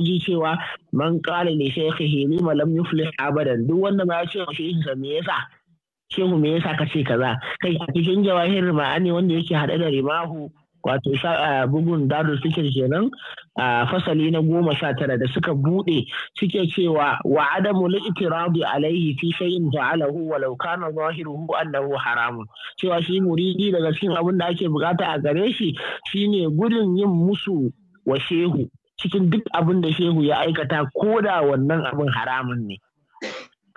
ji cewa man qala li shaykhihi lima lam yuflih abadan duk wanda ma ya ce wa shehinsa me yasa shehu me yasa ka ce kaza kai a cikin jawahir ma'ani wanda yake haɗe da rimahu wato bugun dadu suke kenan a fasali na goma sha tara da suka buɗe suke cewa wa adamu li'tiradi alaihi fi shay'in fa'alahu walau kana zahiruhu annahu haramun cewa shi muridi daga cikin abin da ake bukata a gare shi shine gudun yin musu wa shehu cikin duk abin da shehu ya aikata ko da wannan abin haramun ne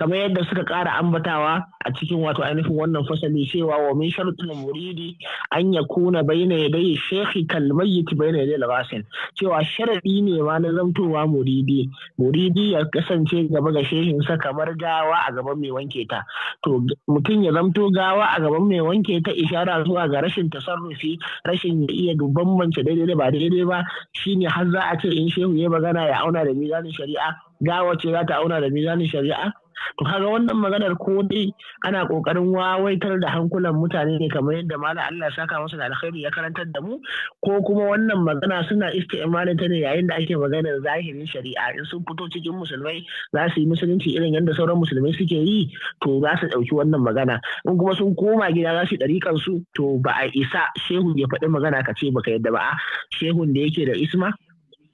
kamar yadda suka ƙara ambatawa a cikin wato ainihin wannan fasali cewa wa min sharuɗin muridi an ya kuna bayyana ya dai shekhi kalmayyit bayyana ya dai labasin cewa sharaɗi ne ma na zamtowa muridi muridi ya kasance gaba ga shehin sa kamar gawa a gaban mai wanke ta to mutum ya zamto gawa a gaban mai wanke ta ishara zuwa ga rashin tasarrufi rashin ya iya bambance daidai da ba daidai ba shine har za a ce in shehu ya magana ya auna da mizanin shari'a gawa ce za ta auna da mizanin shari'a to kaga wannan maganar ko dai ana kokarin wawaitar da hankulan mutane ne kamar yadda malam Allah ya saka masa da alkhairi ya karantar da mu ko kuma wannan magana suna isti'malin ta ne yayin da ake maganar zahirin shari'a in sun fito cikin musulmai za su yi musulunci irin yadda sauran musulmai suke yi to za su ɗauki wannan magana in kuma sun koma gida za su ɗarikan su to ba a isa shehu ya faɗi magana ka ce baka yadda ba shehun da yake da isma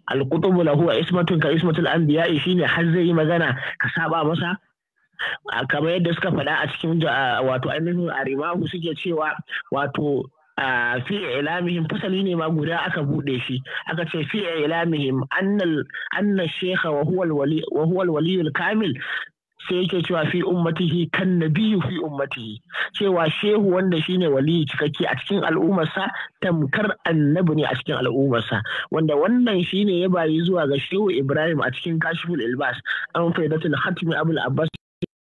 alkutubu lahu ismatun ka ismatul shi ne har zai yi magana ka saba masa kamar yadda suka faɗa a cikin wato ainihin arimahu suke cewa wato fi ilamihim fasali ne ma guda aka buɗe shi aka ce fi ilamihim anna shekha wa huwa waliyul kamil sai yake cewa fi ummatihi kan nabiyu fi ummatihi cewa shehu wanda shine waliyi cikakke a cikin al'ummarsa tamkar annabi ne a cikin al'ummarsa wanda wannan shine ya bayi zuwa ga shehu ibrahim a cikin kashiful ilbas an faidatul hatmi abul abbas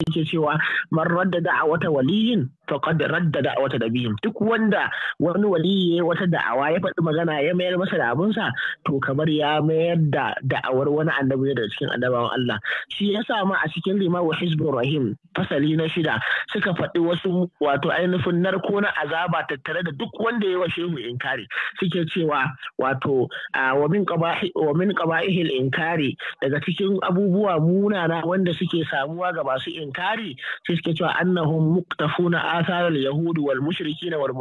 yake cewa man radda da'awata waliyin faqad radda da'awata nabiyin duk wanda wani waliyi ya wata da'awa ya faɗi magana ya mayar masa da abunsa to kamar ya mayar da da'awar wani annabi daga cikin annabawan Allah shi yasa ma a cikin limawu hizbur rahim fasali na shida suka faɗi wasu wato ainihin narko na azaba tattare da duk wanda ya washe mu inkari suke cewa wato wa min qabahi wa min qaba'ihil inkari daga cikin abubuwa munana wanda suke samuwa ga masu inkari sai suke cewa annahum muqtafuna athar al-yahudi wal mushrikina wal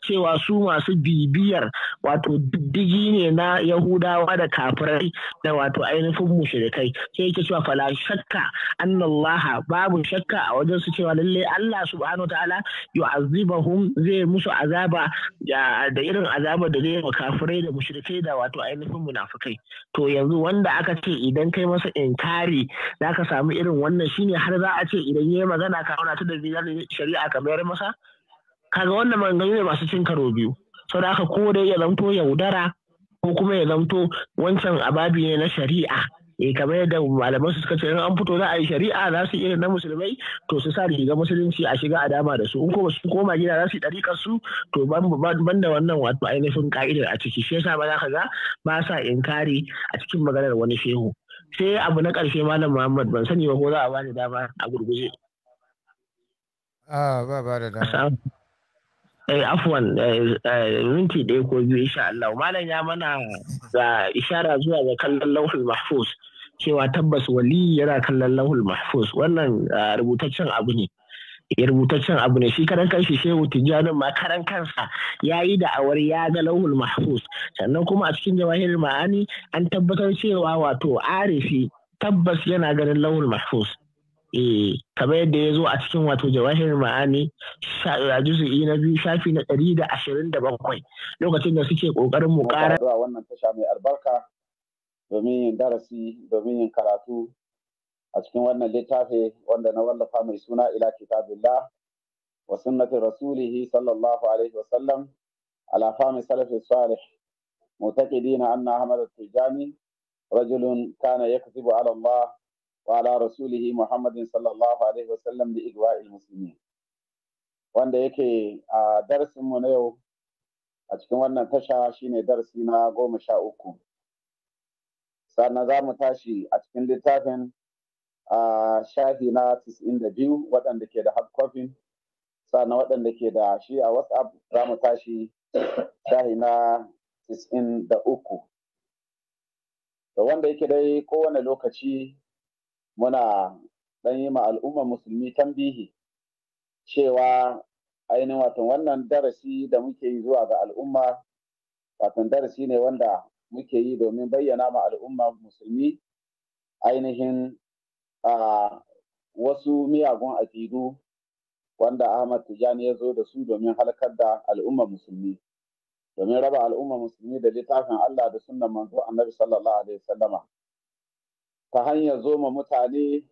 cewa su masu bibiyar wato diddigi ne na yahudawa da kafirai da wato ainihin mushrikai sai yake cewa fala shakka annallaha babu shakka a wajen su cewa lalle Allah subhanahu wa ta'ala yu'azzibahum zai musu azaba da irin azaba da zai wa kafirai da mushrikai da wato ainihin munafikai to yanzu wanda aka ce idan kai masa inkari zaka samu irin wannan shine har za a ce idan yi magana ka auna ta da biyar shari'a ka mayar masa kaga wannan maganganu ne masu cin karo biyu da aka ko dai ya zamto yaudara ko kuma ya zamto wancan ababi ne na shari'a e kamar yadda malaman su suka ce an fito za a yi shari'a za su iya na musulmai to su sa riga musulunci a shiga a dama da su in ko su koma gida za su yi ɗariƙar su to ban da wannan wato ainihin ka'idar a ciki shi yasa ba za ka ga ba sa inkari a cikin maganar wani shehu sai abu na ƙarshe malam muhammad ban sani ba ko za a bani dama a gurguje a ba ba da dama eh afwan eh, eh, minti ɗaya ko biyu insha Allah malam ya mana ga ishara zuwa ga kallon lauhul mahfuz cewa tabbas wali yana kallon lauhul mahfuz wannan ah, rubutaccen abu ne rubutaccen abu ne shi karan kanshi shehu tijjanin ma karan kansa ya yi da'awar ya ga lauhul mahfuz sannan kuma a cikin jawahir ma'ani an tabbatar cewa wato arifi tabbas yana ganin lauhul mahfuz eh kamar yadda ya zo a cikin wato jawahir ma'ani a juzu'i na biyu shafi na ɗari da ashirin da bakwai lokacin da suke ƙoƙarin mu ƙara. wannan tasha mai albarka domin yin darasi domin yin karatu a cikin wannan littafi wanda na wallafa mai suna ila kitabillah wa sunnatin rasulihi sallallahu alaihi wa sallam ala fahmi salafi salih معتقدين أن Rajulun, Kana, رجل كان يكذب على الله وعلى رسوله محمد صلى الله عليه وسلم لإغواء المسلمين wanda yake a mu na yau a cikin wannan tasha shine darasi na goma sha uku sannan za mu tashi a cikin littafin a shafi na biyu, waɗanda ke da hard copy sannan waɗanda ke da shi a whatsapp za mu tashi shahi na uku. da wanda yake dai kowane lokaci muna ɗan yi ma al'ummar musulmi tambihi cewa ainihin watan wannan darasi da muke yi zuwa ga al'umma watan darasi ne wanda muke yi domin bayyana ma al'umma musulmi ainihin a wasu miyagun aƙidu wanda Ahmad Tijani ya zo da su domin halkar da al'umma musulmi domin raba al'umma musulmi da littafin Allah da sunnan manzo Annabi sallallahu alaihi wasallama ta hanyar zo ma mutane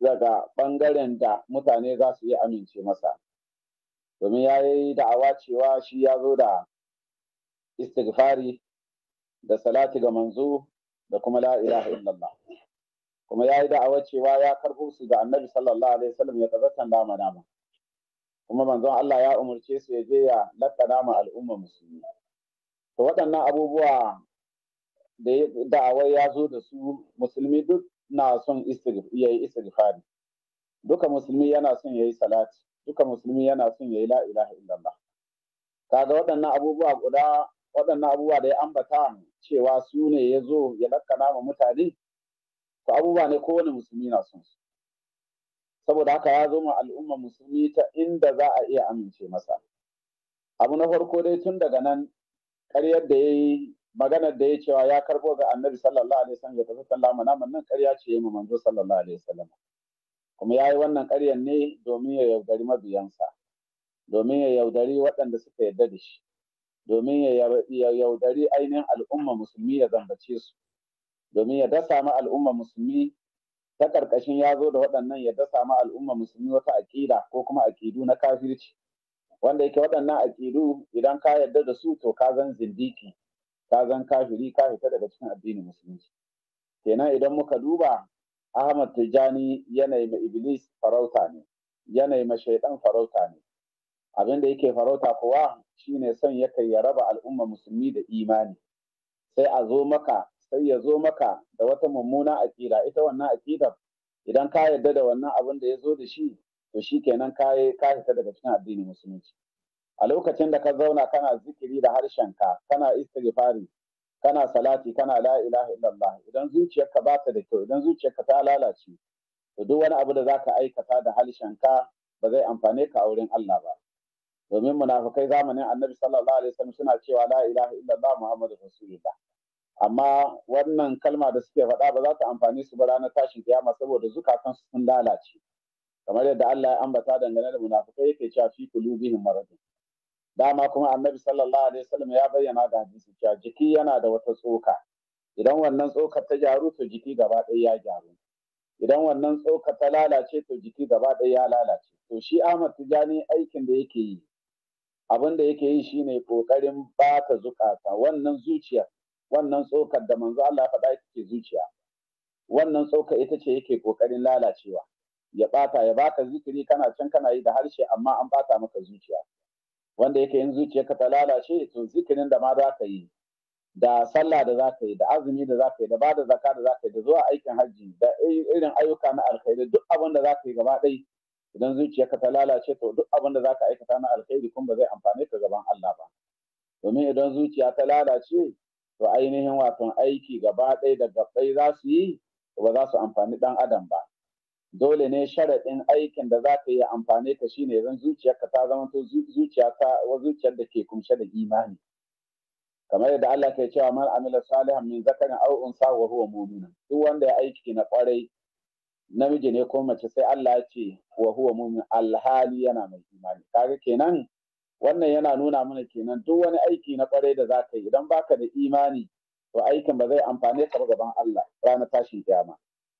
daga ɓangaren da mutane za su yi amince masa domin ya yi da'awa cewa shi ya zo da istighfari da salati ga manzo da kuma la ilaha illallah kuma ya yi da'awa cewa ya karɓo su ga annabi sallallahu alaihi wasallam ya tazartan dama dama kuma manzon Allah ya umurce su ya je ya lakka dama al'umma musulmi to waɗannan abubuwa da da'awai ya zo da su musulmi duk na son ya yi istighfari duka musulmi yana son ya yi salati duka musulmi yana son ya yi la ilaha illallah kaga waɗannan abubuwa guda waɗannan abubuwa da ya ambata cewa su ne ya zo ya lakka nama mutane ko abubuwa ne kowane musulmi na son su saboda haka ya zo ma al'ummar musulmi ta inda za a iya amince masa abu na farko dai tun daga nan ƙaryar da ya maganar da ya cewa ya karbo ga annabi sallallahu alaihi wasallam ya tafi sallah mana nan ƙarya ce ya manzo sallallahu alaihi wasallam kuma ya yi wannan ƙaryar ne domin ya yaudari mabiyansa domin ya yaudari waɗanda suka yarda da shi domin ya yaudari ainihin al'umma musulmi ya zambace su domin ya dasa ma al'umma musulmi ta ƙarƙashin ya zo da waɗannan ya dasa ma al'umma musulmi wata aƙida ko kuma aƙidu na kafirci wanda yake waɗannan aƙidu idan ka yarda da su to ka zan zindiki ka zan kafiri ka fita daga cikin addinin musulunci kenan idan muka duba Ahmad Tijjani yanayi ma Iblis farauta ne yanayi ma shaidan farauta ne abin da yake farauta kuwa shine son ya kai ya raba al'umma musulmi da imani sai a zo maka sai ya zo maka da wata mummuna aƙida ita wannan aƙidar idan ka yarda da wannan abin da ya zo da shi to shi kenan ka fita daga cikin addinin musulunci a lokacin da ka zauna kana zikiri da harshenka kana istighfari kana salati kana la ilaha illallah idan zuciyarka ba ta da kyau idan zuciyarka ta lalace to duk wani abu da zaka aikata da harshenka ba zai amfane ka a wurin Allah ba domin munafikai zamanin annabi sallallahu alaihi wasallam suna cewa la ilaha illallah muhammadu rasulullah amma wannan kalma da suke faɗa ba za ta amfani su ba ranar tashin kiyama saboda zukatan su sun lalace kamar yadda Allah ya ambata dangane da munafikai yake cewa fi kulubihim maradun dama kuma annabi sallallahu alaihi wasallam ya bayyana da hadisi cewa jiki yana da wata tsoka idan wannan tsokar ta gyaru to jiki gaba ɗaya ya gyaru idan wannan tsokar ta lalace to jiki gaba ɗaya ya lalace to shi Ahmad Tijani aikin da yake yi abin da yake yi shine kokarin bata zukata wannan zuciyar wannan tsokar da manzo Allah faɗa yake zuciya wannan tsokar ita ce yake kokarin lalacewa ya ɓata ya baka zikiri kana can kana yi da harshe amma an bata maka zuciya wanda yake yin zuciyarka ta lalace to zikirin da ma za ka yi da sallah da za ka yi da azumi da za ka yi da bada zaka da za ka yi da zuwa aikin hajji da irin ayyuka na alkhairi duk abin da za ka yi gaba ɗaya idan zuciyarka ta lalace to duk abin da za ka aikata na alkhairi kuma ba zai amfane ka gaban Allah ba domin idan zuciya ta lalace to ainihin wato aiki gaba ɗaya da gaɓɓai za su yi ba za su amfani ɗan adam ba dole ne sharaɗin aikin da za ka yi amfani ka shine zan zuciyarka ta zama to zuciya ta zuciyar da ke kumshe da imani kamar yadda Allah ke cewa man amila salihan min zakarin aw unsa wa huwa duk wanda ya aiki na kwarai namiji ne ko mace sai Allah ya ce wa huwa mu'min alhali yana mai imani kaga kenan wannan yana nuna mana kenan duk wani aiki na kwarai da za ka yi idan baka da imani to aikin ba zai amfane ka ba gaban Allah ranar tashin kiyama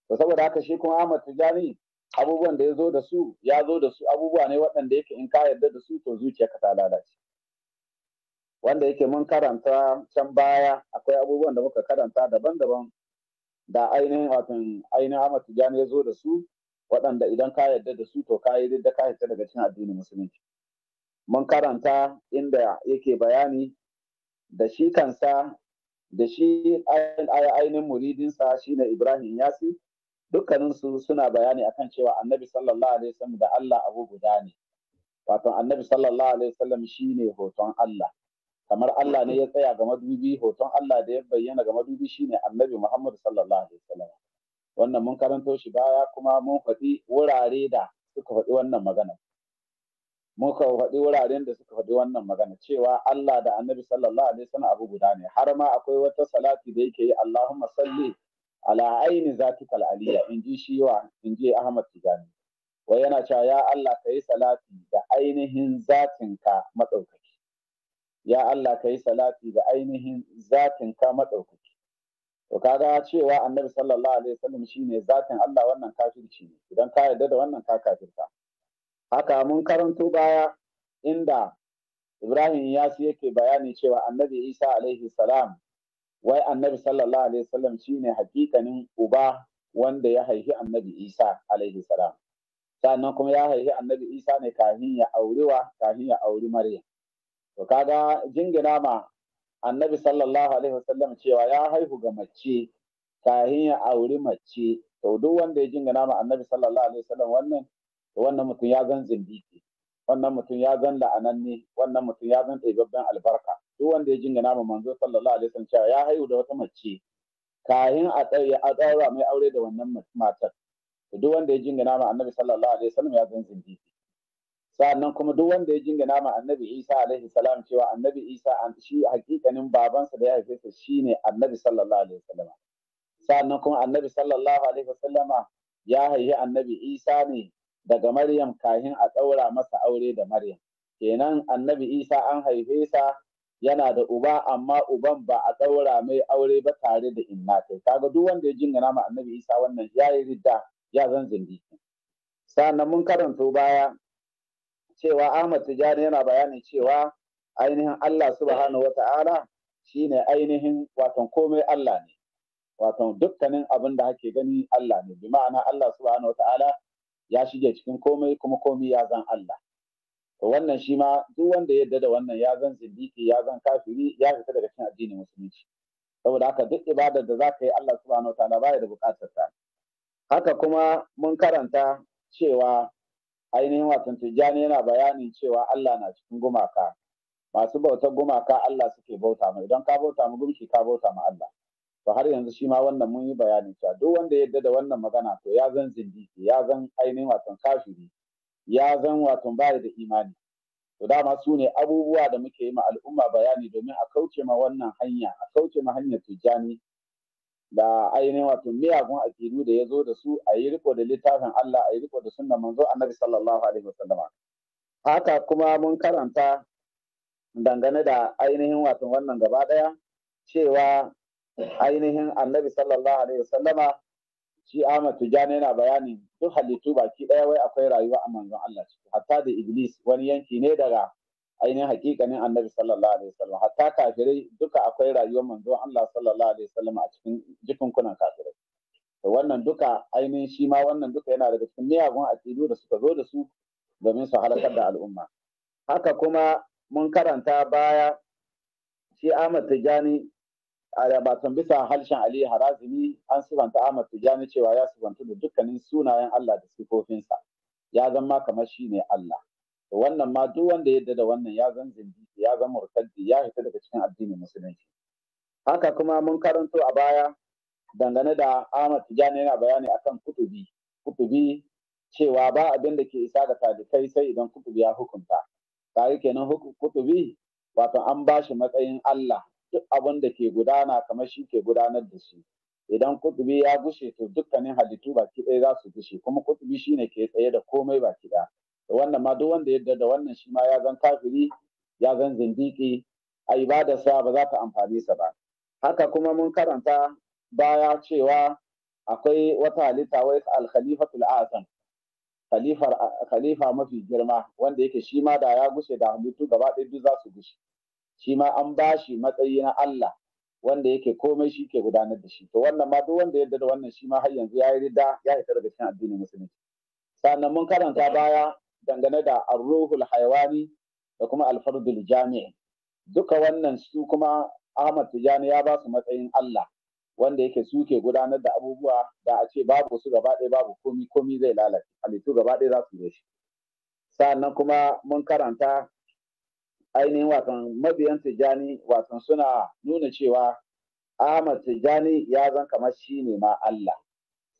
to saboda haka shi kuma Ahmad Tijani abubuwan da ya zo da su ya zo da su abubuwa ne waɗanda yake in ka yarda da su to zuciyarka ta lalace wanda yake mun karanta can baya akwai abubuwan da muka karanta daban-daban da ainihin wato ainihin Ahmad Tijani ya zo da su waɗanda idan ka yarda da su to ka yi da ka yarda daga cikin addinin musulunci mun karanta inda yake bayani da shi kansa da shi ainihin muridinsa shine Ibrahim Yasi dukkaninsu suna bayani akan cewa annabi sallallahu alaihi wasallam da Allah abu guda ne wato annabi sallallahu alaihi wasallam shine hoton Allah kamar Allah ne ya tsaya ga madubi hoton Allah da ya bayyana ga madubi shine annabi Muhammad sallallahu alaihi wasallam wannan mun karanto shi baya kuma mun faɗi wurare da suka faɗi wannan magana muka faɗi wuraren da suka faɗi wannan magana cewa Allah da Annabi sallallahu alaihi wasallam abu guda ne har ma akwai wata salati da yake yi Allahumma salli ala aini zatika aliyya in ji shi wa in ji Ahmad Tijani wai yana cewa ya Allah kai salati da ainihin zatinka madaukaki ya Allah kai salati da ainihin zatinka madaukaki to kaga cewa Annabi sallallahu alaihi wasallam shine zatin Allah wannan kafirci ne idan ka yarda da wannan ka kafirta haka mun karanto baya inda Ibrahim Yasi yake bayani cewa Annabi Isa alaihi salam wai Annabi sallallahu alaihi wasallam shine hakikanin uba wanda ya haifi Annabi Isa alaihi salam sannan kuma ya haifi Annabi Isa ne kafin ya aurewa kafin ya auri Maryam to kaga jingina ma Annabi sallallahu alaihi wasallam cewa ya haihu ga mace kafin ya auri mace to duk wanda ya jingina ma Annabi sallallahu alaihi wasallam wannan wannan mutum ya zan zindiki wannan mutum ya zan la'ananne wannan mutum ya zan ɗaibabben albarka duk wanda ya jingina ma manzo sallallahu alaihi wasallam cewa ya haihu da wata mace kahin a tsaye a tsara mai aure da wannan matar duk wanda ya jingina ma annabi sallallahu alaihi wasallam ya zan zindiki sa'annan kuma duk wanda ya jingina ma annabi isa alaihi salam cewa annabi isa shi hakikanin babansa da ya haife shi shine annabi sallallahu alaihi wasallam sa'annan kuma annabi sallallahu alaihi wasallama ya haihi annabi isa ne daga Maryam kahin a ɗaura masa aure da Maryam. Kenan annabi Isa an haife sa yana da uba amma uban ba a ɗaura mai aure ba tare da inna kai. Kaga duk wanda ya jingina ma annabi Isa wannan ya yi ridda ya zan zindiki. Sannan mun karanto baya cewa Ahmad Tijjani yana bayanin cewa ainihin Allah subhanahu wata'ala shine ainihin watan komai Allah ne. Waton dukkanin abin da hake gani Allah ne, bi ma'ana Allah subhanahu wata'ala ya shige cikin komai kuma komai ya zan Allah to wannan shi ma duk wanda ya da wannan ya zan zindiki ya zan kafiri ya fita daga cikin addinin musulunci saboda haka duk ibadar da za ka yi Allah subhanahu ta'ala baya da bukatar ta haka kuma mun karanta cewa ainihin watan tijjani yana bayanin cewa Allah na cikin gumaka masu bautar gumaka Allah suke bauta mu idan ka bauta mu gumki ka bauta mu Allah to har yanzu shi ma wannan mun yi bayanin cewa duk wanda ya da wannan magana to ya zan zindiki ya zan ainihin watan kafiri ya zan watan baya da imani to dama su ne abubuwa da muke yi ma al'umma bayani domin a kauce ma wannan hanya a kauce ma hanyar tijjani da ainihin wato miyagun akidu da ya zo da su a yi riko da littafin Allah a yi riko da sunna manzo annabi sallallahu alaihi wasallam haka kuma mun karanta dangane da ainihin wato wannan gaba daya cewa ainihin annabi sallallahu alaihi wasallama shi Ahmad Tijani yana bayani duk halittu baki ɗaya wai akwai rayuwa a manzon Allah ciki hatta da Iblis wani yanki ne daga ainihin hakikanin annabi sallallahu alaihi wasallam hatta kafirai duka akwai rayuwar manzon Allah sallallahu alaihi wasallam a cikin jikin kunan kafirai to wannan duka ainihin shi ma wannan duka yana daga cikin miyagun aqidu da suka zo da su domin su halakar da al'umma haka kuma mun karanta baya shi Ahmad Tijani batan bisa harshen Ali Harazimi an sifanta Ahmad Tijani cewa ya sifanta da dukkanin sunayen Allah da sifofinsa ya zama kamar shi ne Allah to wannan ma duk wanda yadda da wannan ya zan zindi ya zan murtaddi ya fita daga cikin addinin musulunci haka kuma mun karanto a baya dangane da Ahmad Tijani yana bayani akan kutubi kutubi cewa ba abin da ke isa ga talikai sai idan kutubi ya hukunta tare kenan kutubi wato an ba shi matsayin Allah duk abin da ke gudana kamar shi ke gudanar da shi idan kutubi ya gushe to dukkanin halittu baki ɗaya za su gushe kuma kutubi shine ke tsaye da komai baki ɗaya wannan ma duk wanda yadda da wannan shi ma ya zan kafiri ya zan zindiki a ibadarsa ba za ta amfani sa ba haka kuma mun karanta baya cewa akwai wata halitta wai alkhalifatul azam khalifa mafi girma wanda yake shi ma da ya gushe da halittu gaba ɗaya duk za su gushe shi ma an ba shi matsayi na Allah wanda yake komai shi ke gudanar da shi to wannan ma duk wanda yadda da wannan shi ma har yanzu ya yi rida ya yi daga cikin addinin musulunci sannan mun karanta baya dangane da arruhul haiwani da kuma alfardul jami'i duka wannan su kuma Ahmad Tijani ya ba su matsayin Allah wanda yake su ke gudanar da abubuwa da a ce babu su gaba ɗaya babu komi komi zai lalace halittu gaba ɗaya za su yi shi sannan kuma mun karanta ainihin wasan mabiyan tijjani wasan suna nuna cewa Ahmad Tijjani ya zan kamar shi ne ma Allah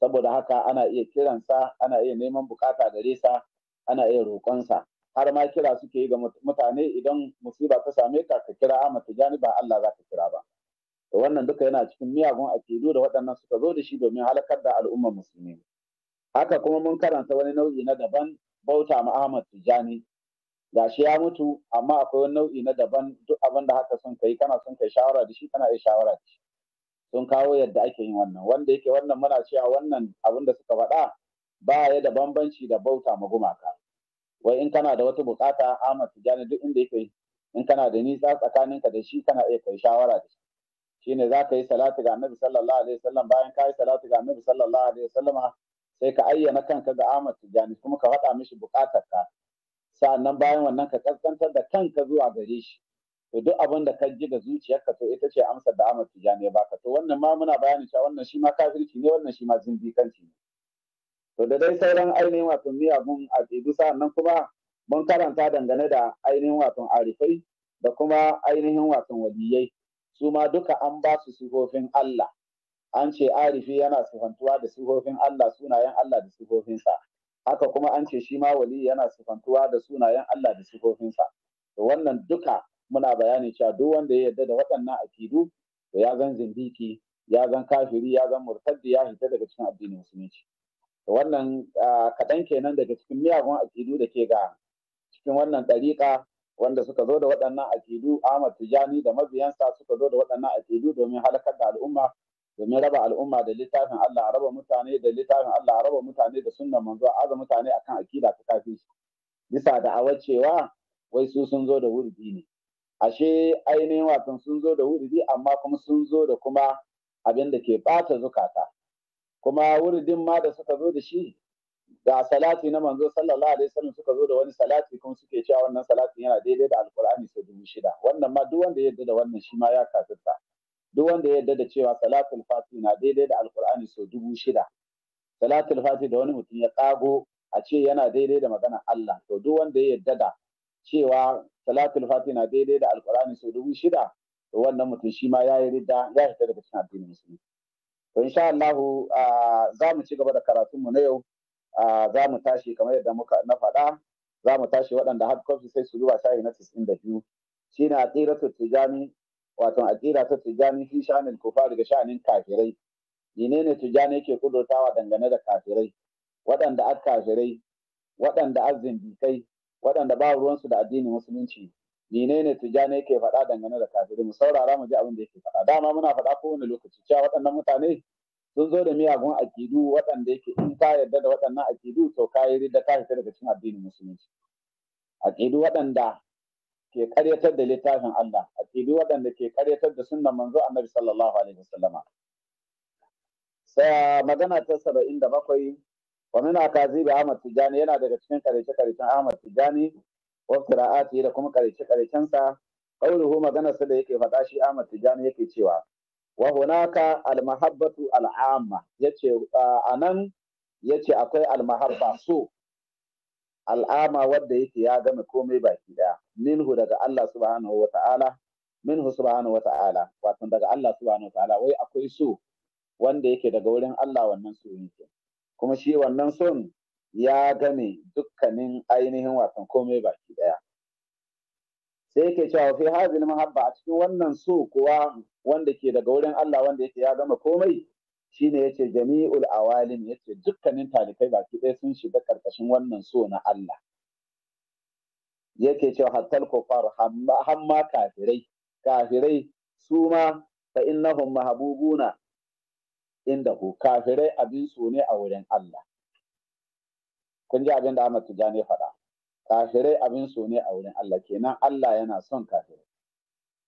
saboda haka ana iya kiransa ana iya neman bukata gare sa ana iya roƙonsa har ma kira suke yi ga mutane idan musiba ta same ka ka kira Ahmad Tijjani ba Allah za ka kira ba to wannan duka yana cikin miyagun akidu da waɗannan suka zo da shi domin halakar da al'ummar musulmi haka kuma mun karanta wani nau'i na daban bauta ma Ahmad Tijjani gashi ya mutu amma akwai wani nau'i na daban duk abin da haka sun kai kana son kai shawara da shi kana iya shawara da shi sun kawo yadda ake yin wannan wanda yake wannan muna cewa wannan abin da suka faɗa ba ya da bambanci da bauta ma gumaka wai in kana da wata bukata su jani duk inda yake in kana da nisa tsakaninka da shi kana iya kai shawara da shi shine za ka yi salatu ga annabi sallallahu alaihi wasallam bayan ka yi salatu ga annabi sallallahu alaihi wasallam sai ka ayyana kanka ga su jani kuma ka faɗa mishi bukatarka sa'annan bayan wannan ka kaskantar da kanka zuwa gare shi to duk abin da ka ji da zuciyarka to ita ce amsar da Ahmad Tijani ne baka to wannan ma muna bayani cewa wannan shi ma kafirci ne wannan shi ma zindikanci ne to da dai sauran ainihin wato miyagun aƙidu sa'annan kuma mun karanta dangane da ainihin wato arifai da kuma ainihin wato waliyai su ma duka an ba su sifofin Allah an ce arifi yana sifantuwa da sifofin Allah sunayen Allah da sifofinsa haka kuma an ce shi ma wali yana sifantuwa da sunayen Allah da sifofinsa to wannan duka muna bayani cewa duk wanda ya yarda da waɗannan akidu to ya zan zindiki ya zan kafiri ya zan murtaddi ya fita daga cikin addinin musulunci to wannan kaɗan kenan daga cikin miyagun akidu da ke ga cikin wannan ɗariƙa wanda suka zo da waɗannan akidu Ahmad Tijani da mabiyansa suka zo da waɗannan akidu domin halakar da al'umma domin raba al'umma da littafin Allah raba mutane da littafin Allah raba mutane da sunnan manzo aza mutane akan akida ta kafin su, bisa da awacewa wai su sun zo da wurdi ne ashe ainihin watan sun zo da wurdi amma kuma sun zo da kuma abin da ke bata zukata kuma wurdin ma da suka zo da shi ga salati na manzo sallallahu alaihi wasallam suka zo da wani salati kuma suke cewa wannan salatin yana daidai da alqur'ani sai dubu shida wannan ma duk wanda ya yarda da wannan shi ma ya kafirta duk wanda ya yarda da cewa salatul fati na daidai da alkur'ani sau dubu shida salatul fati da wani mutum ya kago a ce yana daidai da magana Allah to duk wanda ya yarda da cewa salatul fati na daidai da alkur'ani sau dubu shida to wannan mutum shi ma ya yi ridda ya fita daga cikin addinin musulmi to insha Allah za mu ci gaba da karatun mu na yau za mu tashi kamar yadda muka na faɗa za mu tashi waɗanda hard copy sai su zuwa shayi na 92 shine a tsiratul tijani wato aqida ta tijani fi sha'anin kufa daga sha'anin kafirai menene tijani yake kudurtawa dangane da kafirai waɗanda a kafirai waɗanda azindikai waɗanda ba ruwansu da addinin musulunci menene tijani yake faɗa dangane da kafirai mu saurara mu ji abin da yake faɗa dama muna faɗa kowane lokaci cewa waɗannan mutane sun zo da miyagun akidu waɗanda yake in ka yarda da waɗannan akidu to ka yi da ka fita daga cikin addinin musulunci akidu waɗanda ke karyatar da littafin Allah a tibi waɗanda ke karyatar da sunan manzo annabi sallallahu alaihi wasallama sa magana ta 77 wa min akazibi Ahmad Tijjani yana daga cikin karyace karyacen Ahmad Tijani wa qira'ati da kuma karyace karyacen sa qauluhu magana sa da yake faɗa shi Ahmad Tijani yake cewa wa hunaka al-mahabbatu al-amma yace anan yace akwai al-mahabba so al'ama wadda yake ya gama komai baki daya minhu daga Allah subhanahu wa ta'ala minhu subhanahu wa ta'ala wato daga Allah subhanahu wa ta'ala wai akwai so wanda yake daga wurin Allah wannan so yake kuma shi wannan son ya game dukkanin ainihin wasan komai baki daya sai yake cewa fi hazil mahabba a cikin wannan so kuwa wanda ke daga wurin Allah wanda yake ya gama komai shine yace jami'ul awalin yace dukkanin talikai baki ɗaya sun shiga ƙarƙashin wannan so na Allah yake cewa hattal kufar hamma kafirai kafirai su ma fa mahabubuna inda indahu kafirai abin so ne a wurin Allah kun ji abin da Ahmad Tijani faɗa kafirai abin so ne a wurin Allah kenan Allah yana son kafirai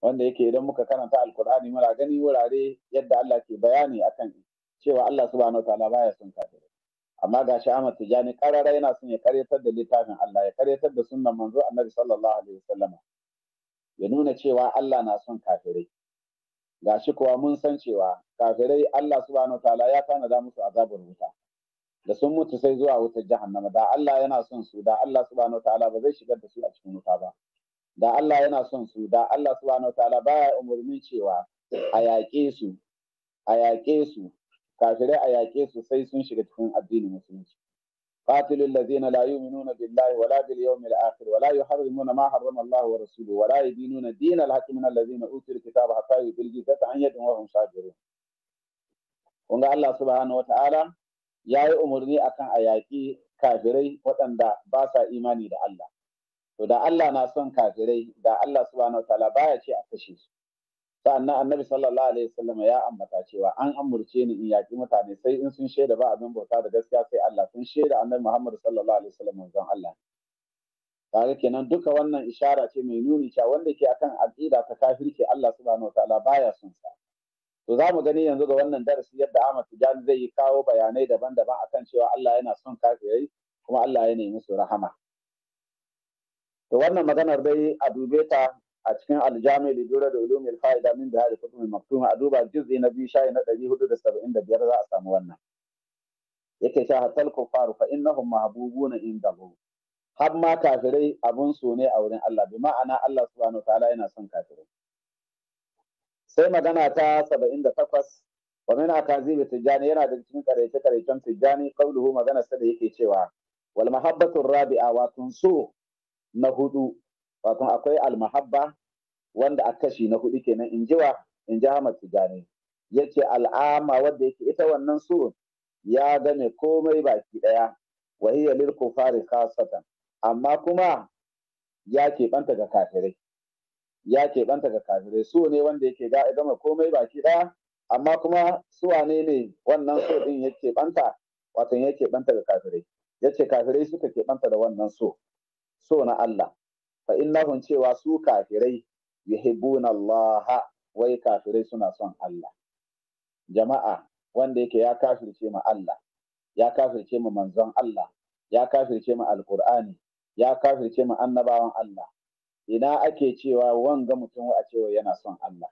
wanda yake idan muka karanta alkur'ani muna gani wurare yadda Allah ke bayani akan cewa Allah subhanahu wataala baya son kafirai amma ga gashi Ahmad Tijani karara yana son ya karyatar da littafin Allah ya karyatar da sunnan manzo Annabi sallallahu alaihi wasallam ya nuna cewa Allah na son kafirai gashi kuwa mun san cewa kafirai Allah subhanahu wataala ya tanada musu azabar wuta da sun mutu sai zuwa wutar jahannama da Allah yana son su da Allah subhanahu wataala ba zai shigar da su a cikin wuta ba da Allah yana son su da Allah subhanahu wataala baya umurmin cewa a yaƙe su a yaƙe su kafirai a yaƙe sosai sun shiga cikin addinin musulunci qatilul ladina la yu'minuna billahi wala bil yawmil akhir wala yuharrimuna ma harrama Allah wa rasuluhu wala yudinuna dinal haqqi min alladhina utul kitaba hatta yubilgi zata an yadun wa hum sajirun kun ga Allah subhanahu ya yi umarni akan a kafirai waɗanda ba sa imani da Allah to da Allah na son kafirai da Allah subhanahu wata'ala baya ce a kashe su sa'annan annabi sallallahu alaihi wasallam ya ambata cewa an amurce ni in yaki mutane sai in sun shaida ba abin bauta da gaskiya sai Allah sun shaida annabi Muhammad sallallahu alaihi wasallam manzon Allah kaga kenan duka wannan ishara ce mai nuni cewa wanda ke akan aqida ta kafirci Allah subhanahu wataala baya son sa to za mu gani yanzu ga wannan darasi yadda Ahmad Tijani zai yi kawo bayanai daban-daban akan cewa Allah yana son kafirai kuma Allah ya nemi su rahama to wannan maganar dai a dube ta a cikin aljami lidura da ulumi alfa'ida min da hada fiqh maktuma a duba juz'i na biyu shayi na ɗari hudu da saba'in da biyar za a samu wannan yake sha hatal kuffaru fa innahum mahbubuna inda Allah har ma kafirai abun so ne a wurin Allah bi ma'ana Allah subhanahu wa ta'ala yana son kafirai sai magana ta saba'in da takwas wa min akazibi tijani yana da cikin karaice karaicen tijani qawluhu magana sa da yake cewa wal mahabbatu rabi'a wa tunsu na hudu wato akwai almahabba wanda a kashi na hudu kenan in jiwa in ji Ahmad Tijani yace al'ama wanda yake ita wannan surun ya gane komai baki daya wa hiya lil kufari khasatan amma kuma ya keɓanta ga kafirai ya keɓanta ga kafirai su ne wanda yake gama komai baki ɗaya amma kuma su wane ne wannan so din ya keɓanta wato ya keɓanta ga kafirai Yace kafirai suka keɓanta da wannan so so na Allah fa innahum cewa su kafirai yuhibbuna Allah wai kafirai suna son Allah jama'a wanda yake ya kafirce ma Allah ya kafirce ma manzon Allah ya kafirce ma alqur'ani ya kafirce ma annabawan Allah ina ake cewa wanga mutum a cewa yana son Allah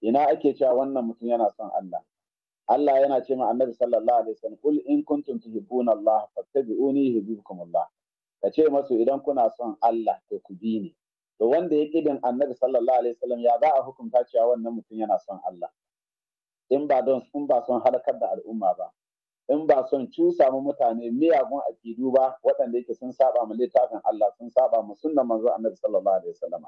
ina ake cewa wannan mutum yana son Allah Allah yana cewa Annabi sallallahu alaihi wasallam kul in kuntum tuhibbuna Allah fattabi'uni yuhibbukum Allah ka ce masu idan kuna son Allah to ku bi ni to wanda ya kidin annabi sallallahu alaihi wasallam ya za a hukunta cewa wannan mutum yana son Allah in ba don in ba son halakar da al'umma ba in ba son cusa mu mutane miyagun akidu ba waɗanda yake sun saba mu littafin Allah sun saba mu sunnan manzo annabi sallallahu alaihi wasallam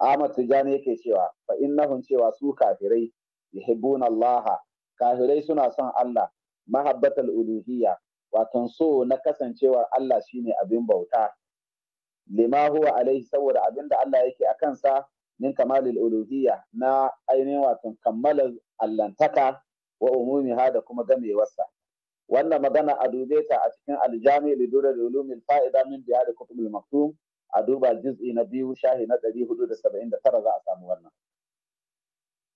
Ahmad Tijani yake cewa fa innahum cewa su kafirai yuhibbuna Allah kafirai suna son Allah mahabbatul uluhiyya watan so na kasancewar Allah shine abin bauta lima huwa alaihi saboda abin da Allah yake a kansa min kamalil uluhiyya na ainihin watan kammalar allantaka wa umumiha da kuma gamewarsa wannan magana a dube ta a cikin aljami lidura da ulumin fa'ida min biya da kutubul maktum a duba juz'i na biyu shahi na ɗari hudu da saba'in da tara za a samu wannan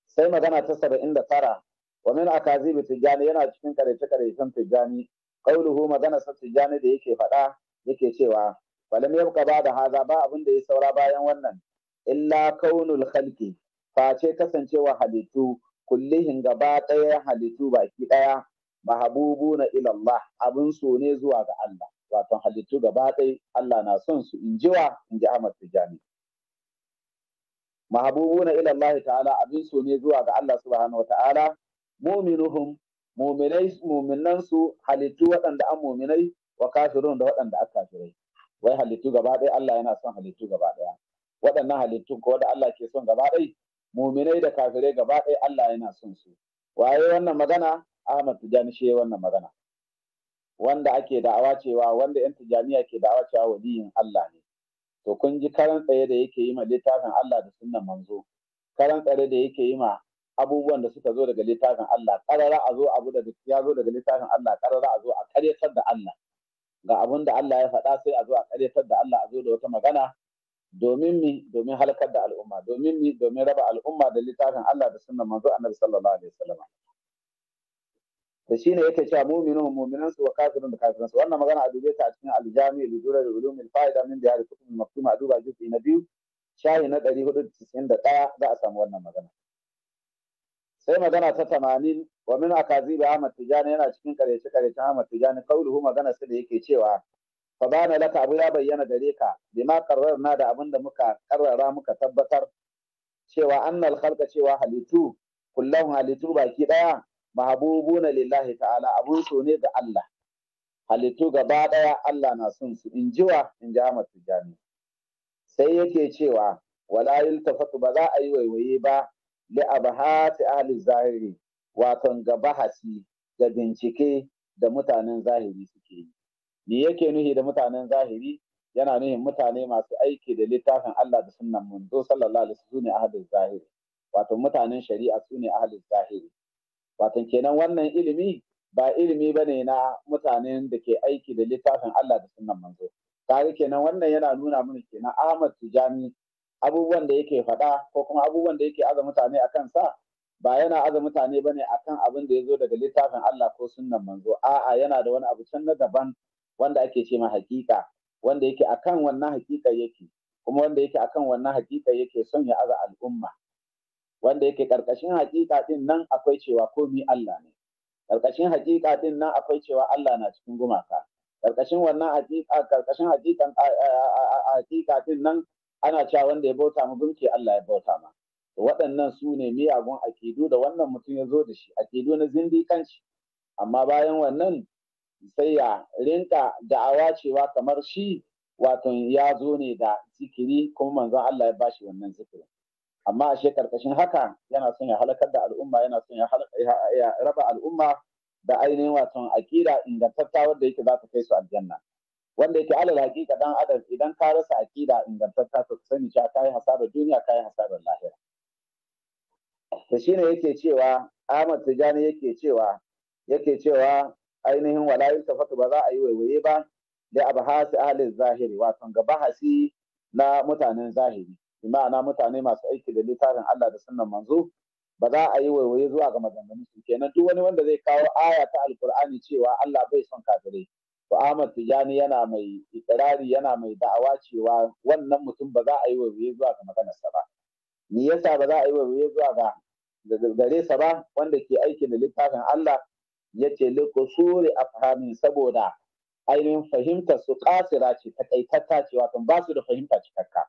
sai magana ta saba'in da tara wa min akazibi tijjani yana cikin karece karecen tijjani qauluhu magana sa tijani da yake faɗa yake cewa falam yabqa ba da haza ba abin da ya saura bayan wannan illa kaunul khalqi face kasancewa halittu kullihin gaba ɗaya halittu baki ɗaya mahabubu na ilallah abin so ne zuwa ga Allah wato halittu gaba ɗaya Allah na son su in jiwa in ji Ahmad Tijani mahabubu na ilallah ta'ala abin so ne zuwa ga Allah subhanahu wa ta'ala muminuhum muminai muminan su halittu waɗanda an muminai wa kafirun da waɗanda aka kafirai wai halittu gaba ɗaya Allah yana son halittu gaba ɗaya waɗannan halittun ko da Allah ke son gaba ɗaya muminai da kafirai gaba ɗaya Allah yana son su waye wannan magana Ahmad Tijani shi wannan magana wanda ake da'awa cewa wanda yan tijaniya ke da'awa cewa waliyin Allah ne to kun ji karan tsaye da yake yi ma littafin Allah da sunnan manzo karan tsare da yake yi ma abubuwan da suka zo daga littafin Allah karara a zo abu da ya zo daga littafin Allah karara a zo a karyatar da Allah ga abun da Allah ya faɗa sai a zo a karyatar da Allah a zo da wata magana domin mi domin halakar da al'umma domin mi domin raba al'umma da littafin Allah da sunnan manzo Annabi sallallahu alaihi wasallam to shine yake cewa mu'minu mu'minan su wa kafirun da kafirun su wannan magana a dube ta a cikin al-jami' li durar ulumil fa'ida min bihar kutub al-maktuma duba juz'i na biyu shayi na 491 za a samu wannan magana sai magana ta tamanin wa min akazibi Ahmad Tijani yana cikin karyace karyace Ahmad Tijani kauluhu magana sa da yake cewa fa bana laka abu ya bayyana gare ka bima na da abin da muka karrara muka tabbatar cewa annal khalqa cewa halitu kullum halitu baki daya na lillahi ta'ala abun so ne ga Allah halittu gaba daya Allah na son su in jiwa in ji Ahmad Tijani sai yake cewa wala yultafatu ba za a yi waiwaye ba li abahati ahli zahiri waton ga bahasi ga bincike da mutanen zahiri suke yi me yake nuhi da mutanen zahiri yana nuhin mutane masu aiki da littafin Allah da sunnan manzo sallallahu alaihi wasallam ne ahli zahiri wato mutanen shari'a su ne ahli zahiri wato kenan wannan ilimi ba ilimi bane na mutanen da ke aiki da littafin Allah da sunnan manzo kare kenan wannan yana nuna mana kenan Ahmad Tijani abubuwan da yake faɗa ko kuma abubuwan da yake aza mutane a kansa ba yana aza mutane ba ne akan abin da ya zo daga littafin Allah ko sunnan manzo a'a yana da wani abu can na daban wanda ake ce ma hakika wanda yake akan wannan hakika yake kuma wanda yake akan wannan hakika yake son ya aza al'umma wanda yake karkashin hakika din nan akwai cewa komi Allah ne karkashin hakika din nan akwai cewa Allah na cikin gumaka karkashin wannan hakika karkashin hakikan hakika din nan ana cewa wanda ya bauta mu gunki Allah ya bauta ma waɗannan su ne miyagun akidu da wannan mutum ya zo da shi akidu na zindikanci amma bayan wannan sai ya rinka da'awa cewa kamar shi wato ya zo ne da zikiri kuma manzon Allah ya bashi wannan zikirin amma a ashe karkashin haka yana son ya halakar da al'umma yana son ya raba al'umma da ainihin wato akida ingantatta wadda yake za ta kai su aljanna wanda yake alal hakika dan adam idan ka rasa akida ingantatta to ka sani cewa kai hasarar duniya kai hasarar lahira to shine yake cewa Ahmad Tijani yake cewa yake cewa ainihin wala yusafatu ba za a yi waiwaye ba da abhasi ahli zahiri wato ga bahasi na mutanen zahiri Imana mutane masu aiki da littafin Allah da sunnan manzo ba za a yi waiwaye zuwa ga maganganun su kenan duk wani wanda zai kawo aya ta alkur'ani cewa Allah bai son kafirai Ahmad Tijani yana mai ikirari yana mai da'awa cewa wannan mutum ba za a yi waiwaye zuwa ga maganarsa ba. Me yasa ba za a yi waiwaye zuwa ga gare sa ba wanda ke aiki da littafin Allah ya ce likusuri afhami saboda ainihin fahimtar su kasira ce takaitatta ce wato ba su da fahimta cikakka.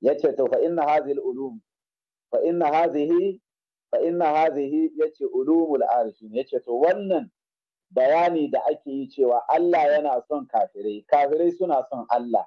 Ya ce to fa inna hazil ulum fa inna hazihi fa inna hazihi yace ulumul arifin to wannan bayani da ake yi cewa Allah yana son kafirai kafirai suna son Allah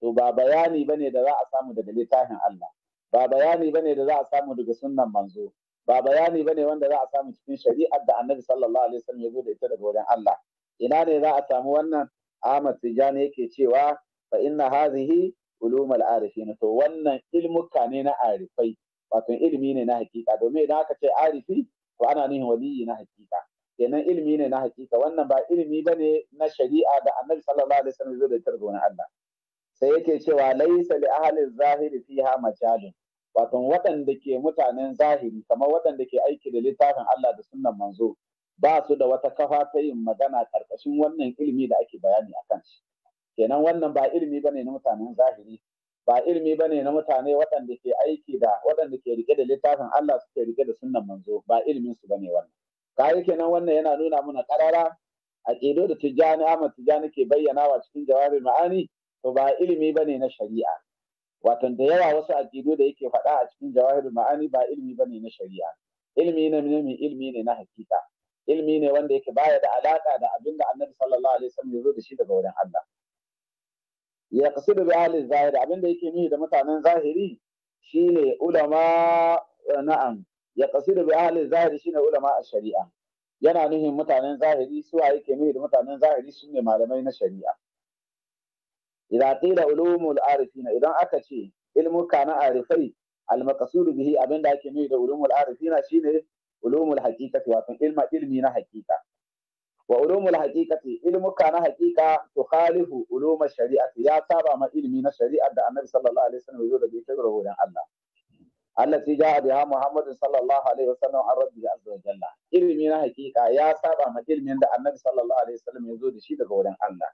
to ba bayani bane da za a samu daga littafin Allah ba bayani bane da za a samu daga sunnan manzo ba bayani bane wanda za a samu cikin shari'ar da Annabi sallallahu alaihi wasallam ya zo da ita daga wajen Allah ina ne za a samu wannan Ahmad Tijani yake cewa fa inna hadhihi ulum al-arifin to wannan ilmuka ne na arifai wato ilimi ne na hakika domin idan aka ce arifi to ana nihin waliyi na hakika kenan ilimi ne na hakika wannan ba ilimi ba ne na shari'a da annabi sallallahu alaihi wasallam zai da tarzo na Allah sai yake cewa laisa li ahli zahiri fiha majadun wato waɗanda ke mutanen zahiri kamar waɗanda ke aiki da littafin Allah da sunnan manzo ba su da wata kafa ta yin magana ƙarƙashin wannan ilimi da ake bayani a kan shi kenan wannan ba ilimi ba ne na mutanen zahiri ba ilimi ba ne na mutane waɗanda ke aiki da waɗanda ke rike da littafin Allah suke rike da sunnan manzo ba ilimin su ba ne wannan kayi kenan wannan yana nuna mana karara a da tijjani ahmad tijjani ke bayyanawa cikin jawabin ma'ani to ba ilimi ne na shari'a watan da yawa wasu aƙidu da yake faɗa a cikin jawabin ma'ani ba ilimi ne na shari'a ilimi ne ne ilimi ne na hakika ilimi ne wanda yake baya da alaka da abin da annabi sallallahu alaihi wasallam ya zo da shi daga wurin Allah ya kasidu bi ahli zahiri, abin da yake nuni da mutanen zahiri shine ulama eh, na'am ya kasiru bi ahli zahiri shine ulama a shari'a yana nuhin mutanen zahiri su waye ke nuhi da mutanen zahiri shine malamai na shari'a idan qila ulumul arifina idan aka ce ilmuka na arifai al maqsudu bihi abinda ake nuhi da ulumul arifina shine ulumul haqiqati wato ilma ilmi na haqiqa wa ulumul haqiqati ilmuka na haqiqa tukhalifu ulum shari'ati ya saba ma ilmi na shari'a da annabi sallallahu alaihi wasallam yazo da bai kai wurin Allah Allah ja'a biha Muhammadu sallallahu alaihi an rabbi azza wa jalla ilimi na hakika ya saba ma ilimin da annabi sallallahu alaihi wasallam ya zo da shi daga wurin Allah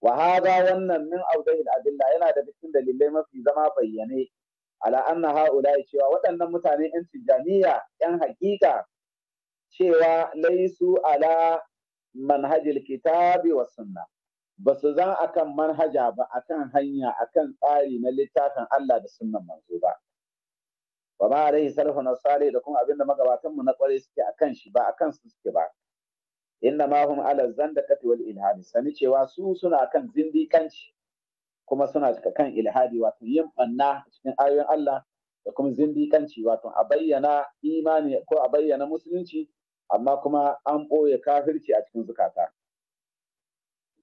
wa hada wannan min awdahi adilla yana da cikin dalilai mafi zama bayyane ala anna haula cewa waɗannan mutane yan tijaniya yan hakika cewa laisu ala manhajil kitabi wa sunna ba su zan akan manhaja ba akan hanya akan tsari na littafin Allah da sunnan manzo ba wa ma alaihi sarfu na sare da kuma abinda magabatan mu na kware suke kan shi ba akan su suke ba inna ma hum ala zandaqati wal ilhadi sani cewa su suna kan zindikanci kuma suna kan ilhadi wato yin banna cikin ayoyin Allah da kuma zindikanci wato a bayyana imani ko a bayyana musulunci amma kuma an ɓoye kafirci a cikin zukata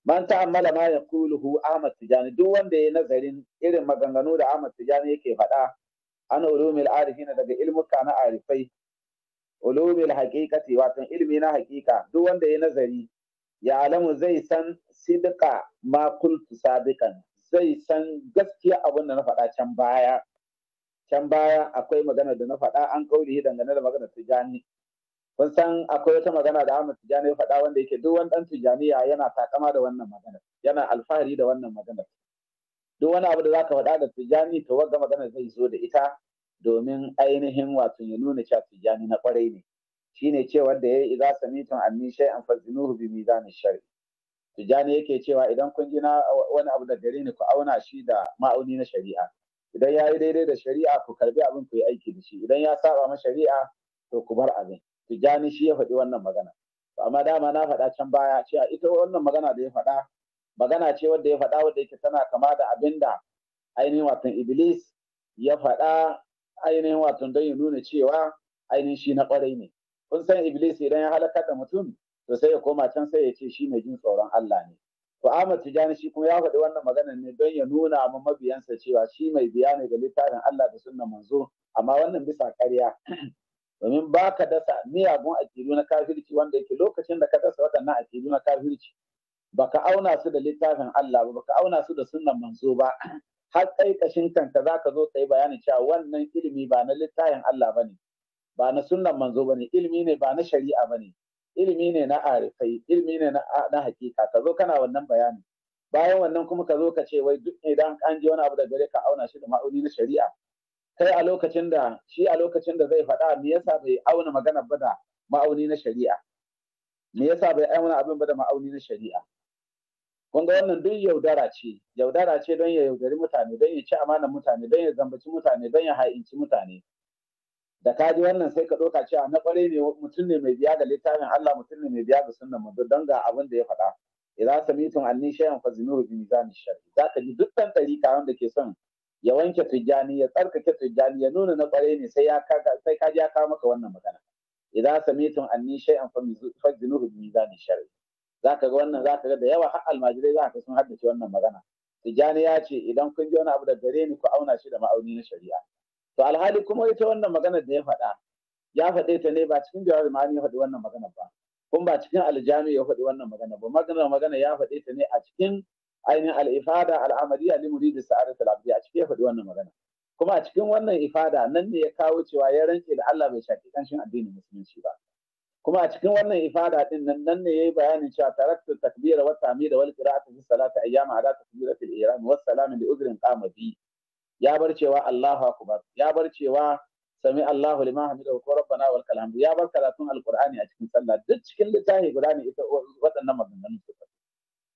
man ta'ammala ma yaquluhu Ahmad Tijani duk wanda ya nazarin irin maganganu da Ahmad Tijani yake faɗa an ulumil arifina daga ilmuka na arifai ulumil haqiqati wato ilmi na haqiqa duk wanda ya nazari ya alamu zai san sidqa ma kuntu sabiqan zai san gaskiya abin da na faɗa can baya can baya akwai magana da na faɗa an kaurihi dangane da maganar Tijani kun san akwai wata magana da Ahmad Tijani ya faɗa wanda yake duk wani ɗan Tijaniya yana takama da wannan magana yana alfahari da wannan magana duk wani abu da zaka faɗa da Tijani to wagga magana zai zo da ita domin ainihin wato ya nuna cewa Tijani na kwarai ne shine cewa da yayi idza samitum anni shay'an fazinuhu bi mizan shari Tijani yake cewa idan kun gina wani abu da gare ni ku auna shi da ma'auni na shari'a idan ya yi daidai da shari'a ku karbi abin ku yi aiki da shi idan ya saba ma shari'a to ku bar abin tijani shi ya faɗi wannan magana amma dama na faɗa can baya cewa ita wannan magana da ya faɗa magana ce wadda ya faɗa wadda yake tana kama da abin da ainihin watan iblis ya faɗa ainihin watan don ya nuna cewa ainihin shi na ƙwarai ne kun san iblis idan ya halakar da mutum to sai ya koma can sai ya ce shi mai jin tsoron Allah ne to Ahmad Tijani shi kuma ya faɗi wannan magana ne don ya nuna ma mabiyansa cewa shi mai biya ne ga littafin Allah da sunnan manzo amma wannan bisa ƙarya domin ba ka dasa miyagun akidu na kafirci wanda yake lokacin da ka dasa waɗannan akidu na kafirci ka auna su da littafin Allah ba ka auna su da sunan manzo ba har kai kashin kanka ka zo ka yi bayanin cewa wannan ilimi ba na littafin Allah ba ne, ba na sunan manzo ba ne, ilimi ne ba na shari'a ba ne, ilimi ne na arifai ilimi ne na haƙiƙa ka zo kana wannan bayani bayan wannan kuma ka zo ka ce wai duk idan an ji wani abu da gare ka auna shi da ma'auni na shari'a kai a lokacin da shi a lokacin da zai faɗa me yasa bai auna magana ba da ma'auni na shari'a me yasa bai auna abin ba da ma'auni na shari'a kun ga wannan duk yaudara ce yaudara ce don ya yaudari mutane don ya ci amanar mutane don ya zambaci mutane don ya ha'inci mutane da ka ji wannan sai ka ɗauka cewa na ƙwarai ne mutum ne mai biya da littafin Allah mutum ne mai biya da sunan manzo don ga abin da ya faɗa idza samitum annishayan shay'an fazmiru bi ni shari za ka ji dukkan tarika wanda ke son ya wanke tijjani ya tsarkake tijjani ya nuna na kware ne sai ya kaga sai ka ya kawo maka wannan magana idan samitun anni shay'an fazinuhu bi mizani shar'i zaka ga wannan zaka ga da yawa har almajirai zaka ga sun haddace wannan magana tijjani ya ce idan kun ji wani abu da gare ni ku auna shi da ma'auni na shari'a to alhali kuma ita wannan magana da ya faɗa ya faɗe ta ne ba cikin jawabi ma ya faɗi wannan magana ba kun ba cikin aljami ya faɗi wannan magana ba magana magana ya faɗe ta ne a cikin ainihin al'ifada al'amariya li muridi sa'adat al-abdi a cikin ya faɗi wannan magana kuma a cikin wannan ifada nan ne ya kawo cewa ya rantse da Allah bai shafi kanshin addinin musulunci ba kuma a cikin wannan ifada din nan nan ne yayi bayanin cewa taraktu takbira wa tahmida wal qira'atu fi salati ayyama ala takbiratil ihram wa salamin li udrin qama bi ya bar cewa Allahu akbar ya bar cewa sami Allahu liman hamidahu ko rabbana wal kalam ya bar karatun alqur'ani a cikin sallah duk cikin littafi guda ne ita waɗannan maganganun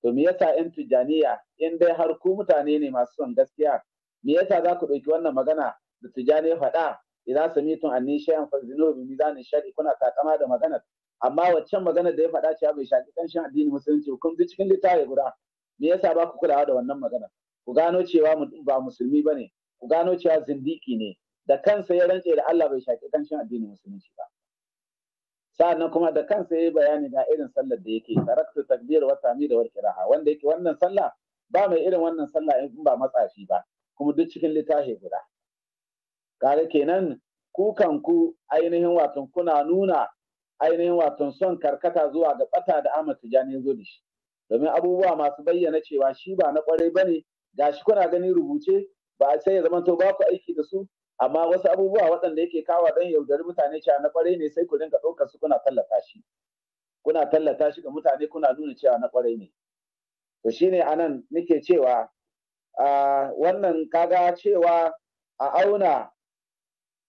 to me yasa yan tijaniya in dai har ku mutane ne masu son gaskiya me yasa za ku ɗauki wannan magana da Tijaniya faɗa idan samitun annin shay'an ni bi mizanin shari kuna takama da maganar amma waccan maganar da ya faɗa cewa bai shafi shin addini musulunci kun bi cikin littafi guda me yasa ba ku kulawa da wannan maganar ku gano cewa ba musulmi ba ne ku gano cewa zindiki ne da kansa ya rantse da Allah bai shaƙi kanshin addinin musulunci ba sa'annan kuma da kansa ya yi bayani ga irin sallar da yake taraktu takbir wa tami da qira'a wanda yake wannan sallah ba mai irin wannan sallah in ba matsashi ba kuma duk cikin littafi guda kare kenan kukan ku kanku ainihin watan kuna nuna ainihin watan son karkata zuwa ga bata da Ahmad Tijani zo da shi domin abubuwa masu bayyana cewa shi ba na kwarai bane gashi kuna gani rubuce ba sai ya to ba ku aiki da su amma wasu abubuwa waɗanda yake kawa dan yaudari mutane cewa na kwarai ne sai ku dinga ɗaukar su kuna tallata shi kuna tallata shi ga mutane kuna nuna cewa na kwarai ne to shine anan nake cewa wannan kaga cewa a auna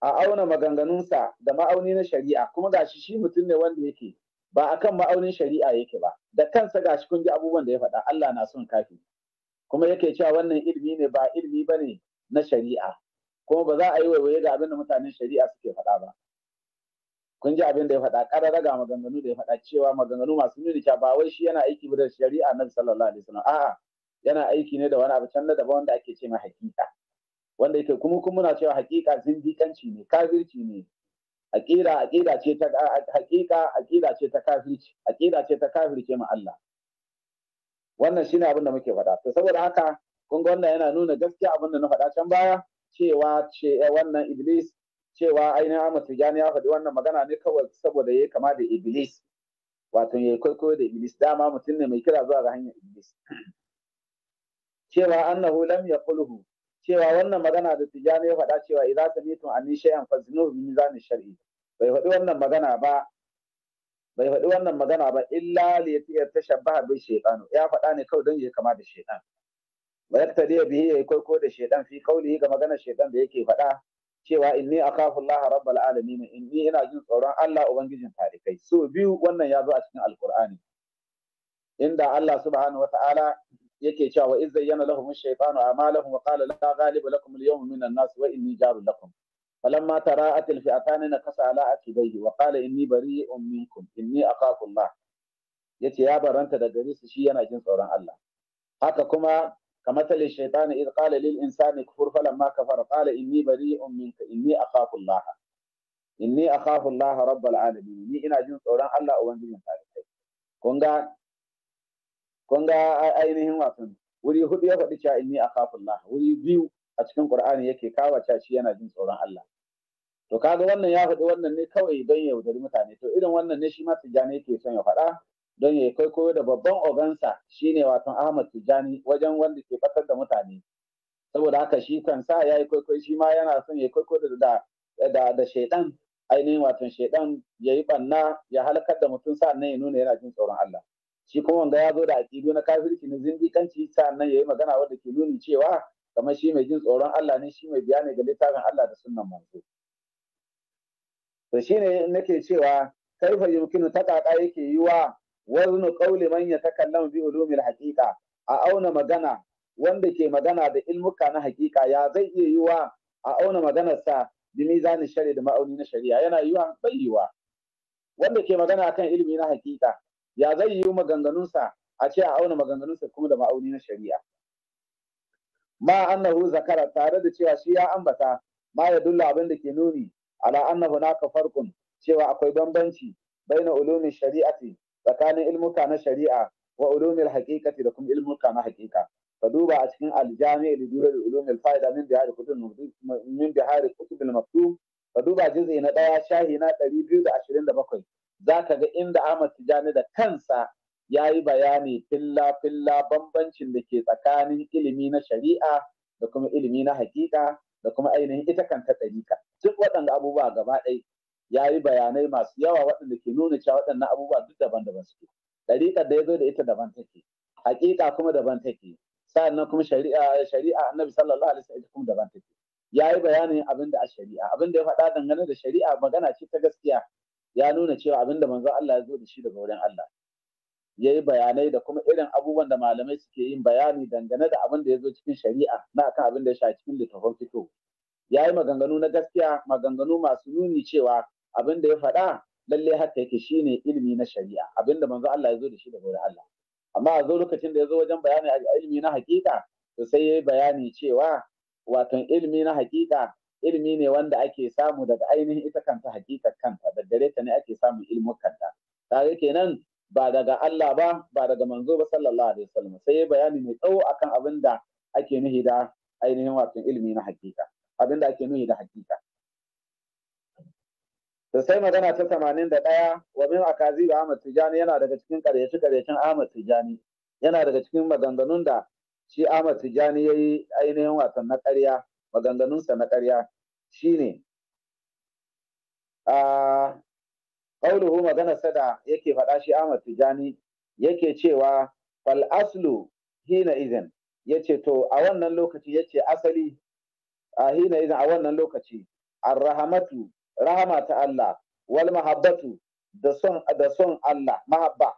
a auna maganganunsa da ma'auni na shari'a kuma gashi shi mutum ne wanda yake ba kan ma'aunin shari'a yake ba da kansa gashi kun ji abubuwan da ya faɗa Allah na son kafi kuma yake cewa wannan ilimi ne ba ilimi bane na shari'a kuma ba za a yi waiwaye ga abin da mutanen shari'a suke faɗa ba kun ji abin da ya faɗa ƙarara ga maganganu da ya faɗa cewa maganganu masu nuni cewa ba wai shi yana aiki da shari'a na sallallahu alaihi wasallam a'a yana aiki ne da wani abu can na daban wanda ake ce ma hakika wanda yake kuma kuma muna cewa hakika zindikanci ne kafirci ne aqida aqida ce ta hakika aqida ce ta kafirci aqida ce ta kafirce ma Allah wannan shine abin da muke faɗa to saboda haka kun ga wannan yana nuna gaskiya abin da na faɗa can baya cewa ce eh, wannan Iblis cewa ainihin Ahmad Tijani ya faɗi wannan magana ne kawai saboda ya kama da Iblis wato ya kwaikwayo da Iblis dama mutum ne mai kira zuwa ga hanyar Iblis cewa annahu lam yaqulhu cewa wannan magana da Tijani ya faɗa cewa idza samitu an shay'an fazinu bi mizan shar'i bai faɗi wannan magana ba bai faɗi wannan magana ba illa li yatashabbaha bi shaytan ya faɗa ne kawai don ya kama da shaytan wa yaktadi bihi yayi ko da shaiɗan fi qawlihi ga maganar shaidan da yake faɗa cewa inni akhafu Allah rabbal alamin inni ina jin tsoron Allah ubangijin tarikai. so biyu wannan ya zo a cikin alqur'ani inda Allah subhanahu wata'ala yake cewa wa iz zayyana lahum ash-shaytanu a'malahum wa qala la ghaliba lakum al-yawma min an-nas wa inni jarul lakum فلما تراءت الفئتان نكس على عقبيه وقال اني بريء منكم inni اخاف الله yace ya baranta da gare su shi yana jin tsoron Allah haka kuma كمثل الشيطان إذ قال للإنسان اكفر فلما كفر قال إني بريء منك إني أخاف الله إني أخاف الله رب العالمين إني إنا جن سوران الله أوانجين تاريخي كونغا كونغا أينهم واتن wuri hudu ya faɗi cewa inni akhafullah wuri biyu a cikin qur'ani yake kawo cewa shi yana jin tsoron Allah to kaga wannan ya faɗi wannan ne kawai don ya yaudari mutane to irin wannan ne shi ma tijjani yake son ya faɗa don ya kai koyo da babban ogansa shine wato Ahmad Tijani wajen wanda ke batar da mutane saboda haka shi kansa ya yi kwaikwayo shi ma yana son ya kwaikwayo da da da shaidan ainihin wato shaidan ya yi banna ya halakar da mutum sa'annan ya nuna yana jin tsoron Allah shi kuma wanda ya zo da aƙidu na kafirci na zindikanci sa'annan ya yi magana wanda ke nuni cewa kamar shi mai jin tsoron Allah ne shi mai biya ne ga littafin Allah da sunnan manzo to shine nake cewa kaifa yumkinu ta yake yi wa waznu qawli man yatakallamu bi ulumil haƙiƙa a auna magana wanda ke magana da ilmuka na haƙiƙa ya zai iya yiwa a auna maganarsa bi mizanin shari'a da ma'auni na shari'a yana yiwa bai yiwa wanda ke magana kan ilimi na haƙiƙa ya zai yi maganganunsa a ce a auna maganganunsa kuma da ma'auni na shari'a ma annahu zakara tare da cewa shi ya ambata ma ya dulla abin da ke nuni ala annahu naka farqun cewa akwai bambanci baina ulumin shari'ati tsakanin ilmuka na shari'a wa ulumil haqiqati da kuma ilmuka na haqiqa ka duba a cikin aljami da durar ulumil fa'ida min bihari kutub min bihari kutub maktub ka duba juz'i na daya shahi na 227 zaka ga inda Ahmad Tijani da kansa ya yi bayani filla filla bambancin da ke tsakanin ilimi na shari'a da kuma ilimi na haƙiƙa da kuma ainihin ita kanta ɗarika duk waɗanda abubuwa gaba ɗaya ya yi bayanai masu yawa waɗanda ke nuna cewa waɗannan abubuwa duk daban-daban suke ɗariƙar da ya zo da ita daban take haƙiƙa kuma daban take sa'annan kuma shari'a shari'a annabi sallallahu alaihi wasallam kuma daban take ya yi bayanin abin da a shari'a abin da ya faɗa dangane da shari'a magana ce ta gaskiya ya nuna cewa abin da manzo Allah ya zo da shi daga wurin Allah ya yi bayanai da kuma irin abubuwan da malamai suke yin bayani dangane da abin da ya zo cikin shari'a na akan abin da ya sha cikin littafin fito ya yi maganganu na gaskiya maganganu masu nuni cewa abin da ya faɗa lalle haka yake shine ilimi na shari'a abin da manzo Allah ya zo da shi daga wurin Allah amma a zo lokacin da ya zo wajen bayani a ilimi na hakika to sai ya yi bayani cewa wato ilimi na hakika ilimi ne wanda ake samu daga ainihin ita kanta hakikar kanta da gare ta ne ake samun ilimin kanta tare kenan ba daga Allah ba ba daga manzo ba sallallahu alaihi wasallam sai ya bayani mai tsawo akan abin da ake nuhi da ainihin wato ilimi na hakika abin da ake nuhi da hakika da sai magana ta tamanin da ɗaya wa min akazi da Ahmad Tijani yana daga cikin ƙaryace ƙaryacen Ahmad Tijani yana daga cikin maganganun da shi Ahmad Tijani ya yi ainihin wasan na ƙarya maganganunsa na ƙarya shine a ƙauluhu magana sada yake faɗa shi Ahmad Tijani yake cewa fal aslu hina izin yace to a wannan lokaci yace asali a hina izin a wannan lokaci arrahamatu rahama ta Allah wal mahabbatu da son da son Allah mahabba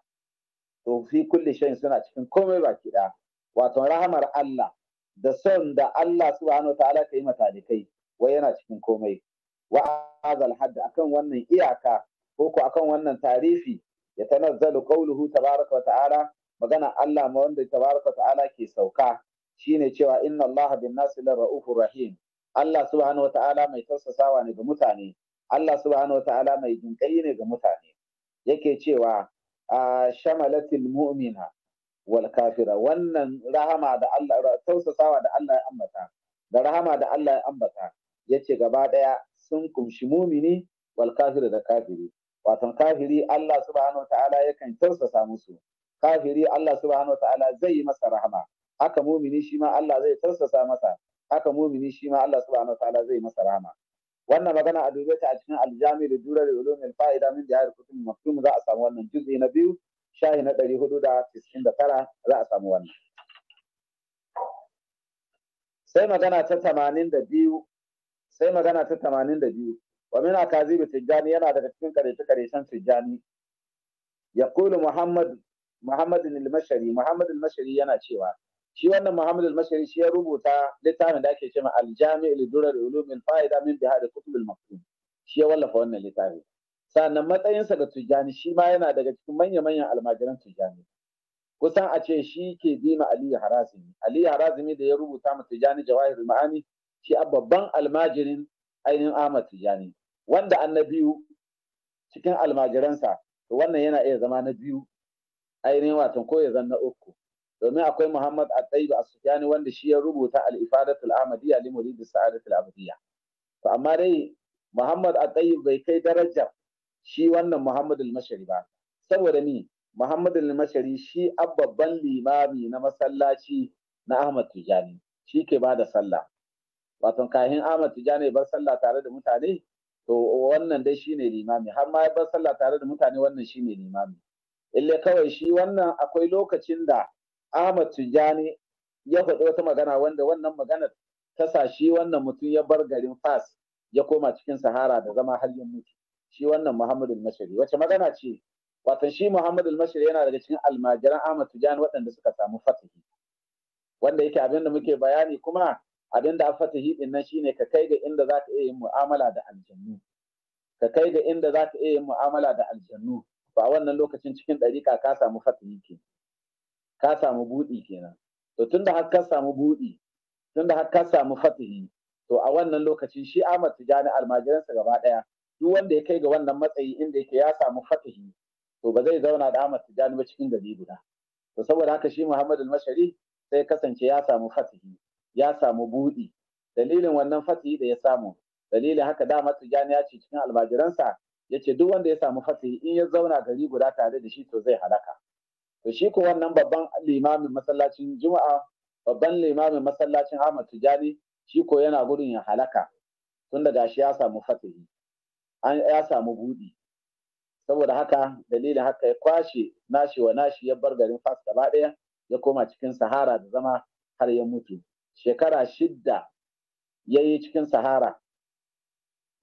to fi kulli shay'in suna cikin komai baki ɗaya. wato rahamar Allah da son da Allah subhanahu wa ta'ala ka yi matalikai wai yana cikin komai wa azal hadd akan wannan iyaka ko ko akan wannan tarifi ya tanazzalu qawluhu tabaraka wa ta'ala magana Allah ma wanda tabaraka wa ta'ala ke sauka shine cewa inna Allah bin nasi lar rahim Allah subhanahu wa ta'ala mai tausasawa ne ga mutane Allah subhanahu wata'ala mai jinkai ne ga mutane yake cewa a shamalatil mu'mina wal kafira wannan rahama da Allah tausasawa da Allah ya ambata da rahama da Allah ya ambata yace gaba daya sun kumshi mumini wal kafira da kafiri wato kafiri Allah subhanahu wata'ala yakan tausasa musu kafiri Allah subhanahu wata'ala zai yi masa rahama haka mumini shi ma Allah zai tausasa masa haka mumini shi ma Allah subhanahu wata'ala zai masa rahama wannan magana a dube ta a cikin aljami da durar ulumul fa'ida min jihar kutub maktum za a samu wannan juz'i na biyu shahi na ɗari hudu da cikin da tara za a samu wannan sai magana ta tamanin da biyu sai magana ta tamanin da biyu wa min akazibi tijjani yana daga cikin karece karecen tijjani yaqulu muhammad muhammad al-mashari muhammad al-mashari yana cewa shi wannan Muhammad al-Mashari shi ya rubuta littafin da ake cewa al-Jami' ulumil fa'ida min bihar kutub al-maktub shi ya wallafa wannan littafi sannan matsayinsa ga Tijjani shi ma yana daga cikin manya-manyan almajiran Tijjani kusan a ce shi ke bi ma Aliyu Harazimi Aliyu Harazimi da ya rubuta ma Tijjani Jawahir Ma'ani shi a babban almajirin ainihin Ahmad Tijjani wanda annabiyu cikin almajiransa wannan yana iya zama na biyu ainihin watan ko ya zan na uku domin akwai Muhammad At-Tayyib as wanda shi ya rubuta Al-Ifadatul Ahmadiyya li Murid Sa'adatul Abadiyya to amma dai Muhammad At-Tayyib bai kai darajar shi wannan Muhammad Al-Mashari ba saboda ni Muhammad Al-Mashari shi babban limami na masallaci na Ahmad Tijani shi ke ba da sallah wato kahin Ahmad Tijani bar sallah tare da mutane to wannan dai shi ne limami har ma ya bar sallah tare da mutane wannan shi ne limami ille kawai shi wannan akwai lokacin da Ahmad tijani ya faɗi wata magana wanda wannan maganar ta shi wannan mutum ya bar garin Fas ya koma cikin Sahara da zama har mutu. Shi wannan Muhammadu Mashari wace magana ce? Watan shi Muhammadu Mashari yana daga cikin almajiran Ahmad Tijjani waɗanda suka samu fatahi. Wanda yake abin da muke bayani kuma abin da fatahi din nan shine ka kai ga inda za ka iya yin mu'amala da aljannu. Ka kai ga inda za ka iya yin mu'amala da aljannu. Ba a wannan lokacin cikin ɗariƙa ka samu fatahi kenan. ka samu buɗi kenan to tunda har ka samu buɗi tunda har ka samu fatihi to a wannan lokacin shi Ahmad Tijani almajiransa gaba ɗaya duk wanda ya kai ga wannan matsayi inda yake ya samu fatihi to ba zai zauna da Ahmad Tijani ba cikin gari guda to saboda haka shi Muhammad al-Mashari sai kasance ya samu fatihi ya samu buɗi dalilin wannan fatihi da ya samu dalilin haka dama Tijani ya ce cikin almajiransa ya ce duk wanda ya samu fatihi in ya zauna gari guda tare da shi to zai halaka to shi ko wannan babban limamin masallacin juma'a babban limamin masallacin Ahmad Tijani shi ko yana gudun ya halaka tun gashi ya samu fatihi an ya samu budi saboda haka dalilin haka ya kwashe nashi wa nashi ya bar garin Fas gaba ɗaya ya koma cikin Sahara da zama har ya mutu shekara shidda ya yi cikin Sahara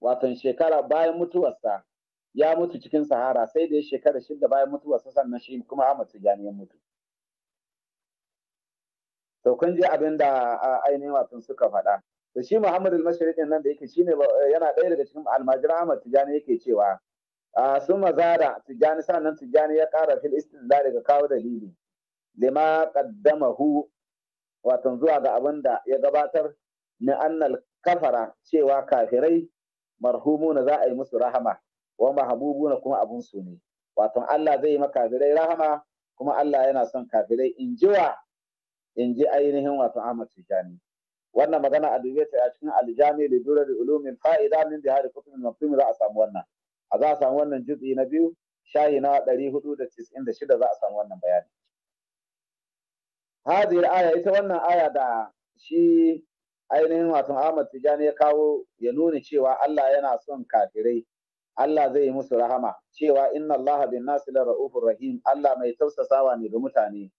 watan shekara bayan mutuwarsa ya mutu cikin sahara sai da ya shekara shida bayan sassan na shi kuma Ahmad Tijjani ya mutu. To kun ji abin da ainihin watan suka faɗa. To shi Muhammad al-Mashriq nan da yake ne yana ɗaya daga cikin almajira Ahmad Tijani yake cewa sun mazara Tijani sannan Tijjani ya ƙara fil istinza daga kawo dalili. Lima hu! watan zuwa ga abin da ya gabatar na annal kafara cewa kafirai marhumu na za a yi musu rahama wa mahbubuna kuma abun su ne wato Allah zai maka kafirai rahama kuma Allah yana son kafirai injiwa inji ainihin wato Ahmad Tijani wannan magana a dube ta a cikin aljami li durar ulumin fa'ida min bihari kutubin mafhum za a samu wannan a za a samu wannan juz'i na biyu shayi na shida za a samu wannan bayani hadir aya ita wannan aya da shi ainihin wato Ahmad Tijani ya kawo ya nuna cewa Allah yana son kafirai Allah zai yi musu rahama cewa inna Allah bin nasi la ra'ufur rahim Allah mai tausasawa ne ga mutane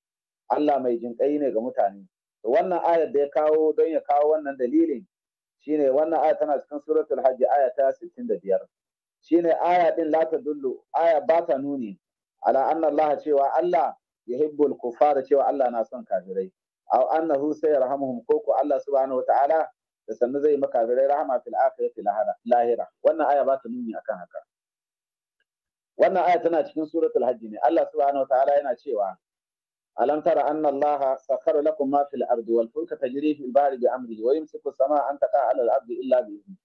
Allah mai jinƙai ne ga mutane wannan ayar da ya kawo don ya kawo wannan dalilin shine wannan aya tana cikin suratul hajji aya ta 65 shine aya din la ta dullu aya ba ta nuni ala anna Allah cewa Allah yuhibbul kufara cewa Allah na son kafirai aw annahu sayarhamuhum ko ko Allah subhanahu ta'ala? da sannu zai maka zai rahama fil akhirati lahira wannan aya ba ta nuni akan haka wannan aya tana cikin suratul hajji ne Allah subhanahu wataala yana cewa alam tara anna allaha sakhara lakum ma fil ardi wal fulka tajri fil bahri bi amrihi wa yumsiku as-samaa an taqa'a 'ala al-ardi illa bi idhnihi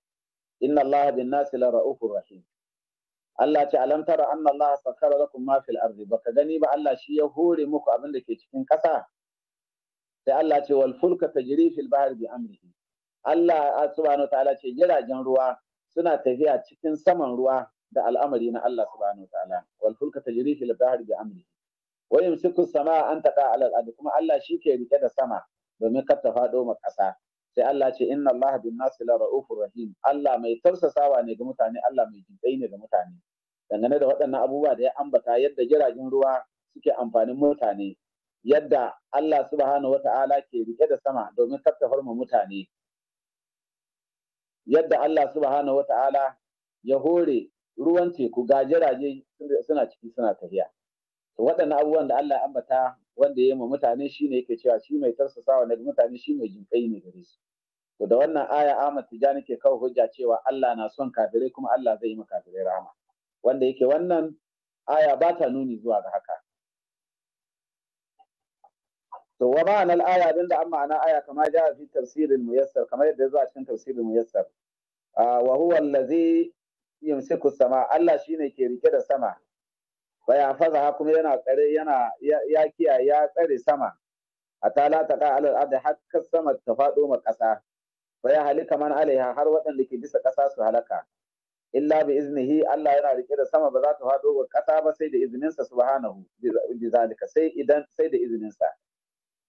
inna allaha bin nasi la ra'ufur rahim Allah ce alam tara anna allaha sakhara lakum ma fil ardi baka gani ba Allah shi ya hore muku abin da ke cikin ƙasa sai Allah ce wal fulka tajri fil bahri bi amrihi Allah subhanahu wa ta'ala ce jiragen ruwa suna tafiya cikin saman ruwa da al'amari na Allah subhanahu wa ta'ala wal fulka tajri fil bahri bi amri wa yumsiku samaa an taqa ala kuma Allah shi ke rike da sama domin kar ta fado ma ƙasa sai Allah ce inna Allah bin nasi la raufur rahim Allah mai tausasawa ne ga mutane Allah mai jinkai ne ga mutane dangane da waɗannan abubuwa da ya ambata yadda jiragen ruwa suke amfanin mutane yadda Allah subhanahu wa ta'ala ke rike da sama domin tattafar mu mutane yadda Allah subhanahu Ta'ala ya hore ruwan teku gajiraje suna ciki suna tafiya to waɗannan abubuwan da Allah ya ambata wanda ya yi mutane shine yake cewa shi mai tarsasawa na mutane shi mai jinkai ne gare su to da wannan aya Ahmad Tijani ke kawo hujja cewa Allah na son kafirai kuma Allah zai yi ma kafirai rahama wanda yake wannan aya ba ta nuni zuwa ga haka to wa ma'ana al-aya abinda an ma'ana aya kama ja fi tafsirin muyassar kamar yadda zuwa cikin tafsirin muyassar wa huwa allazi yumsiku sama Allah shine ke rike da sama fa ya faza kuma yana tsare yana ya kiyaye ya tsare sama hatta la taqa ala al hakka sama ta fado ma kasa fa ya halika man alaiha har waɗanda ke bisa kasa su halaka illa bi iznihi Allah yana rike da sama ba za ta fado ga kasa ba sai da izininsa subhanahu bi zalika sai idan sai da izininsa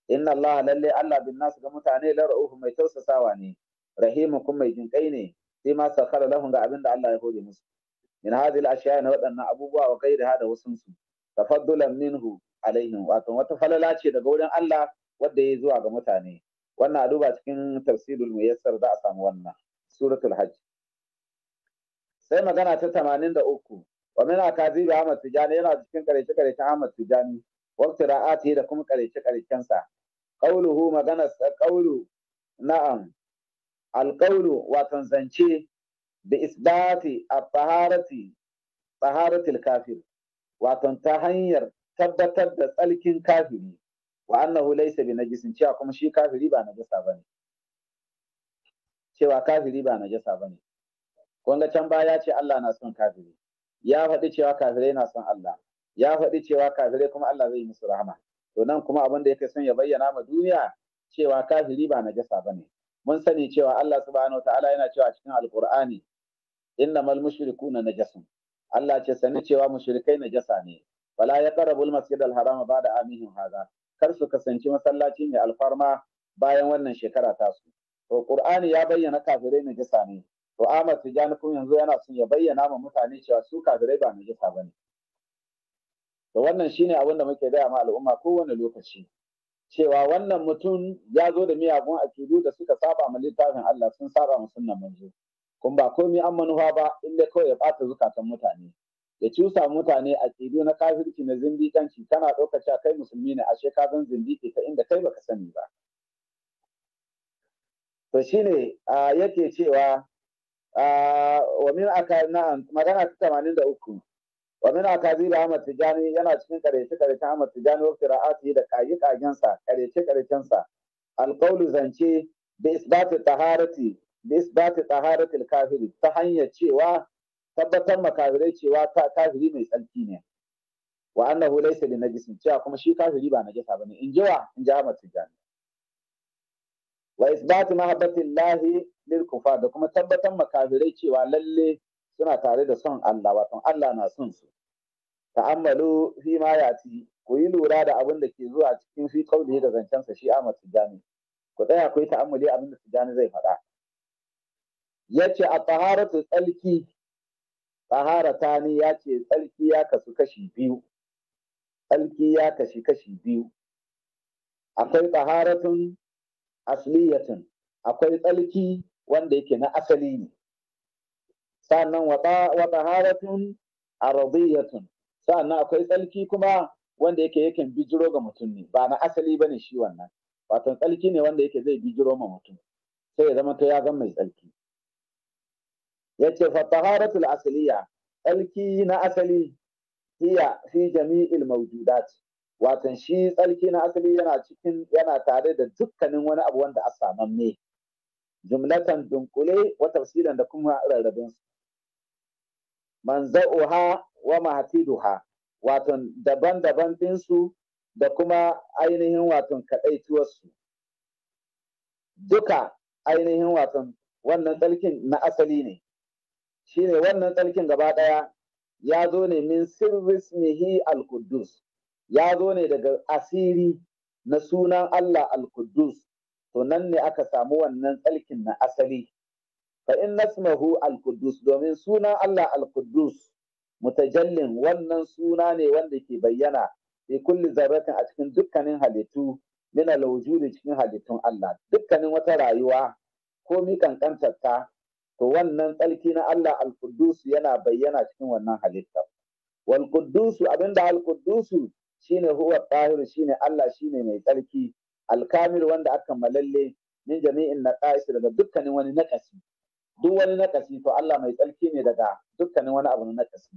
inna Allah lalle Allah bin nasu ga mutane la ra'uhu mai tausasawa ne rahimu kuma mai jinkai ne sai ma sakara lahum ga abin da Allah ya hore musu min hadhihi al na waɗannan abubuwa wa da hada wasun su tafaddulan minhu alaihim wato wata falala ce daga wurin Allah wadda ya zuwa ga mutane wannan a duba cikin tafsirul muyassar za a samu wannan suratul hajj sai magana ta 83 wa min akazibi Ahmad Tijani yana cikin karece karecen Ahmad Tijani waqti ra'ati da kuma karece karecensa ƙauluhu magana ƙaulu na'am alƙaulu watan zance da isbati a taharati taharatil kafir watan ta hanyar tabbatar da tsalkin kafiri wa annahu laysa bi najisin cewa kuma shi kafiri ba najasa bane cewa kafiri ba najasa bane kun ga can baya ce Allah na son kafiri ya faɗi cewa kafirai na son Allah ya faɗi cewa kafirai kuma Allah zai musu rahama to nan kuma abin da yake son ya bayyana ma duniya cewa kafiri ba najasa bane mun sani cewa Allah subhanahu ta'ala yana cewa cikin alqur'ani mal mushrikuna najasun Allah ce sani cewa mushrikai najasa ne wala ya al-masjid al-harama ba'da amihim hadha kar su kasance masallaci mai alfarma bayan wannan shekara ta su to qur'ani ya bayyana kafirai najasa ne to amma yanzu yana son ya bayyana ma mutane cewa su kafirai ba najasa bane da wannan shine abin da muke gaya ma al'umma kowane lokaci cewa wannan mutum ya zo da miyagun akidu da suka saba ma littafin Allah sun saba ma sunnan manzo kun ba komai an manufa ba inda kawai ya bata zukatan mutane ya cusa mutane a akidu na kafirci na zindikanci kana ɗaukar a kai musulmi ne ashe ka zan zindiki ta inda kai baka sani ba to shine yake cewa wa min aka na magana ta 83 wa min akazir Ahmad Tijani yana cikin karece karece Ahmad Tijani wa qira'ati da kayi kagensa karece karecensa alqawlu zance bi isbati taharati bi isbati taharati al ta hanyar cewa tabbatar makafirai cewa ta kafiri mai tsarki ne wa annahu laysa bi najisin cewa kuma shi kafiri ba najasa bane in jiwa in ji Ahmad Tijani wa isbati mahabbati Allah lil kufar da kuma tabbatar makafirai cewa lalle suna tare da son Allah wato Allah na son su ta'ammalu fi ma yati ku yi lura da abin da ke zuwa cikin fi kauli da zancensa shi Ahmad Tijani ku tsaya ku yi ta'ammuli abin da Tijani zai faɗa yace a taharatu tsalki ne yace tsalki ya kasu kashi biyu tsalki ya kashi kashi biyu akwai taharatun asliyatun akwai tsalki wanda yake na asali ne sannan wa taharatun aradiyatun sannan akwai tsalki kuma wanda yake yakan bijiro ga mutum ne ba na asali bane shi wannan wato tsalki ne wanda yake zai bijiro ma mutum sai ya zama to ya zama mai tsalki yace fa taharatul asliya tsalki na asali hiya fi jami'il mawjudat wato shi tsalki na asali yana cikin yana tare da dukkanin wani abu wanda a samamme jumlatan dunkule wa tafsilan da kuma rarrabin manza'uha wa mahatiduha waton daban-daban ɗinsu da kuma ainihin waton kaɗaituwarsu duka ainihin waton wannan tsalkin na asali ne shi ne wannan tsalkin gaba ɗaya ya zo ne min sirris mihi al-Quddus ya zo ne daga asiri na sunan Allah al-Quddus to nan ne aka samu wannan tsarkin na asali fa in nasmahu al-quddus domin sunan Allah al-quddus mutajallin wannan suna ne wanda ke bayyana fi kulli zarratin a cikin dukkanin halittu min al-wujudi cikin halittun Allah dukkanin wata rayuwa ko mi kankantar ta to wannan tsarki na Allah al-Quddus yana bayyana cikin wannan halitta wal Quddus abinda al-Quddus shine huwa tahir shine Allah shine mai tsarki Alkamir wanda aka malalle min jami'in naqais daga dukkanin wani nakasi duk wani nakasi to Allah mai tsarki ne daga dukkanin wani abu na nakasi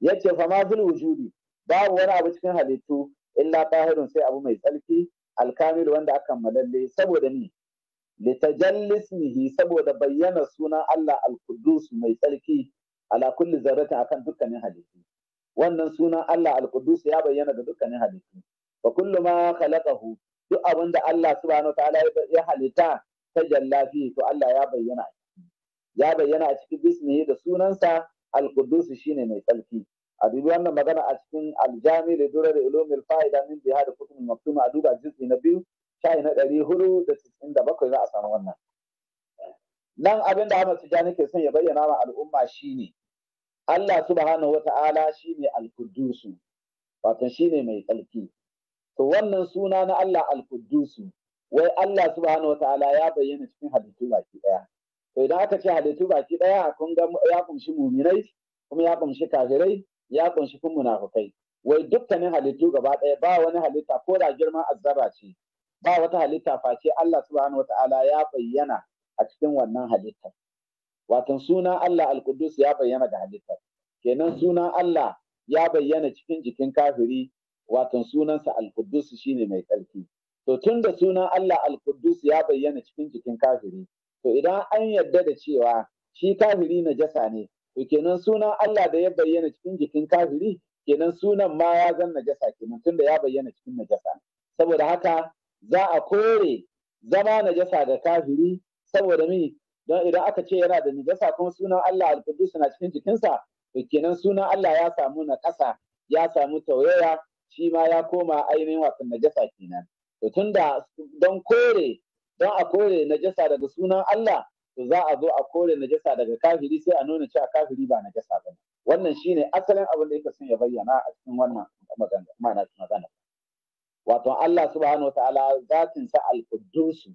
yace fa ma wujudi babu wani abu cikin halittu illa harin sai abu mai tsarki alkamil wanda aka malalle saboda ni litajallismihi saboda bayyana sunan Allah al-Quddus mai tsarki ala kulli zarratin akan dukkanin halittu wannan sunan Allah al-Quddus ya bayyana da dukkanin halittu wa kullu ma khalaqahu duk abin da Allah subhanahu ta'ala ya halitta tajalla fi to Allah ya bayyana a ciki ya bayyana a cikin bismihi da sunansa al-quddus shine mai tsarki a dubi wannan magana a cikin aljami da durar ulumul fa'ida min bihar kutubul maktuma a duba juz'i na biyu shayi na ɗari hudu da cikin da bakwai za a samu wannan nan abin da Ahmad Tijani ke son ya bayyana wa al'umma shine Allah subhanahu wata'ala shine al-quddus wato ne mai tsarki to wannan suna na Allah al-quddus wai Allah subhanahu wataala ya bayyana cikin halittu baki daya to idan aka ce halittu baki daya kun ga ya kunshi muminai kuma ya kunshi kafirai ya kunshi kun munafukai wai dukkanin halittu gaba daya ba wani halitta ko da girman azzaba ce ba wata halitta face Allah subhanahu wataala ya bayyana a cikin wannan halittar watan sunan Allah al ya bayyana da halittar kenan sunan Allah ya bayyana cikin jikin kafiri watan sunansa al shine mai tsarki to tun da sunan Allah al-Quddus ya bayyana cikin jikin kafiri to idan an yarda da cewa shi kafiri jasa ne to kenan sunan Allah da ya bayyana cikin jikin kafiri kenan sunan ma ya zan najasa kenan tun da ya bayyana cikin najasa saboda haka za a kore zama najasa da kafiri saboda mi don idan aka ce yana da najasa kuma sunan Allah al-Quddus na cikin jikinsa to kenan sunan Allah ya samu na ƙasa ya samu tauraya shi ma ya koma ainihin wasan najasa kenan to tunda don kore don a kore najasa daga sunan Allah to za a zo a kore najasa daga kafiri sai a nuna cewa kafiri ba najasa ba ne wannan shine asalin abin da yake son ya bayyana a cikin wannan magana ma'ana magana wato Allah subhanahu wataala zatin sa al-quddus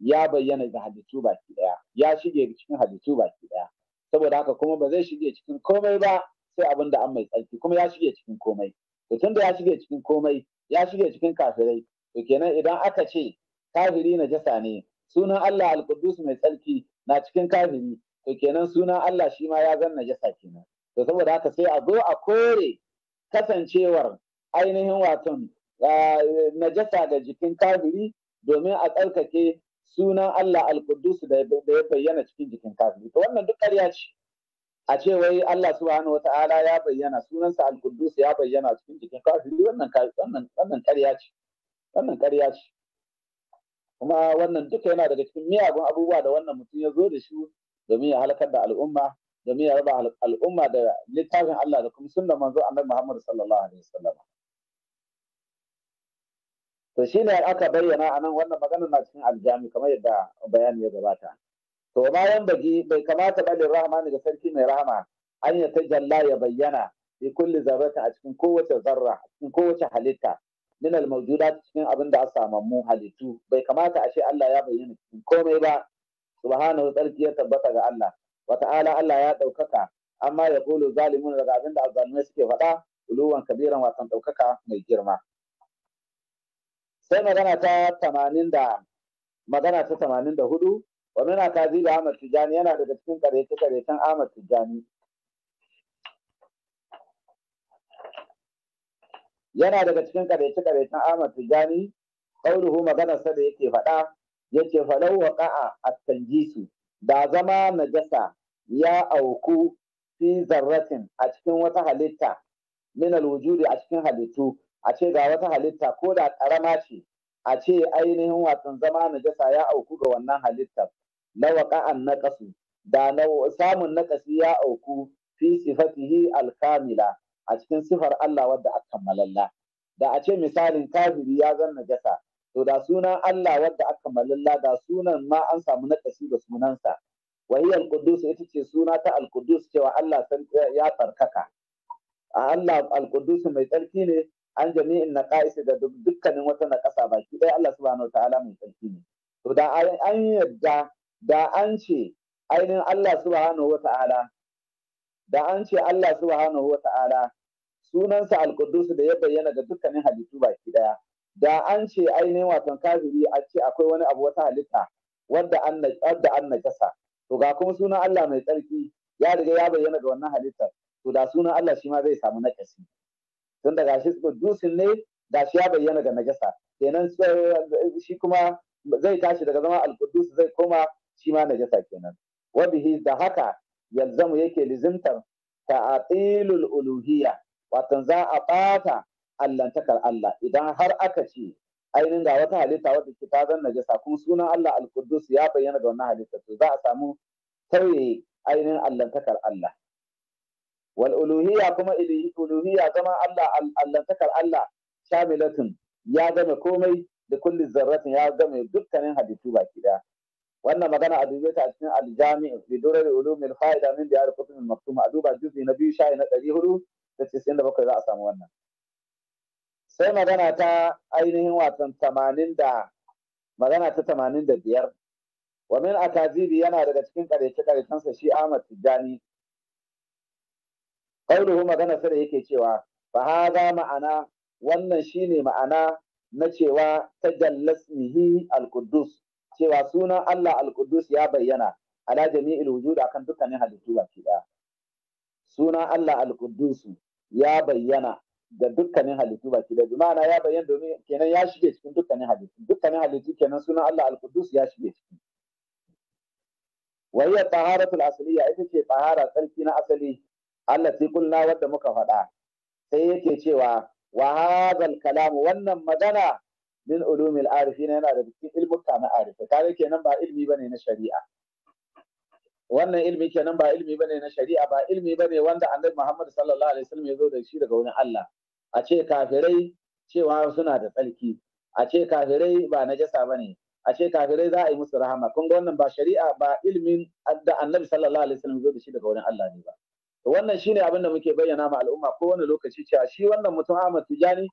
ya bayyana da halittu baki daya ya shige cikin halittu baki daya saboda haka kuma ba zai shige cikin komai ba sai abin da an mai tsarki kuma ya shige cikin komai to tunda ya shige cikin komai ya shige cikin kafirai to kenan idan aka ce kafiri jasa ne sunan Allah al-Quddus mai tsarki na cikin kafiri to kenan sunan Allah shi ma ya zan jasa kenan to saboda haka sai a zo a kore kasancewar ainihin waton najasa ga jikin kafiri domin a tsarkake sunan Allah al-Quddus da ya bayyana cikin jikin kafiri to wannan duk ƙarya ce a ce wai Allah subhanahu wata'ala ya bayyana sunansa al-Quddus ya bayyana cikin jikin kafiri wannan wannan wannan ƙarya ce wannan ƙarya ce kuma wannan duka yana daga cikin miyagun abubuwa da wannan mutum ya zo da shi domin ya halakar da al'umma domin ya raba al'umma da littafin Allah da kuma suna manzo annabi Muhammad sallallahu alaihi wasallam to ne aka bayyana a nan wannan magana na cikin aljami kamar yadda bayani ya gabata to ma yan bagi bai kamata ba rahmani ga sarki mai rahama an ya tajalla ya bayyana fi kulli zarratin a cikin kowace zarra a cikin kowace halitta min al-mawjudat cikin abin da aka mu halittu bai kamata ashe Allah ya bayyana cikin komai ba subhanahu tsarki ya tabbata ga Allah wa ta'ala Allah ya daukaka amma ya kulu zalimun daga abin da azzalumai suke faɗa uluwan kabiran wasan daukaka mai girma sai magana ta 80 magana ta 84 wa mina kazi da Ahmad Tijani yana daga cikin karyace karyacen Ahmad Tijani yana daga cikin kadaice kadaicen Ahmad Tijani qauluhu maganar sa da yake faɗa yace falau waqa'a at tanjisu da zama najasa ya auku fi zarratin a cikin wata halitta min Lujuri a cikin halittu a ce ga wata halitta ko da ƙarama ce a ce ainihin watan zama najasa ya auku ga wannan halittar na waƙa'an naƙasu da na samun nakasi ya auku fi sifatihi alkamila a cikin sifar Allah wadda aka kammalalla da a ce misalin kafiri ya zan najasa to da sunan Allah wadda aka kammalalla da sunan ma an samu nakasi da sunansa wa hiya al-quddus ita ce suna ta al-quddus cewa Allah ya tsarkaka Allah al-quddus mai tsarki ne an jami'in naqais da dukkanin wata na ƙasa baki ɗaya Allah subhanahu wataala mai tsarki ne to da an yadda da an ce ainihin Allah subhanahu wataala da an ce Allah subhanahu wa ta'ala sunansa al al-Qudus da ya bayyana ga dukkanin halittu baki daya da an ce ainihin wasan kafiri a ce akwai wani abu wata halitta wadda an najasa to ga kuma sunan Allah mai tsarki ya riga ya bayyana ga wannan halittar to da sunan Allah shi ma zai samu nakasi tun da gashi kudusin ne da shi ya bayyana ga najasa kenan shi kuma zai tashi daga zama al al-Qudus zai koma shi ma najasa kenan wabihi da haka yalzamu yake lizimtar ta'atilul uluhiyya watan za a bata allantakar Allah idan har aka ce ainihin ga wata halitta wata ke tazan najasa kuma sunan Allah al ya bayyana ga wannan halitta to za a samu tauye ainihin allantakar Allah wal uluhiyya kuma uluhiyya zama Allah allantakar Allah shamilatun ya game komai da kulli zarratin ya game dukkanin halittu baki daya wannan magana a dube ta a cikin aljami bi durar ulumil fa'ida min biyar kutub al maktuma a duba juzi na biyu shayi na ɗari hudu da tisin da bakwai za a samu wannan sai magana ta ainihin watan tamanin da magana ta tamanin da biyar wa min akazibi yana daga cikin ƙarshe ƙarshensa shi Ahmad Tijjani qauluhu magana sai yake cewa fa hada ma'ana wannan shine ma'ana na cewa tajallasmihi al-quddus cewa sunan Allah al-Quddus ya bayyana ala jami'il wujud akan dukkanin halittu baki daya sunan Allah al-Quddus ya bayyana ga dukkanin halittu baki daya bima'ana ya bayyana domin kenan ya shige cikin dukkanin halittu dukkanin halittu kenan sunan Allah al-Quddus ya shige cikin. wa hiya taharatul asliya ita ce tahara tsarki na asali Allah sai kulna wadda muka faɗa sai yake cewa wa hadal kalamu wannan magana min ulumil arifin yana da cikin ilmuka na arifa kaga kenan ba ilmi bane na shari'a wannan ilmi kenan ba ilmi bane na shari'a ba ilmi bane wanda annabi Muhammad sallallahu alaihi wasallam ya zo da shi daga wurin Allah a ce kafirai cewa suna da tsarki a ce kafirai ba najasa bane a ce kafirai za a yi musu rahama kun ga wannan ba shari'a ba ilmin da annabi sallallahu alaihi wasallam ya zo da shi daga wurin Allah ne ba wannan shine abin da muke bayyana ma al'umma ko wani lokaci cewa shi wannan mutum Ahmad Tijani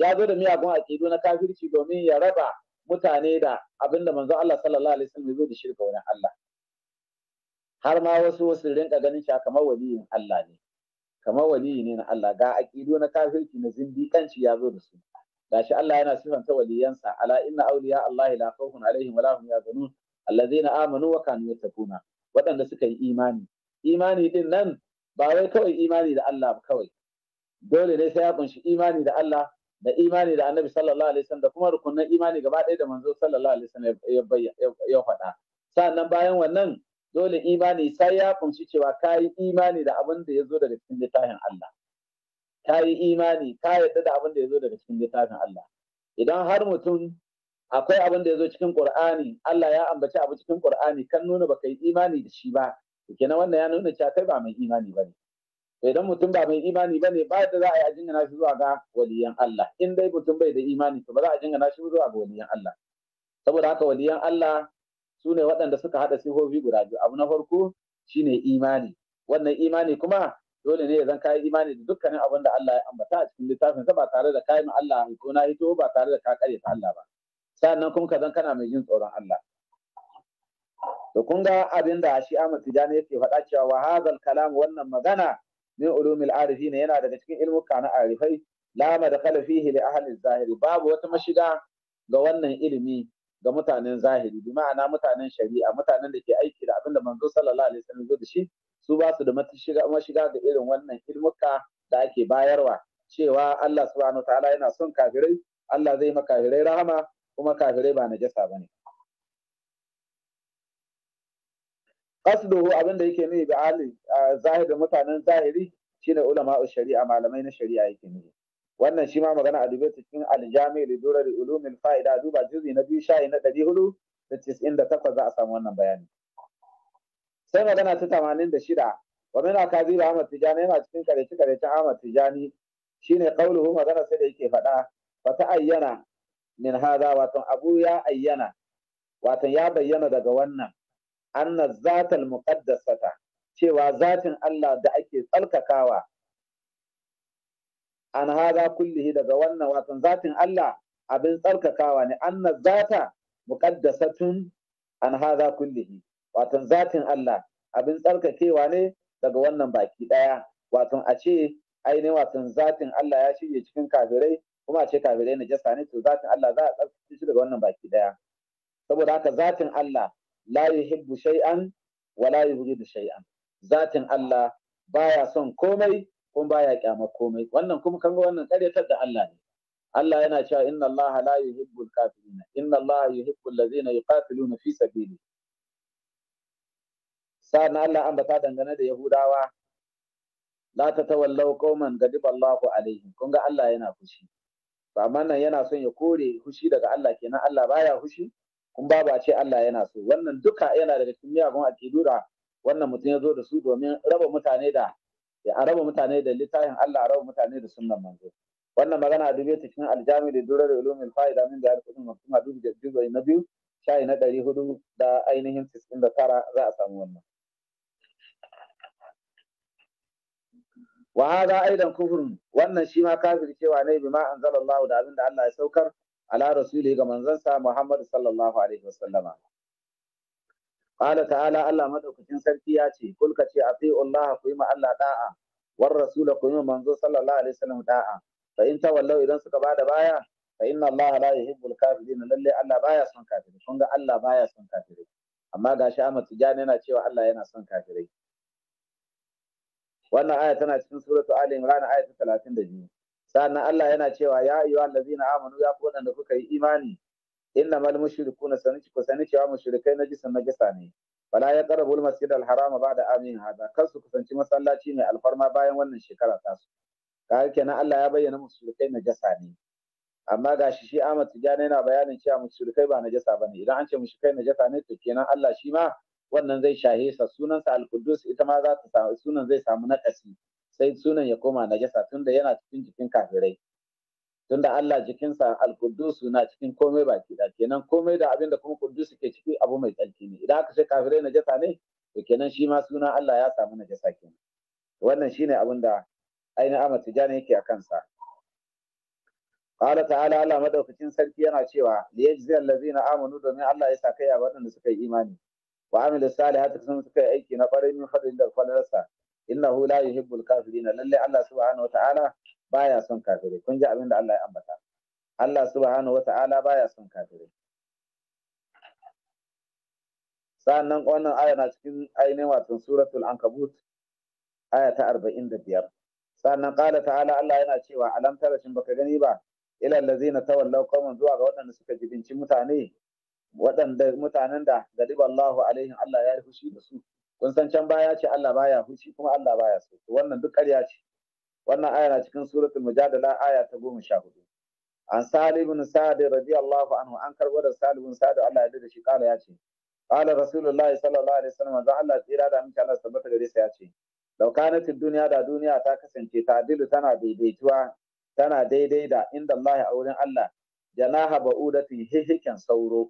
ya zo da miyagun aƙidu na kafirci domin ya raba mutane da abin da manzo Allah sallallahu alaihi wasallam zo da shirka wani Allah har ma wasu wasu rinka ganin shi kamar waliyin Allah ne kamar waliyi ne na Allah ga akidu na kafirci na zindiƙanci ya zo da su gashi Allah yana sifanta waliyansa ala inna awliya Allah la khawfun alaihim wa la hum yahzanun alladhina amanu wa kanu yattaquna waɗanda suka yi imani imani din nan ba wai kawai imani da Allah kawai dole ne sai ya kunshi imani da Allah da imani da annabi sallallahu alaihi wasallam da kuma rukunin imani gaba ɗaya da manzo sallallahu alaihi wasallam ya faɗa sannan bayan wannan dole imani sai ya kunshi cewa kayi imani da abin da ya daga cikin littafin Allah kayi imani ka yadda da abin da ya daga cikin littafin Allah idan har mutum akwai abin da ya cikin Qur'ani Allah ya ambaci abu cikin Qur'ani kan nuna baka yi imani da shi ba kenan wannan ya nuna cewa kai ba mai imani bane idan mutum ba mai imani ba ne ba da za a yi a jingina shi zuwa ga waliyan Allah in dai mutum bai da imani to ba za a jingina shi zuwa ga waliyan Allah saboda haka waliyan Allah su ne waɗanda suka haɗa sihohi guda biyu abu na farko shine imani wannan imani kuma dole ne zan kayi imani da dukkanin abin da Allah ya ambata a cikin littafin sa ba tare da kayan Allah ko na hito ba tare da ka kare ta Allah ba sannan kuma ka zan kana mai jin tsoron Allah to kun ga abin da shi Ahmad Tijani yake faɗa cewa wa hadal kalam wannan magana min ulumil arifina yana daga cikin ilmuka na arifai la madkhala fihi li ahli zahiri babu wata mashiga ga wannan ilimi ga mutanen zahiri bi ma'ana mutanen shari'a mutanen da ke aiki da abin da manzo sallallahu alaihi wasallam zo da shi su ba su da mashiga mashiga ga irin wannan ilmuka da ake bayarwa cewa Allah subhanahu wa ta'ala yana son kafirai Allah zai maka kafirai rahama kuma kafirai ba najasa bane qasduhu abin da yake nufi bi ali zahirin mutanen zahiri shine ulama shari'a malamai na shari'a yake nufi wannan shi ma magana a dube cikin aljami da durar ulumin fa'ida duba juzi na biyu shayi na ɗari hudu da tis'in da takwas za a samu wannan bayani sai magana ta tamanin da shida wa mina kaziru ahmad tijani yana cikin karece karece ahmad tijani shine qauluhu magana sai da yake faɗa fa ta ayyana min hada wato abu ya ayyana wato ya bayyana daga wannan anna zatal muqaddasata cewa zatin Allah da ake tsarkakawa a hada kullihi daga wannan watan zatin Allah abin tsarkakawa ne anna zata muqaddasatun an hada kullihi watan zatin Allah abin tsarkakewa ne daga wannan baki daya watan a ce ainihin watan zatin Allah ya shige cikin kafirai kuma a ce kafirai na jasa ne to zatin Allah za a tsarkake shi daga wannan baki daya saboda haka zatin Allah la yuhibbu shay'an wa la yubghidu zatin Allah baya son komai kuma baya kyama komai wannan kuma kan ga wannan karyatar da Allah ne Allah yana cewa inna Allah la yuhibbul kafirina inna Allah yuhibbul ladzina yuqatiluna fi sabili sa'an Allah an bata dangane da Yahudawa la tatawallaw qauman gadiba alaihim kun ga Allah yana fushi to amma nan yana son ya kore fushi daga Allah kenan Allah baya fushi kun ba ba ce Allah yana so wannan duka yana daga cikin miyagun akidu da wannan mutum ya zo da su domin raba mutane da ya raba mutane da littafin Allah a raba mutane da sunnan manzo wannan magana a dube cikin aljami da durar ulumul fa'ida min da alqur'an maktuma dubi da juzo na biyu shayi na ɗari hudu da ainihin tisin da tara za a samu wannan wa hada aidan kufrun wannan shi ma kafir cewa ne bi ma anzalallahu da abin da Allah ya saukar ala rasuli ga manzansa Muhammadu sallallahu alaihi wasallama qala ta'ala Allah madaukakin sarki ya ce kul ka ce ati'u Allah ku yi ma Allah da'a war rasul ku yi ma manzo sallallahu alaihi wasallam da'a fa in tawallau idan suka bada baya fa inna Allah la yuhibbul kafirin lalle Allah baya son kafirai kun ga Allah baya son kafirai amma gashi Ahmad Tijani yana cewa Allah yana son kafirai wannan aya tana cikin suratu Ali aya ta biyu. sannan Allah yana cewa ya yi ayyuha allazina amanu ya fi wadanda kuka yi imani innamal mushrikuna sanci ku sani cewa mushrikai na gisa ne Bala ya qarabu al masjid al harama da amin hada kar su kusanci masallaci mai alfarma bayan wannan shekara ta su yake na Allah ya bayyana mushrikai najasa ne amma gashi shi Ahmad Tijani yana bayanin cewa mushrikai ba na najasa bane idan an ce mushrikai jasa ne to kenan Allah shi ma wannan zai shahe sa sunansa al qudus ita ma za ta sunan zai samu nakasi sai sunan ya koma najasa tunda yana cikin jikin kafirai tunda Allah jikinsa al qudus na cikin komai baki da kenan komai da abinda kuma Qudus ke ciki abu mai tsarki ne idan aka ce kafirai najasa ne to kenan shi ma suna Allah ya samu najasa kenan wannan shine abin da ainihin Ahmad Tijani yake a kansa Allah ta'ala Allah madaukakin sarki yana cewa yajzi allazina amanu domin Allah ya kai ya waɗanda suka yi imani wa amilu salihati sun suka yi aiki na ƙwarai min fadlin da kwalarsa. innahu la yuhibbul kafirin lalle Allah subhanahu wata'ala baya son kafirai kun ji abin da Allah ya ambata Allah subhanahu wata'ala baya son kafirai sannan wannan aya na cikin ainihin wato suratul ankabut aya ta 45 sannan qala ta'ala Allah yana cewa alam tara shin baka gani ba ila allazina tawallaw qauman zuwa ga waɗanda suka jibinci mutane waɗanda mutanen da gadiba Allahu alaihim Allah ya yi fushi da su kun san can baya ce Allah baya fushi kuma Allah baya so to wannan duk ƙarya ce wannan aya na cikin suratul mujadala aya ta goma sha an salim ibn sa'd radiyallahu anhu an karbo da salim ibn sa'd Allah ya da shi kana ya ce qala rasulullahi sallallahu alaihi wasallam da Allah tsira da amince Allah tabbata gare sa ya ce law kanat dunya da duniya ta kasance ta dilu tana daidaituwa tana daidai da inda Allah a wurin Allah janaha ba'udati hihikan sauro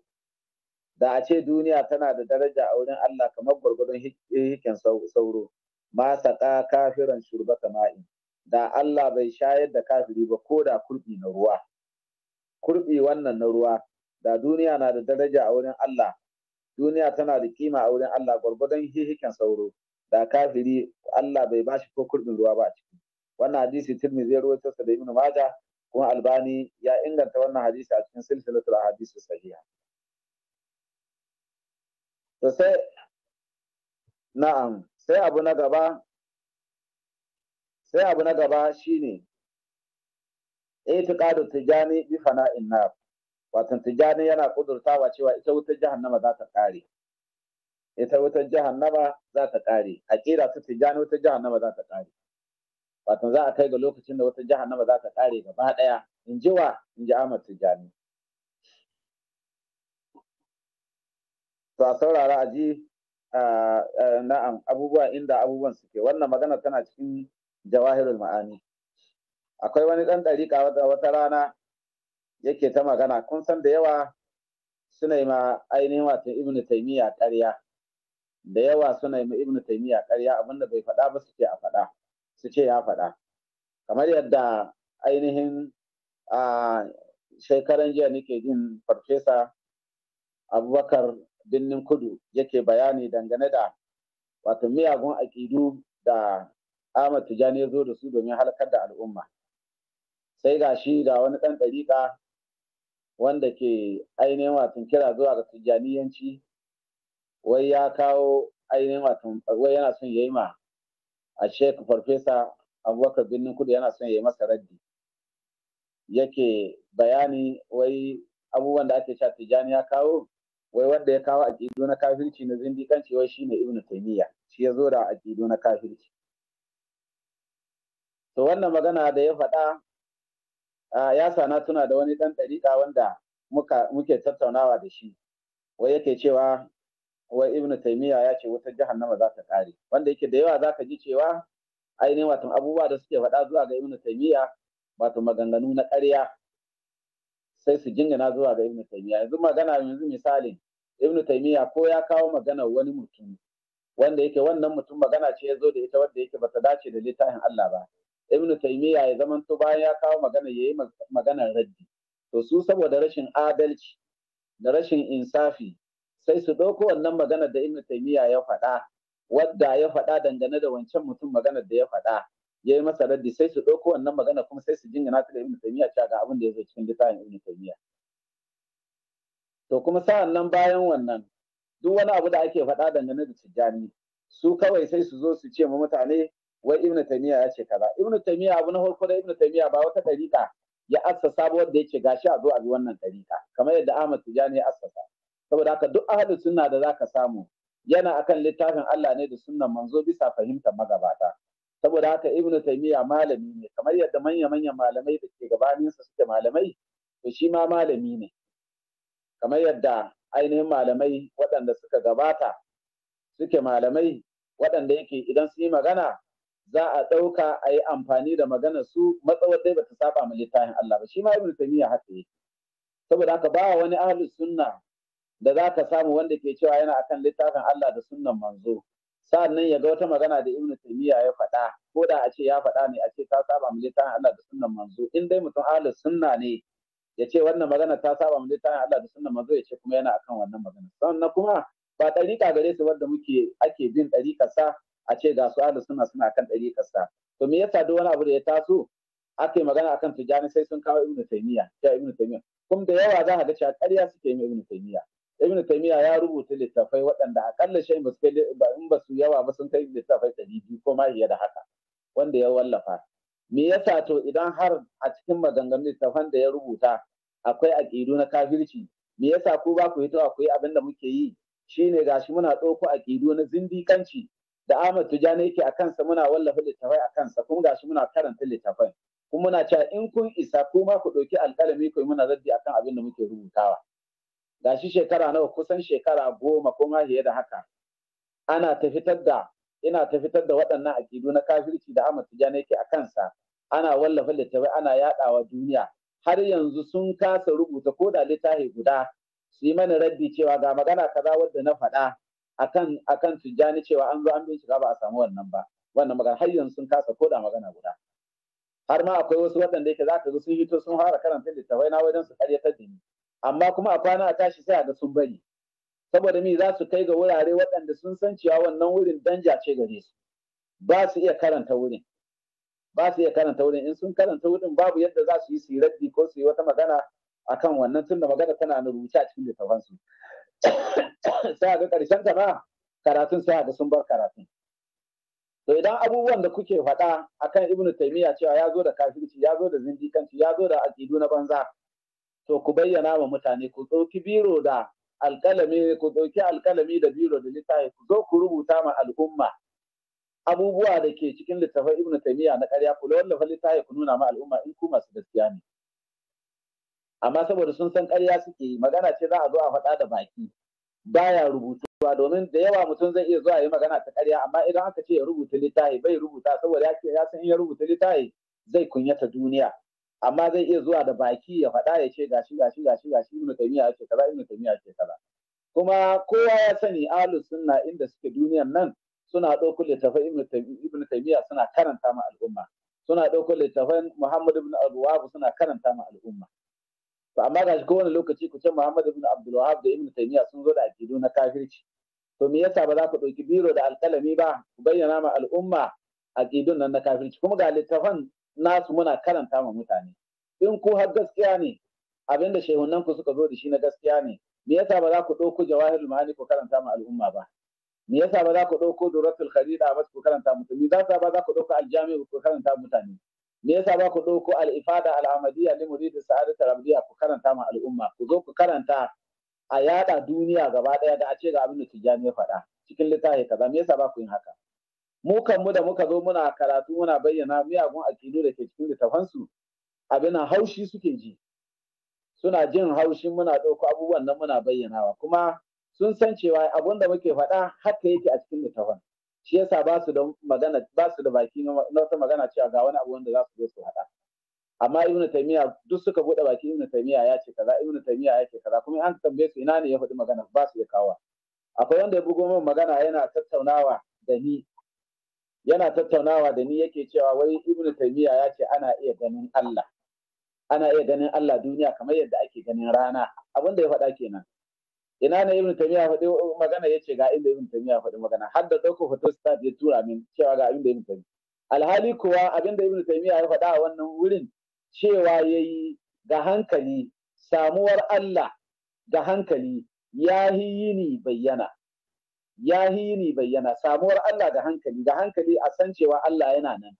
da a ce duniya tana da daraja a wurin Allah kamar gwargwadon hikin sauro ma saƙa kafiran shurba sama'i. da Allah bai shayar da kafiri ba ko da kurbi na ruwa kurbi wannan na ruwa da duniya na da daraja a wurin Allah duniya tana da kima a wurin Allah gwargwadon hikin sauro da kafiri Allah bai bashi ko kurbin ruwa ba a ciki wannan hadisi tilmi zai ruwa da Ibn maja kuma Albani ya inganta wannan hadisi a cikin silsilatul ahadisi sahiha to sai na'am sai abu na gaba sai abu na gaba shine itiqadu tijani bi fana'in nar wato tijani yana kudurtawa cewa ita wutar jahannama za ta kare ita wutar jahannama za ta kare hakira su tijani wutar jahannama za ta kare wato za a kai ga lokacin da wutar jahannama za ta kare gaba daya in ji wa in ji Ahmad Tijani to a saurara a ji na'am abubuwa inda abubuwan suke wannan magana tana cikin jawahirul ma'ani akwai wani ɗan ɗariƙa wata rana yake ta magana kun san da yawa suna ma ainihin wato ibn taymiya ƙarya da yawa suna ma ibn taymiya ƙarya abinda bai faɗa ba su a faɗa su ya faɗa kamar yadda ainihin a shekaran jiya nake jin farfesa abubakar birnin kudu yake bayani dangane da wato miyagun aƙidu da Ahmad Tijani ya zo da su domin halkar da al'umma. Sai ga shi da wani ɗan ɗariƙa wanda ke ainihin watan kira zuwa ga yanci wai ya kawo ainihin watan wai yana son ya yi ma a Sheikh Farfesa Abubakar Birnin Kudu yana son ya yi masa raddi. Yake bayani wai abubuwan da ake sha Tijani ya kawo wai wanda ya kawo aƙidu na kafirci na zindiƙanci wai shine ibn taymiya shi ya zo da aƙidu na kafirci to wannan magana da ya faɗa ya sana tuna da wani ɗan ɗariƙa wanda muke tattaunawa da shi wai yake cewa wai ibn taymiya ya ce wutar jahannama za ta ƙare wanda yake da yawa za ka ji cewa ainihin wato abubuwa da suke faɗa zuwa ga ibn taymiya wato maganganu na ƙarya sai su jingina zuwa ga ibnu taymiya yanzu magana yanzu misalin ibnu taymiya ko ya kawo magana wani mutum wanda yake wannan mutum magana ce ya zo da ita wanda yake bata dace da littafin Allah ba ibnu taymiya ya zaman to bayan ya kawo magana yayi magana raddi to su saboda rashin adalci da rashin insafi sai su ɗauko wannan magana da ibnu taymiya ya faɗa wadda ya faɗa dangane da wancan mutum maganar da ya faɗa ya yi masa raddi sai su ɗauko wannan magana kuma sai su jingina na da ibn taymiya cewa ga abin da ya zo cikin littafin ibn taimiyya to kuma sa'an nan bayan wannan duk wani abu da ake faɗa dangane da tijjani su kawai sai su zo su ce ma mutane wai ibn taimiyya ya ce kaza ibn taimiyya abu na farko da ibn taimiyya ba wata ɗariƙa ya assasa wanda yake gashi a zo a bi wannan ɗariƙa kamar yadda Ahmad Tijjani ya assasa saboda haka duk ahalin sunna da zaka samu yana akan littafin Allah ne da sunnan manzo bisa fahimtar magabata saboda haka ibnu taymiya malami ne kamar yadda manya manyan malamai da ke gabaninsa suke malamai to shi ma malami ne kamar yadda ainihin malamai waɗanda suka gabata suke malamai waɗanda yake idan su yi magana za a ɗauka a yi amfani da maganar su matsawar dai bata saba ma littafin Allah ba shi ma ibnu taymiya haka yake saboda haka ba wani ahlus sunna da za ka samu wanda ke cewa yana akan littafin Allah da sunnan manzo nan ya ga wata magana da ibnu taymiya ya faɗa ko da a ce ya faɗa ne a ce ta saba mu littafin Allah da sunnan manzo in dai mutum ahlus sunna ne ya ce wannan magana ta saba mu littafin Allah da sunnan manzo ya ce kuma yana akan wannan magana sannan kuma ba dariƙa gare su wanda muke ake bin sa a ce ga su ahlus sunna suna kan sa to me yasa duk wani abu da ya taso ake yi magana akan tijani sai sun kawo ibnu taymiya ya ibnu taymiya kuma da yawa za ka ga cewa ƙarya suke yi ibnu taymiya ibn taymiya ya rubuta littafai waɗanda akalla shi in ba su yawa ba sun kai littafai ɗari biyu ko ma fiye da haka wanda ya wallafa me yasa to idan har a cikin maganganun littafan da ya rubuta akwai aƙidu na kafirci me yasa ku ba ku hitowa ku yi abin da muke yi shi shine gashi muna ɗauko aƙidu na zindikanci da Ahmad Tijani yake a kansa muna wallafa littafai a kansa kuma gashi muna karanta littafai kuma muna cewa in kun isa kuma ku ɗauki alƙalami ku yi muna zaddi akan abin da muke rubutawa ga shi shekara nawa kusan shekara goma kuma fiye da haka ana ta fitar da ina ta fitar da waɗannan akidu na kafirci da amma Tijani yake a kansa ana wallafa littafai ana yaɗawa duniya har yanzu sun kasa rubuta ko da littafi guda su yi mana raddi cewa ga magana kaza wadda na faɗa akan akan Tijani cewa an zo an bincika ba a samu wannan ba wannan magana har yanzu sun kasa ko da magana guda har ma akwai wasu waɗanda yake za ka ga sun hito sun fara karanta littafai na wajen su ƙaryatar da ni amma kuma a kwana a tashi sai a ga sun bari saboda mi za su kai ga wurare waɗanda sun san cewa wannan wurin danja ce gare su ba su iya karanta wurin ba su iya karanta wurin in sun karanta wurin babu yadda za su yi su raddi ko su yi wata magana akan wannan tunda magana tana na rubuce a cikin littafan su sai ga karshen ta ma karatun sai a ga sun bar karatun to idan abubuwan da kuke faɗa akan ibnu taymiya cewa ya zo da kafirci ya zo da zindikanci ya zo da aqidu na banza to ku bayyana wa mutane ku ɗauki biro da alƙalami ku ɗauki alƙalami da biro da littafi ku zo ku rubuta ma al'umma abubuwa da ke cikin littafin ibnu taymiya na ƙarya ku wallafa littafi ku nuna ma al'umma in ku masu gaskiya ne amma saboda sun san ƙarya suke yi magana ce za a zo a faɗa da baki baya rubutuwa domin da yawa mutum zai iya zuwa yi magana ta ƙarya amma idan aka ce ya rubuta littafi bai rubuta saboda ya ya san in ya rubuta littafi zai kunyata duniya amma zai iya zuwa da baki ya faɗa ya ce gashi gashi gashi gashi ibnu taymiya ya ce kaza ibnu taymiya ya ce kaza kuma kowa ya sani ahlus sunna inda suke duniyan nan suna ɗauko littafin ibnu taymiya suna karanta ma al'umma suna ɗaukar littafin muhammad ibn abdul suna karanta ma al'umma to amma gashi kowane lokaci ku ce muhammad ibn abdul da ibnu taymiya sun zo da aqidu na kafirci to me yasa ba za ku ɗauki biro da alƙalami ba ku bayyana ma al'umma aƙidun nan na kafirci kuma ga littafan nasu muna karanta ma mutane in ku har gaskiya ne abin da shehunan ku suka zo da shi na gaskiya ne me yasa ba za ku ɗauko jawahirul ma'ani ku karanta ma al'umma ba me yasa ba za ku ɗauko duratul kharida ba ku karanta mutane me yasa ba za ku ɗauko aljami ku karanta mutane me yasa ba ku ɗauko al'ifada al'amadiyya li muridin sa'adat al ku karanta ma al'umma ku zo ku karanta a yaɗa duniya gaba daya da a ce ga abin da tijjani ya faɗa cikin littafi kaza me yasa ba ku yin haka mu kan mu da muka zo muna karatu muna bayyana miyagun akidu da ke cikin littafansu abin haushi suke ji suna jin haushi muna ɗauko abubuwan nan muna bayyanawa kuma sun san cewa abun da muke faɗa haka yake a cikin littafan shi yasa ba su da magana ba su da baki na wata magana cewa ga wani abu wanda za su zo su faɗa amma ibnu taymiya duk suka bude baki ibnu taymiya ya ce kaza ibnu taymiya ya ce kaza kuma an tambaye su ina ne ya faɗi magana ba su ya kawo akwai wanda ya bugo min magana yana tattaunawa da ni yana tattaunawa da ni yake cewa wai ibn taymiya ya ce ana iya ganin Allah ana iya ganin Allah duniya kamar yadda ake ganin rana abin da ya faɗa kenan ina ne ibn taymiya faɗi magana yace ga inda ibn taymiya faɗi magana har da ɗauko photostat ya tura min cewa ga inda ibn taymiya alhali kuwa abin da ibn taymiya ya faɗa a wannan wurin cewa yayi ga hankali samuwar Allah ga hankali ya yi ni bayyana ya ni bayyana samuwar Allah da hankali da hankali a san cewa Allah yana nan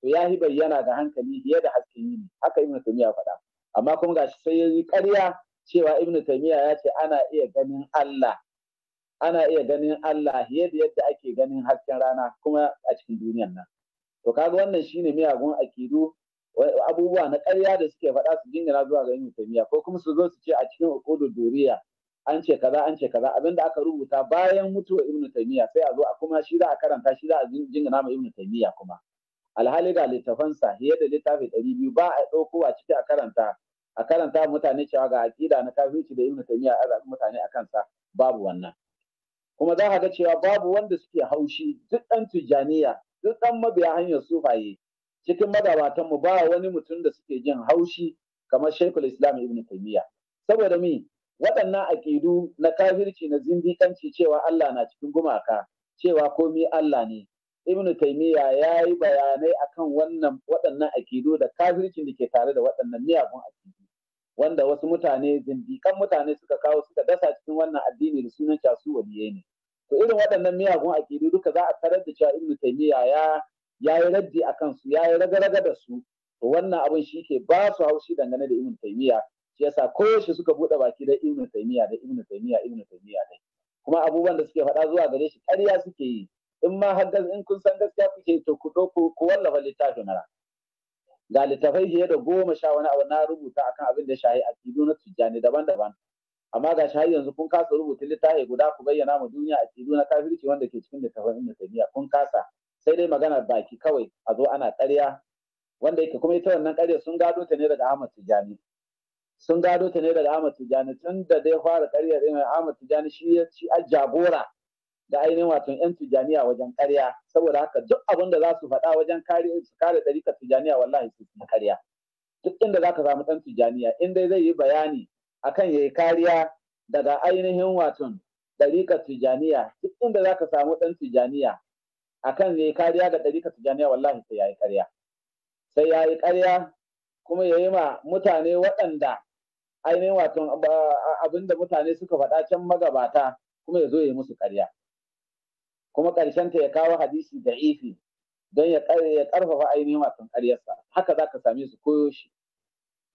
to ya yi bayyana da hankali fiye da hasken yini haka ibnu taymiya faɗa amma kuma gashi sai yayi ƙarya cewa ibnu taymiya ya ce ana iya ganin Allah ana iya ganin Allah fiye da yadda ake ganin hasken rana kuma a cikin duniyar nan to kaga wannan shine miyagun akidu abubuwa na ƙarya da suke faɗa su jingina zuwa ga ibnu taymiya ko kuma su zo su ce a cikin ukudu duriya an ce kaza an ce kaza abinda aka rubuta bayan mutuwa ibn taymiya sai a zo a kuma shi za a karanta shi za a jingina ma ibn taymiya kuma alhali ga littafan sahiya da littafi ɗari biyu ba a ɗauko a ciki a karanta a karanta mutane cewa ga aqida na kafirci da ibn taymiya a zaɓi mutane a sa babu wannan kuma za ka ga cewa babu wanda suke haushi duk ɗan tijjaniya duk ɗan mabiya hanyar sufaye cikin mu ba wani mutum da suke jin haushi kamar shekul islam ibn taymiya saboda mi waɗannan aƙidu na kafirci na zindikanci cewa Allah na cikin gumaka cewa komi Allah ne ibnu taimiyya ya yi bayanai akan wannan waɗannan aƙidu da kafircin da ke tare da waɗannan miyagun aƙidu wanda wasu mutane zindikan mutane suka kawo suka dasa cikin wannan addini da sunan casu waliye ne to irin waɗannan miyagun aƙidu duka za a tarar da cewa ibnu taimiyya ya ya yi raddi a kansu, ya yi raga-raga da su to wannan abin shi ke ba su haushi dangane da ibnu taimiyya shi yasa koyaushe suka buɗe baki da ibnu taymiya da ibnu taymiya ibnu taymiya dai kuma abubuwan da suke faɗa zuwa gare shi ƙarya suke yi in ma har in kun san gaskiya kuke to ku ɗauko ku wallafa littafin ra ga littafai fiye da goma sha wani abu na rubuta akan abin da shahi a na tijjani daban-daban amma ga shi har yanzu kun kasa rubuta littafi guda ku bayyana mu duniya a na kafirci wanda ke cikin littafin ibnu taymiya kun kasa sai dai magana baki kawai a zo ana ƙarya wanda yake kuma ita wannan ƙarya sun gado ta ne daga Ahmad tijani sun gado ta ne daga Ahmad Tijani tun da dai fara ƙarya ɗin Ahmad Tijani shi ya ci a jagora da ainihin wato yan Tijaniya wajen ƙarya saboda haka duk abin da za su faɗa wajen kare su kare ɗarika Tijaniya wallahi su na ƙarya duk inda za ka samu ɗan Tijaniya in dai zai yi bayani akan ya yi kariya daga ainihin wato ɗarika Tijaniya duk inda za ka samu ɗan Tijaniya akan ya yi kariya ga ɗarika Tijaniya wallahi sai ya yi ƙarya sai ya yi ƙarya kuma ya yi ma mutane waɗanda ainihin wato abin da mutane suka faɗa can magabata kuma ya zo ya yi musu ƙarya kuma ƙarshen ta ya kawo hadisi da ifi don ya ƙarfafa ainihin wato ƙaryarsa haka za ka same su koyo shi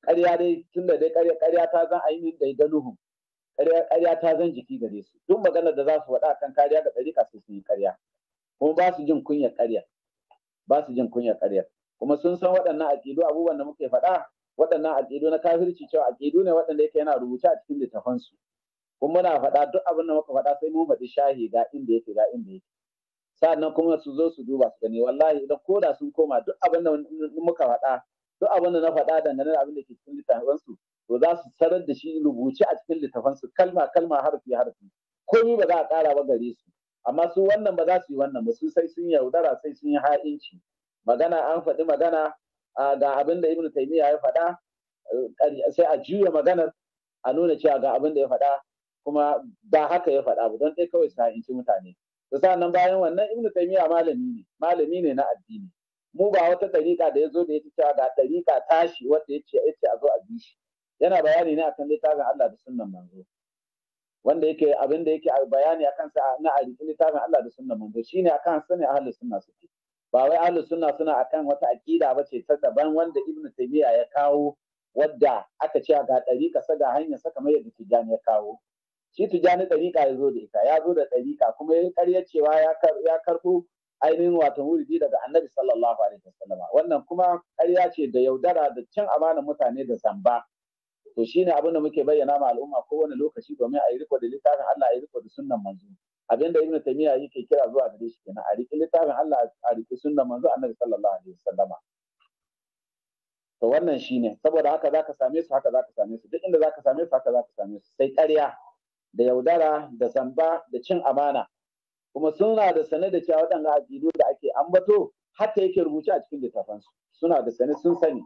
ƙarya dai tun da dai ƙarya ta zan ainihin daidaluhun ƙarya ta zan jiki gare su duk maganar da za su faɗa kan kariya da ɗarika sai sun yi ƙarya kuma ba su jin kunyar ƙarya ba su jin kunyar ƙarya kuma sun san waɗannan aƙidu abubuwan da muke faɗa waɗannan aƙidu na kafirci cewa aƙidu ne waɗanda yake yana rubuce a cikin littafansu kuma muna faɗa duk abin da muka faɗa sai mun faɗi shahi ga inda yake ga inda yake sa'annan kuma su zo su duba su gani wallahi idan ko da sun koma duk abin da muka faɗa duk abin da na faɗa dangane da abin da ke cikin littafansu to za su tarar da shi rubuce a cikin littafansu kalma kalma harfi harfi komai ba za a ƙara ba gare su amma su wannan ba za su yi wannan ba su sai sun yaudara sai sun yi ha'inci magana an faɗi magana ga abin da Ibn taymiya ya faɗa eh, eh, sai a juya maganar a nuna cewa ga abin da ya faɗa kuma ba haka ya faɗa ba don dai kawai sa in ci mutane to nan bayan wannan Ibn taymiya malami ne malami ne na addini mu ba wata dariƙa da ya zo da ya cewa ga dariƙa tashi wanda ya ce ya ce a zo a bi shi yana bayani ne akan littafin Allah da sunnan manzo wanda yake abin da yake bayani akan sa na a littafin Allah da sunnan manzo shine akan sani ahlus sunna suke ba wai ahlus sunna suna akan wata aqida ba ce ta daban wanda ibnu taymiya ya kawo wadda aka ce ga dariqa saga ga hanyar mai da yadda tijani ya kawo shi tijani ɗariƙa ya zo da ita ya zo da ɗariƙa kuma ya karya cewa ya karɓo ainihin wato wuri daga annabi sallallahu alaihi wasallama wannan kuma karya ce da yaudara da cin amanar mutane da zamba to shine abin da muke bayyana ma al'umma kowane lokaci domin a yi riko da littafin Allah a yi riko da sunnan manzo abinda ibn taymiya yake kira zuwa gare shi kenan a riƙi littafin Allah a riki sunnar manzo annabi sallallahu alaihi wasallama to wannan shine saboda haka zaka same su haka zaka same su duk inda zaka same su haka zaka same su sai ƙarya da yaudara da zamba da cin amana kuma suna da sane da cewa waɗannan aƙidu da ake ambato hatta yake rubuce a cikin su. suna da sane sun sani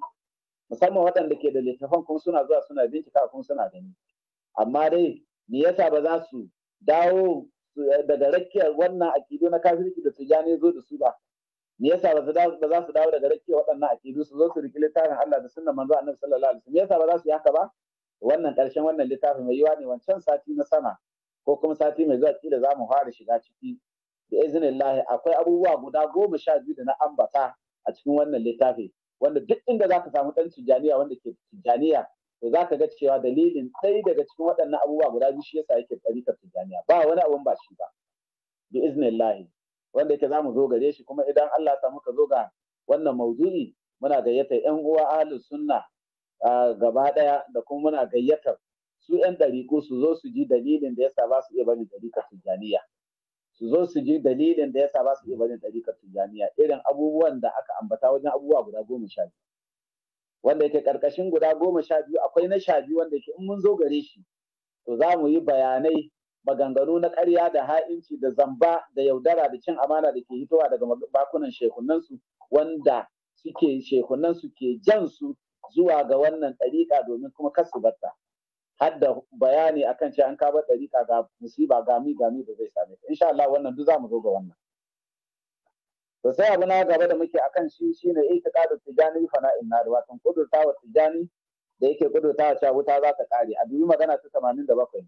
musamman waɗanda ke da littafan kuma suna zuwa suna bincika kuma suna gani amma dai me yasa ba za su dawo daga rakiyar wannan akidu na kafirci da tijani zo da su ba me yasa ba za su dawo daga rakiyar waɗannan akidu su zo su riki littafin Allah da sunnan manzo Annabi sallallahu alaihi wasallam me yasa ba za su yi haka ba wannan ƙarshen wannan littafin mai yiwa ne wancan sati na sama ko kuma sati mai zuwa kila za mu fara shiga ciki da izinillahi akwai abubuwa guda goma sha biyu da na ambata a cikin wannan littafi wanda duk inda za ka samu ɗan tijjaniya wanda ke tijjaniya to za ka ga cewa dalilin sai daga cikin waɗannan abubuwa guda biyu shi yasa yake ɗarikar jami'a. ba wani abun ba shi ba bi iznillahi wanda yake za mu zo gare shi kuma idan Allah ya samu ka zo ga wannan mawdu'i muna gayyata. yan uwa ahlus sunna gaba ɗaya da kuma muna gayyatar su yan ko su zo su ji dalilin da yasa ba su iya barin ɗarikar jami'a. su zo su ji dalilin da yasa ba su iya barin ɗarikar jami'a irin abubuwan da aka ambata wajen abubuwa guda goma sha biyu wanda yake karkashin guda goma sha biyu akwai na sha biyu wanda yake in mun zo gare shi to za mu yi bayanai maganganu na karya da ha'inci da zamba da yaudara da cin amana da ke hitowa daga bakunan shekunansu wanda suke shekunansu ke jan su zuwa ga wannan ɗariƙa domin kuma kasu batta har da bayani akan ce an kaba ɗariƙa ga musiba gami gami da zai same ta insha Allah wannan duk za mu zo ga wannan to sai abu na gaba da muke akan shi shine da tijani fana da watan kudurta wa tijani da yake kudurta cewa wuta za ta kare a dubi magana ta 87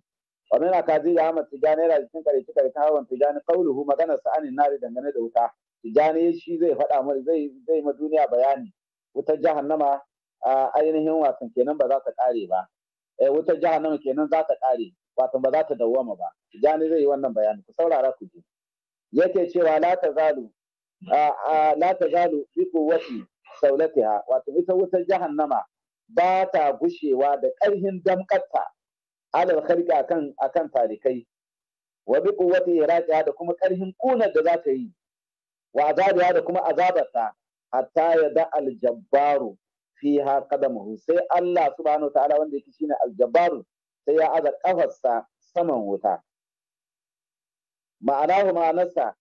wannan na kaji ya Ahmad Tijani yana cikin kare ci kare hawan Tijani qauluhu magana sa anin nari dangane da wuta Tijani shi zai faɗa mu zai zai ma duniya bayani wutar jahannama a ainihin wasan kenan ba za ta kare ba eh wuta jahannama kenan za ta kare watan ba za ta dawwama ba Tijani zai yi wannan bayani ku saurara ku ji yake cewa la tazalu la ta zalu bi quwwati saulatiha Wata ita wutar nama ba ta gushewa da ƙarhin damƙarta alal kharqi akan akan talikai wa bi quwwati iraqiha da kuma ƙarhin ƙunar da za ta yi wa azabiha da kuma azabarta hatta yada aljabbaru fiha qadamahu sai Allah subhanahu ta'ala wanda yake shine aljabbaru sai ya aza kafarsa saman wuta Ma'anar ma'anarsa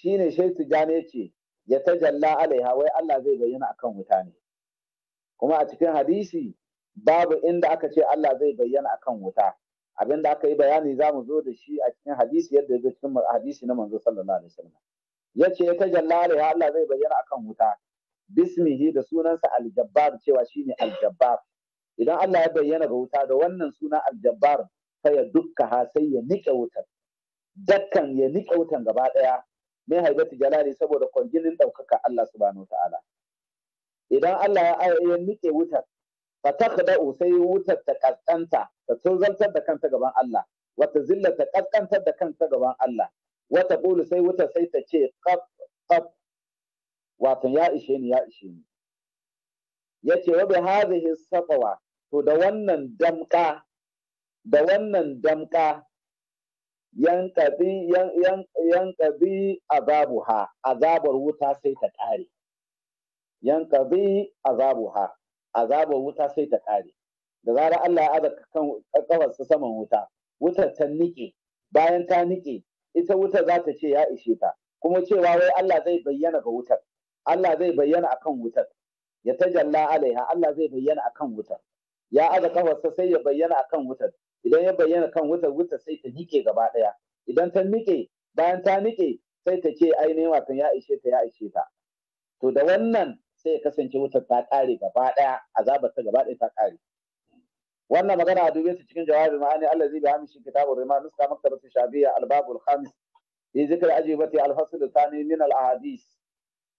shine shai tijani ce ya tajalla alaiha wai Allah zai bayyana akan wuta ne kuma a cikin hadisi babu inda aka ce Allah zai bayyana akan wuta abin da aka yi bayani za mu zo da shi a cikin hadisi yadda ya zo cikin hadisi na manzo sallallahu alaihi wasallam ya ce ya tajalla alaiha Allah zai bayyana akan wuta bismihi da sunansa aljabbar cewa shine aljabbar idan Allah ya bayyana ga wuta da wannan suna aljabbar fa ya dukka ha sai ya nike wutar dakkan ya nike wutan gaba daya min haibati jalali saboda kwangilin ɗaukaka Allah subhanahu wa ta'ala idan Allah ya nike wutar fa takhda'u sai wutar ta ƙasƙanta ta tozartar da kanta gaban Allah wata zilla ta ƙasƙantar da kanta gaban Allah wata ƙulu sai wutar sai ta ce qab qab wato ya ishe ni ya ishe ni yace wa bi hadhihi saqwa to da wannan damƙa. da wannan damka yankazi azabuha azabar wuta sai ta ƙare azabuha azabar wuta sai ta ƙare da zarar Allah ya aza kafarsa saman wuta wutar ta niƙe bayan ta niƙe ita wutar za ta ce ya ishe ta kuma cewa wai Allah zai bayyana ga wutar Allah zai bayyana akan wutar ya tajalla alaiha Allah zai bayyana akan wutar ya aza kafarsa sai ya bayyana akan wutar idan ya bayyana kan wutar wutar sai ta nike gaba ɗaya idan ta nike bayan ta nike sai ta ce ainihin watan ya ishe ta ya ishe ta to da wannan sai ya kasance wutar ta ƙare gaba ɗaya azabar ta gaba ta ƙare wannan magana a dube cikin jawabin ma'ani Allah zai bi hamishin kitabur rima nuska maktabatu shabiya albabul khamis fi zikr ajibati alfasl thani min al ahadith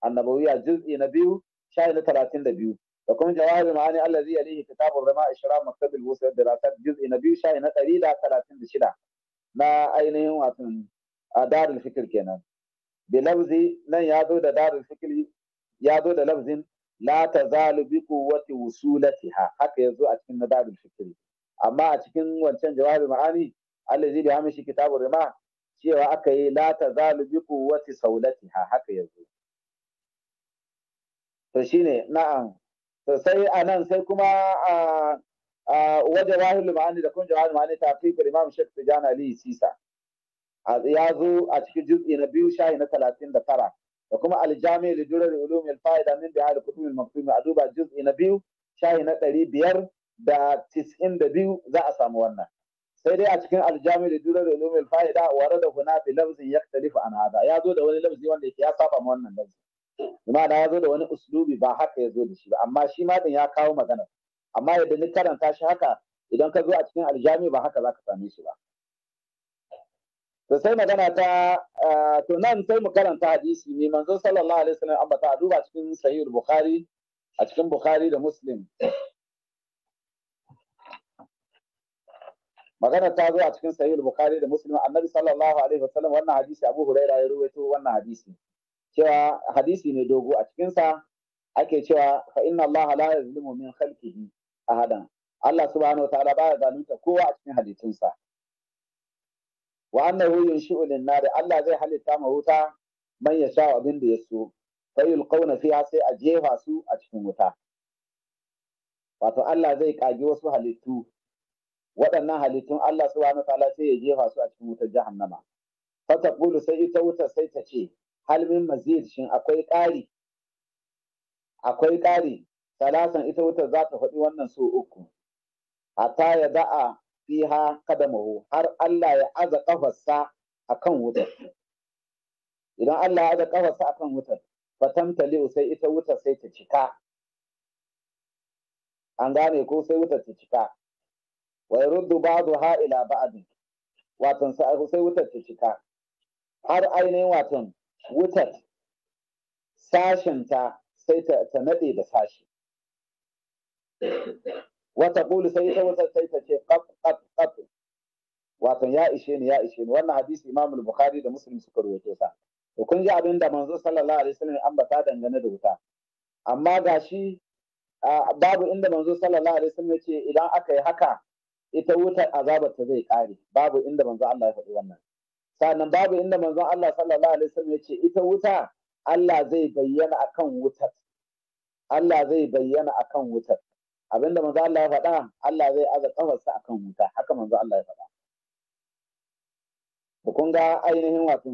annabawiyya juz'i na biyu shai na talatin da biyu da kuma jawahir ma'ani allazi yalihi kitabur rama ishra maktabil wusa da rasat juz'i na biyu sha'i na ɗari da talatin da shida na ainihin watan a darul fikir kenan bi lafzi nan ya zo da darul fikir ya zo da lafzin la tazalu bi quwwati wusulatiha haka yazo a cikin na darul amma a cikin wancan jawahir ma'ani allazi bi hamishi kitabur cewa aka yi la tazalu bi quwwati ha, haka yazo to shine na'am sai a nan sai kuma a waje rahul ma'ani da kun jawahar ma'ani ta fi imam shek tijan ali sisa ya zo a cikin juz'i na biyu shahi na talatin da tara da kuma aljami da durar ulum fa'ida min bihar kutubin maktumi a duba juz'i na biyu shahi na ɗari biyar da tis'in da biyu za a samu wannan sai dai a cikin aljami da durar ulum fa'ida ware da huna bi lafzin yaktalifu an hada ya zo da wani lafzi wanda ya saba ma wannan lafzi da ya zo da wani uslubi ba haka ya zo da shi ba amma shi ma din ya kawo magana amma yadda ni karanta shi haka idan ka zo a cikin aljami ba haka za ka same shi ba. To sai magana ta eh, to nan sai mu karanta hadisi ne manzo sallallahu alaihi wasallam ambata a duba cikin sahih bukhari a cikin bukhari da muslim magana ta zo a cikin sahih bukhari da muslim annabi sallallahu alaihi wasallam wannan hadisi abu huraira ya ruwaito wannan hadisi cewa hadisi ne dogo a cikinsa ake cewa fa inna Allah la yazlimu min khalqihi ahadan Allah subhanahu wa ta'ala baya zalunta kowa a cikin hadisinsa wa annahu yunshi'u lin-nar Allah zai halitta ma wuta man yasha abin da yaso Sai yulqawna fiha sai a jefa su a cikin wuta wato Allah zai kage wasu halittu waɗannan halittun Allah subhanahu wa ta'ala sai ya jefa su a cikin wutar jahannama fa taqulu sai ita wuta sai ta ce halmin mazid shin akwai ƙari akwai ƙari salasan ita wutar za ta faɗi wannan so uku hatta ya za'a fiha kadamahu har Allah ya aza kafarsa akan wutar idan Allah ya aza kafarsa akan wutar fatamtali sai ita wutar sai ta cika an gane ko sai wutar ta cika wa yaruddu ha ila ba'd watan sai wutar ta cika har ainihin watan wutar ta sai ta nade da sashi wata ƙulu sai ta wutar sai ta ce ƙaf ƙaf ƙaf wato ya ishe ni ya ishe ni wannan hadisi imam bukhari da muslim suka rawaito sa to kun ji abin da manzo sallallahu alaihi wasallam ambata dangane da wuta amma gashi babu inda manzo sallallahu alaihi wasallam ya ce idan aka yi haka ita wutar azabar ta zai kare babu inda manzo Allah ya faɗi wannan sannan babu inda manzon Allah sallallahu alaihi wasallam ya ce ita wuta Allah zai bayyana akan wutar Allah zai bayyana akan wutar abinda manzo Allah ya faɗa Allah zai aza kafarsa akan wuta haka manzo Allah ya faɗa to kun ga ainihin wato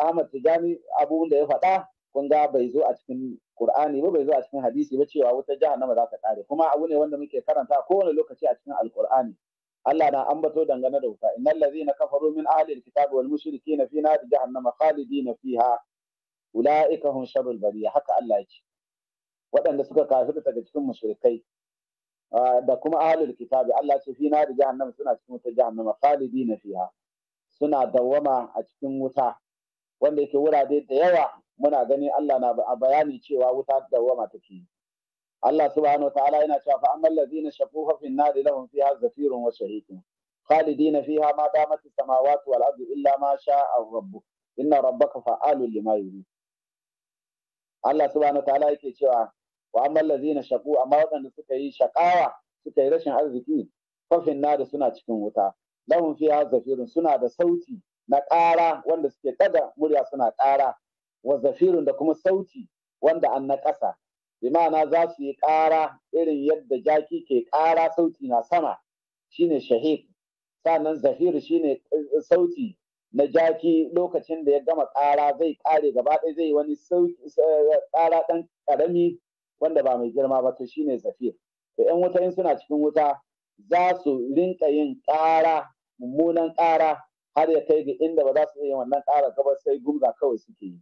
Ahmad Tijani Abu da ya faɗa kun ga bai zo a cikin Qur'ani ba bai zo a cikin hadisi ba cewa wutar jahannama za ta kare kuma abu ne wanda muke karanta kowane lokaci a cikin al Al-Qur'ani Allah na ambato dangane da wuta innal ladzina kafaru min ahli alkitabi wal mushrikina fi nar jahannama khalidina fiha ulaika hum sharrul bariya haka Allah ya ce waɗanda suka kafirta daga cikin mushrikai da kuma ahlul kitabi Allah ce fi nar jahannama suna cikin wutar jahannama khalidina fiha suna dawwama a cikin wuta wanda yake wurare da yawa muna gani Allah na bayani cewa wuta dawwama take Allah subhanahu wa ta'ala yana cewa fa amman ladina shafuha fi an-nar lahum fiha zafirun wa shahikun khalidina fiha ma damat samawati wal ardu illa ma sha'a rabbu. inna rabbaka fa'alun lima yurid Allah subhanahu wa ta'ala yake cewa wa amman ladina shaqu amma waɗanda suka yi shaqawa suka yi rashin arziki fa fi suna cikin wuta lahum fiha zafirun suna da sauti na ƙara wanda suke kada murya suna ƙara wa zafirun da kuma sauti wanda an na ƙasa bimana za su yi ƙara irin yadda jaki ke ƙara sauti na sama shine shahid sannan zahir shine eh, sauti na jaki lokacin da ya gama ƙara zai ƙare gaba ɗaya zai wani eh, ƙara ɗan ƙarami wanda ba mai girma ba to shine zafir to ƴan wuta in suna cikin wuta za su rinka yin ƙara mummunan ƙara har ya kai ga inda ba za su iya wannan ƙara gaba sai gumza kawai suke yi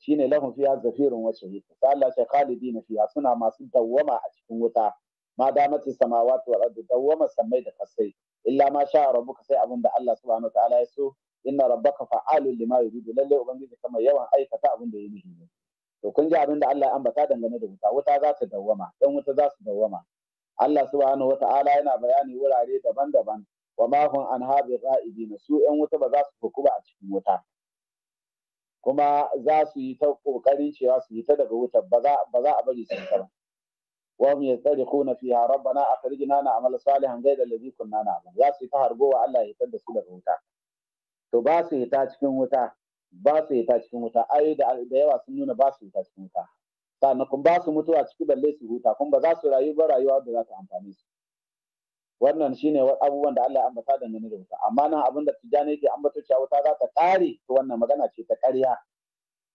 shine lahum fiha zafirun wa shahid sai Allah na khalidin fiha suna masu dawwama a cikin wuta ma damati samawati wal ardi dawwama samai da kasai illa ma sha rabbuka sai abin da Allah subhanahu wa ta'ala ya so inna rabbaka fa'alun lima yuridu lalle ubangiji kama yawan aikata abin da ya nufi ne to kun ji abin da Allah ya ambata dangane da wuta wuta za ta dawwama dan wuta za su dawwama Allah subhanahu wa ta'ala yana bayani wurare daban-daban wa ma hum an habi su 'yan wuta ba za su hukuba a cikin wuta kuma za su yi ta ƙoƙarin cewa su yi ta daga wutar ba za a bari su ta ba ya na yastarikhuna fiha rabbana na na'mal salihan ghayra alladhi kunna na'mal za su yi ta hargowa Allah ya fitar da su daga wuta to ba su yi ta cikin wuta ba su yi ta cikin wuta Ayi da yawa sun nuna ba su yi ta cikin wuta sannan kun ba su mutuwa ciki balle su huta kun ba za su rayu ba rayuwa da za ta amfani su wannan shine abubuwan da Allah ya ambata da nani da wuta amma nan abin da tijani yake ambato cewa wuta za ta kare to wannan magana ce ta ƙarya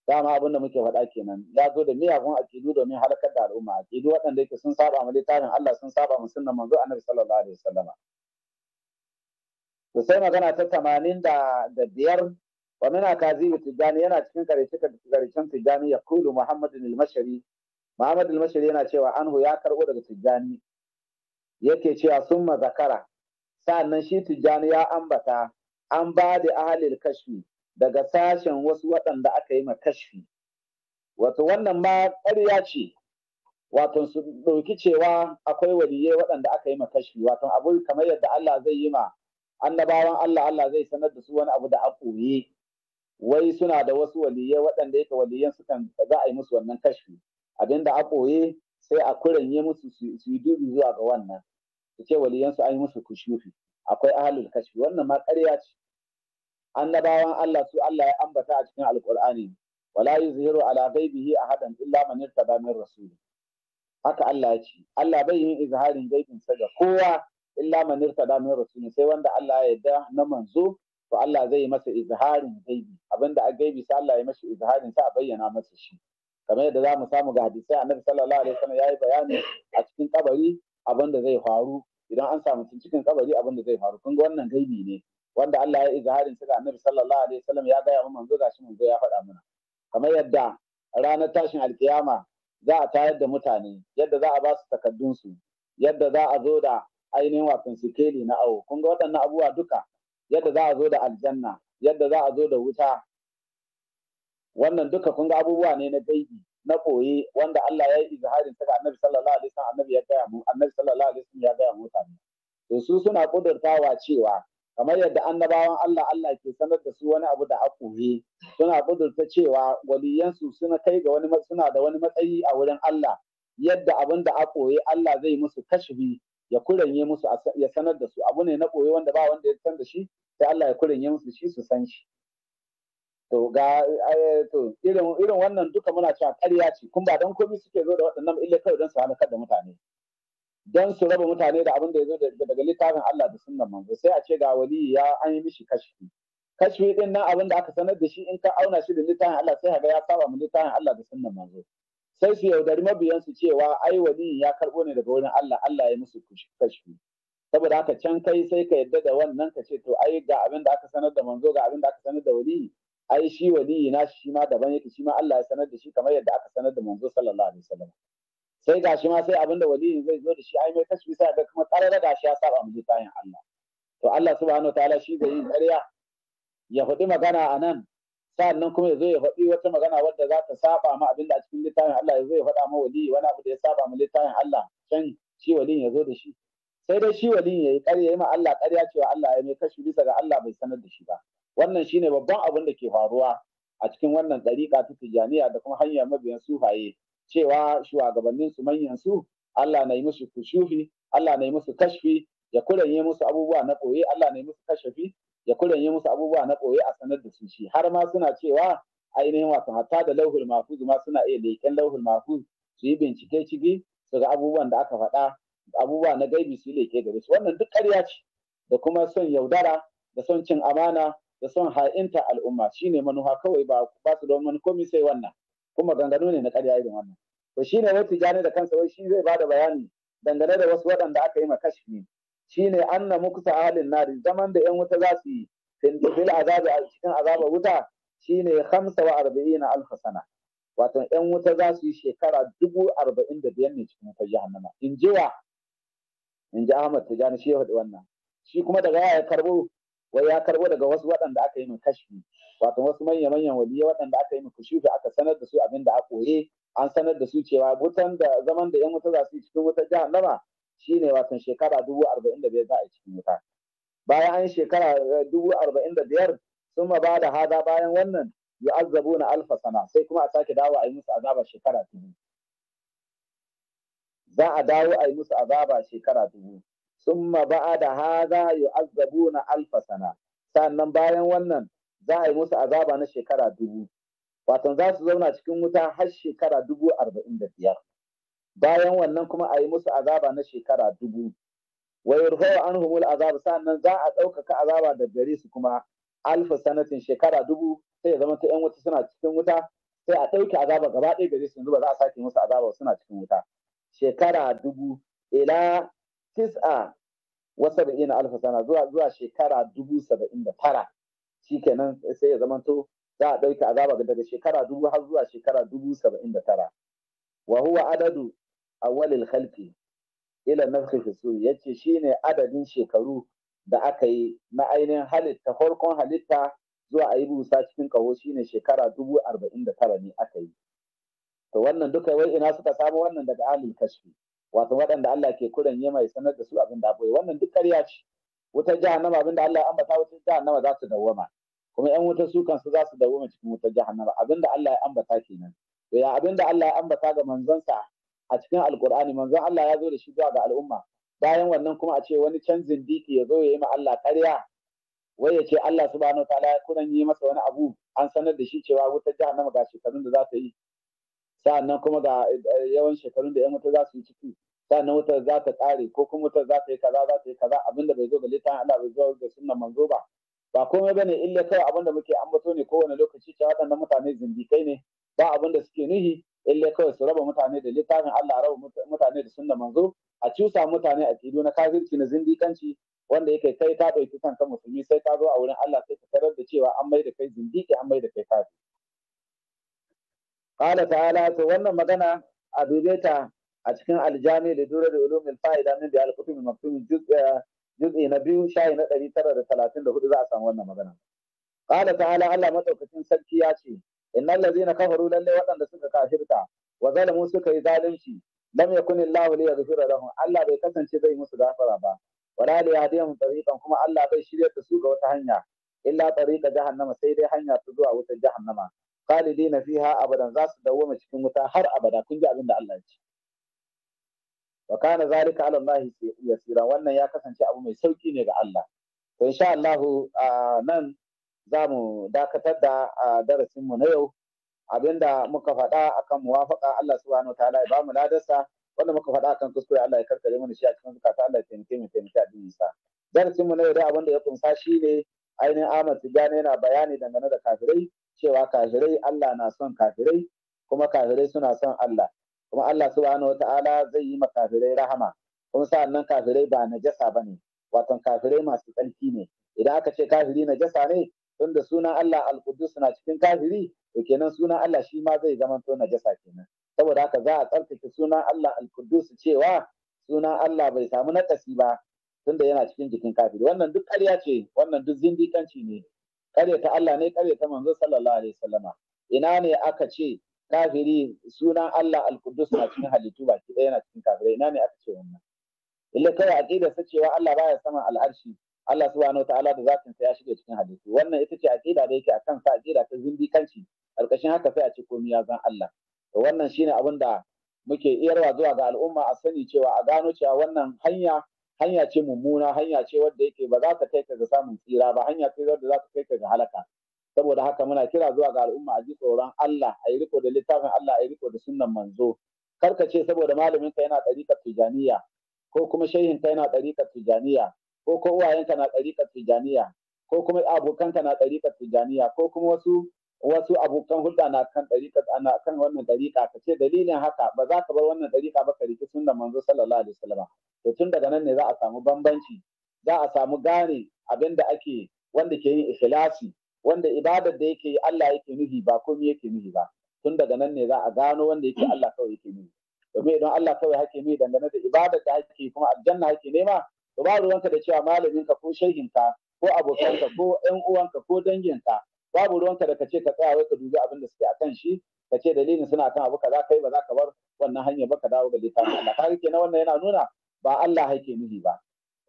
dama abin da muke faɗa kenan ya zo da miyagun akidu domin halakar da al'umma akidu waɗanda yake sun saba ma littafin Allah sun saba ma sunnan manzo annabi sallallahu alaihi wasallama to sai magana ta tamanin da biyar wa mina kazibu tijani yana cikin karshe karshen tijani ya kulu muhammadin al-mashari muhammad al-mashari yana cewa anhu ya karbo daga tijani yake cewa sun mazakara zakara sannan shi tijjani ya ambata an ba da ahalil kashfi daga sashen wasu waɗanda aka yi ma kashfi wato wannan ma ƙarya ce wato su ɗauki cewa akwai waliyai waɗanda aka yi ma kashfi wato abu kamar yadda Allah zai yi ma annabawan Allah Allah zai sanar da su wani abu da a wai suna da wasu waliyai waɗanda yake waliyan sukan za a yi musu wannan kashfi abinda a sai a kuranye musu su yi dubi zuwa ga wannan su ce waliyansu an yi musu kushufi akwai ahalul kashfi wannan ma ƙarya ce annabawan Allah su Allah ya ambata a cikin alƙur'ani wala yuzhiru ala ghaibihi ahadan illa man irtada min rasul haka Allah ya ce Allah bai yin izharin gaibin sa ga kowa illa man irtada min rasul sai wanda Allah ya yarda na manzo to Allah zai yi masa izharin gaibi abinda a gaibi sai Allah ya mashi izharin sa a bayyana masa shi kamar yadda za mu samu ga hadisai annabi sallallahu alaihi wasallam yayi bayani a cikin kabari abin da zai faru idan an samu cikin kabari abin da zai faru kun ga wannan gaibi ne wanda Allah ya izharin sa ga annabi sallallahu alaihi wasallam ya gaya mun manzo gashi manzo ya faɗa mana kamar yadda ranar tashin alkiyama za a tayar da mutane yadda za a ba su takaddun su yadda za a zo da ainihin wasan sikeli na awo kun ga waɗannan abubuwa duka yadda za a zo da aljanna yadda za a zo da wuta wannan duka kun ga abubuwa ne na gaibi na koyi wanda Allah ya yi izharin ta ga Annabi sallallahu alaihi wasallam Annabi ya gaya mu Annabi sallallahu alaihi wasallam ya gaya mu ta to su suna kudurtawa cewa kamar yadda annabawan Allah Allah ke sanar da su wani abu da a suna kudurta cewa waliyansu suna kai ga wani suna da wani matsayi a wurin Allah yadda abin da a Allah zai musu kashfi ya kuranye musu ya sanar da su abu ne na koyi wanda ba wanda ya san da shi sai Allah ya kuranye musu shi su san shi to ga eh, to irin wannan duka muna cewa ƙarya ce kuma ba don komai suke zo da waɗannan illa kawai don su halakar da mutane don su raba mutane da abin da ya zo daga littafin Allah da sunnan manzo sai a ce ga wali ya an yi mishi kashfi kashfi din nan abin da aka sanar da shi in ka auna shi da littafin Allah sai ga ya saba mu littafin Allah da sunnan manzo sai su yaudari mabiyan su cewa ai wali ya karbo ne daga wurin Allah Allah ya musu kashfi saboda haka can kai sai ka yadda da wannan ka ce to ai ga abin da aka sanar da manzo ga abin da aka sanar da wali ai shi waliyi na shi ma daban yake shi ma Allah ya sanar da shi kamar yadda aka sanar da manzo sallallahu alaihi wasallam sai ga shi ma sai abin da waliyi zai zo da shi ai mai kashi sai ga kuma karara da shi ya saba mu tayin Allah to Allah subhanahu wataala shi zai yi ƙarya ya faɗi magana a nan sa'annan kuma ya zo ya faɗi wata magana wadda za ta saba ma abin da a cikin littafin Allah ya zo ya faɗa ma waliyi wani abu da ya saba ma littafin Allah can shi waliyin ya zo da shi sai dai shi waliyin ya yi ƙarya ya yi ma Allah ƙarya cewa Allah ya mai kashi bisa ga Allah bai sanar da shi ba wannan shi ne babban abin da ke faruwa a cikin wannan ɗariƙa ta tijjaniya da kuma hanyar mabiyan sufaye cewa shugabannin su manyan su Allah na yi musu kushufi Allah na yi musu kashfi ya kuranye musu abubuwa na ɓoye Allah na yi musu kashafi ya kuranye musu abubuwa na koye a sanar da su shi har ma suna cewa ainihin wato hatta da lauhul mahfuz ma suna iya leƙen lauhul mahfuz su yi bincike ciki su abubuwan da aka faɗa abubuwa na gaibi su leƙe gare su wannan duk ƙarya ce da kuma son yaudara da son cin amana da son ha'inta al'umma shine manuha kawai ba ba su don wani komai sai wannan kuma gangano ne na ƙarya irin wannan to shine wata tijani da kansa wai shi zai bada bayani dangane da wasu waɗanda aka yi ma kashfi shine anna muksa ahlin nari zaman da yan wuta za su yi fil azabi a cikin azabar wuta shine khamsa wa arba'ina alf sana wato yan wuta za su yi shekara dubu arba'in da biyar ne cikin wutar jahannama in ji wa in ji ahmad tijani shi ya faɗi wannan shi kuma daga ya karbo wai ya karbo daga wasu waɗanda aka yi kashfi wato wasu manya manyan waliyya waɗanda aka yi kushufi aka sanar da su abin da a koye an sanar da su cewa wutan da zaman da yan wuta za su yi cikin wutar jahannama shine wato shekara dubu arba'in da biyar za a yi cikin wuta bayan an shekara eh, dubu arba'in da biyar sun ba da hada bayan wannan azabu na alfa sana sai kuma a sake dawo a yi musu azaba shekara dubu za a dawo a yi musu azaba shekara dubu summa ba'da hadha yu'azzabuna alfa alfasana sannan bayan wannan za a yi musu azaba na shekara dubu watan za su zauna cikin wuta har shekara dubu arba'in da biyar bayan wannan kuma a yi musu azaba na shekara dubu wa an anhumul azab sannan za a ɗaukaka azaba da gare su kuma alfa shekara dubu sai ya zama ta yan wuta suna cikin wuta sai a ɗauke azaba gaba ɗaya gare su yanzu ba za a sake musu azaba suna cikin wuta shekara dubu ila tis'a wa saba'ina alfa sana zuwa zuwa shekara dubu saba'in da tara shikenan sai ya zamanto za a ɗauki azaba daga shekara dubu har zuwa shekara dubu saba'in da tara wa huwa adadu awwalil khalqi ila nafsi fi ce yace shine adadin shekaru da aka yi na ainihin halitta farkon halitta zuwa a yi busa cikin kaho shine shekara dubu arba'in da tara ne aka yi to wannan duka wai ina suka samu wannan daga alil kashfi wato waɗanda Allah ke kuran ya mai sanar da su abin da akwai wannan duk ƙarya ce wutar jahannama abin da Allah ya ambata wutar jahannama za su dawwama kuma ƴan wutar su kansu za su dawwama cikin wutar jahannama abin da Allah ya ambata kenan to ya abin da Allah ya ambata ga manzonsa a cikin Alƙur'ani manzon Allah ya zo da shi zuwa ga al'umma bayan wannan kuma a ce wani canjin diki ya zo ya yi ma Allah ƙarya wai ya ce Allah subhanahu wa ta'ala ya kuran yi masa wani abu an sanar da shi cewa wutar jahannama ga shekarun da za ta yi sa'annan kuma ga eh, yawan shekarun da 'yan wuta za su yi ciki sannan wutar za ta ƙare ko kuma wutar za ta yi kaza za ta yi kaza abinda bai zo ga littafin Allah bai zo ga suna manzo ba ba komai bane illa kawai abinda muke ambato ne kowane lokaci cewa waɗannan mutane zindikai ne ba abinda suke nuhi illa kawai su raba mutane da littafin Allah raba mutane da sunna manzo a cusa mutane a kido na kafirci na zindikanci wanda yake kai ka ɗauki kanka musulmi sai ka zo a wurin Allah sai ka tarar da cewa an mai da kai zindiki an mai da kai kafiri. Ƙala ta'ala to wannan magana a dubeta a cikin aljami da dura da ulumul fa'ida min da al-kutub maktum eh, juz'i na biyu sha'i na hudu za a samu wannan magana qala ta'ala Allah madaukakin sarki ya ce innal ladzina kafaru lalle waɗanda suka kafirta wa zalamu suka yi zalunci lam yakun Allah li yaghfira lahum Allah bai kasance zai musu gafara ba wala li yahdihim tariqan kuma Allah bai shirya da su ga wata hanya illa tariqa jahannama sai dai hanya ta zuwa wutar jahannama khalidina fiha abadan za su dawoma cikin wuta har abada kun ji abin da Allah ya ce wa kana zalika ala Allah yasira wannan ya kasance abu mai sauki ne ga Allah to insha Allah nan za mu dakatar da darasin mu na yau abinda muka faɗa akan muwafaka Allah subhanahu wataala ya bamu ladarsa wanda muka faɗa akan kuskure Allah ya karkare mana shi a cikin zakata Allah ya taimake mu taimake addinin sa darasin mu na yau dai abinda ya kunsa shine ainihin Ahmad Tijjani yana bayani dangane da kafirai cewa kafirai Allah na son kafirai kuma kafirai suna son Allah kuma Allah subhanahu wata'ala zai yi ma kafirai rahama kuma sa'an nan kafirai ba najasa bane wato kafirai masu tsarki ne idan aka ce kafiri najasa ne tunda sunan Allah al-Qudus na cikin kafiri to kenan sunan Allah shi ma zai zama to najasa kenan saboda haka za a tsarkake sunan Allah al-Qudus cewa sunan Allah bai samu nakasi ba tunda yana cikin jikin kafiri wannan duk ƙarya ce wannan duk zindikanci ne ƙarya ta Allah ne ƙarya ta manzo sallallahu alaihi wasallama ina ne aka ce kafiri sunan Allah al na cikin halittu baki ɗaya na cikin kafirai ina ne aka ce wannan illa kai aqida sa cewa Allah baya saman al'arshi Allah subhanahu wa ta'ala da zatin sa ya shige cikin halittu wannan ita ce aqida da yake akan sa aqida ta kanci alƙashin haka sai a ce komai ya zan Allah to wannan shine abin da muke iyarwa zuwa ga al'umma a sani cewa a gano cewa wannan hanya hanya ce mummuna hanya ce wadda yake ba za ta kai ka ga samun tsira ba hanya ce wadda za ta kai ka ga halaka saboda haka muna kira zuwa ga al'umma a ji tsoron Allah a yi riko da littafin Allah a yi riko da sunnan manzo karka ce saboda malamin ka yana ɗariƙar tijaniya ko kuma shehin ka yana ɗariƙar tijaniya ko ko uwayenka na ɗariƙar tijaniya ko kuma abokanka na ɗariƙar tijaniya ko kuma wasu wasu abokan hulɗa na kan ɗariƙa kan wannan ɗariƙa ka ce dalilin haka ba za ka bar wannan ɗariƙa ba ka riki sunna manzo sallallahu alaihi wasallam to tun daga nan ne za a samu bambanci za a samu gane abin da ake wanda ke yin ikhlasi wanda ibadar da yake Allah yake nuhi ba komai yake nuhi ba tun daga nan ne za a gano wanda yake Allah kawai yake nuhi domin idan Allah kawai hake nuhi dangane da ibadar da hake kuma aljanna hake nema to ba ruwanka da cewa malaminka ko shehinka ko abokanka ko ƴan uwanka ko danginka babu ruwanka da kace ka tsaya wai ka dubi abin da suke akan shi ka ce dalilin suna kan abu kaza kai ba za ka bar wannan hanyar ba ka dawo ga littafin Allah kaga kenan wannan yana nuna ba Allah yake nuhi ba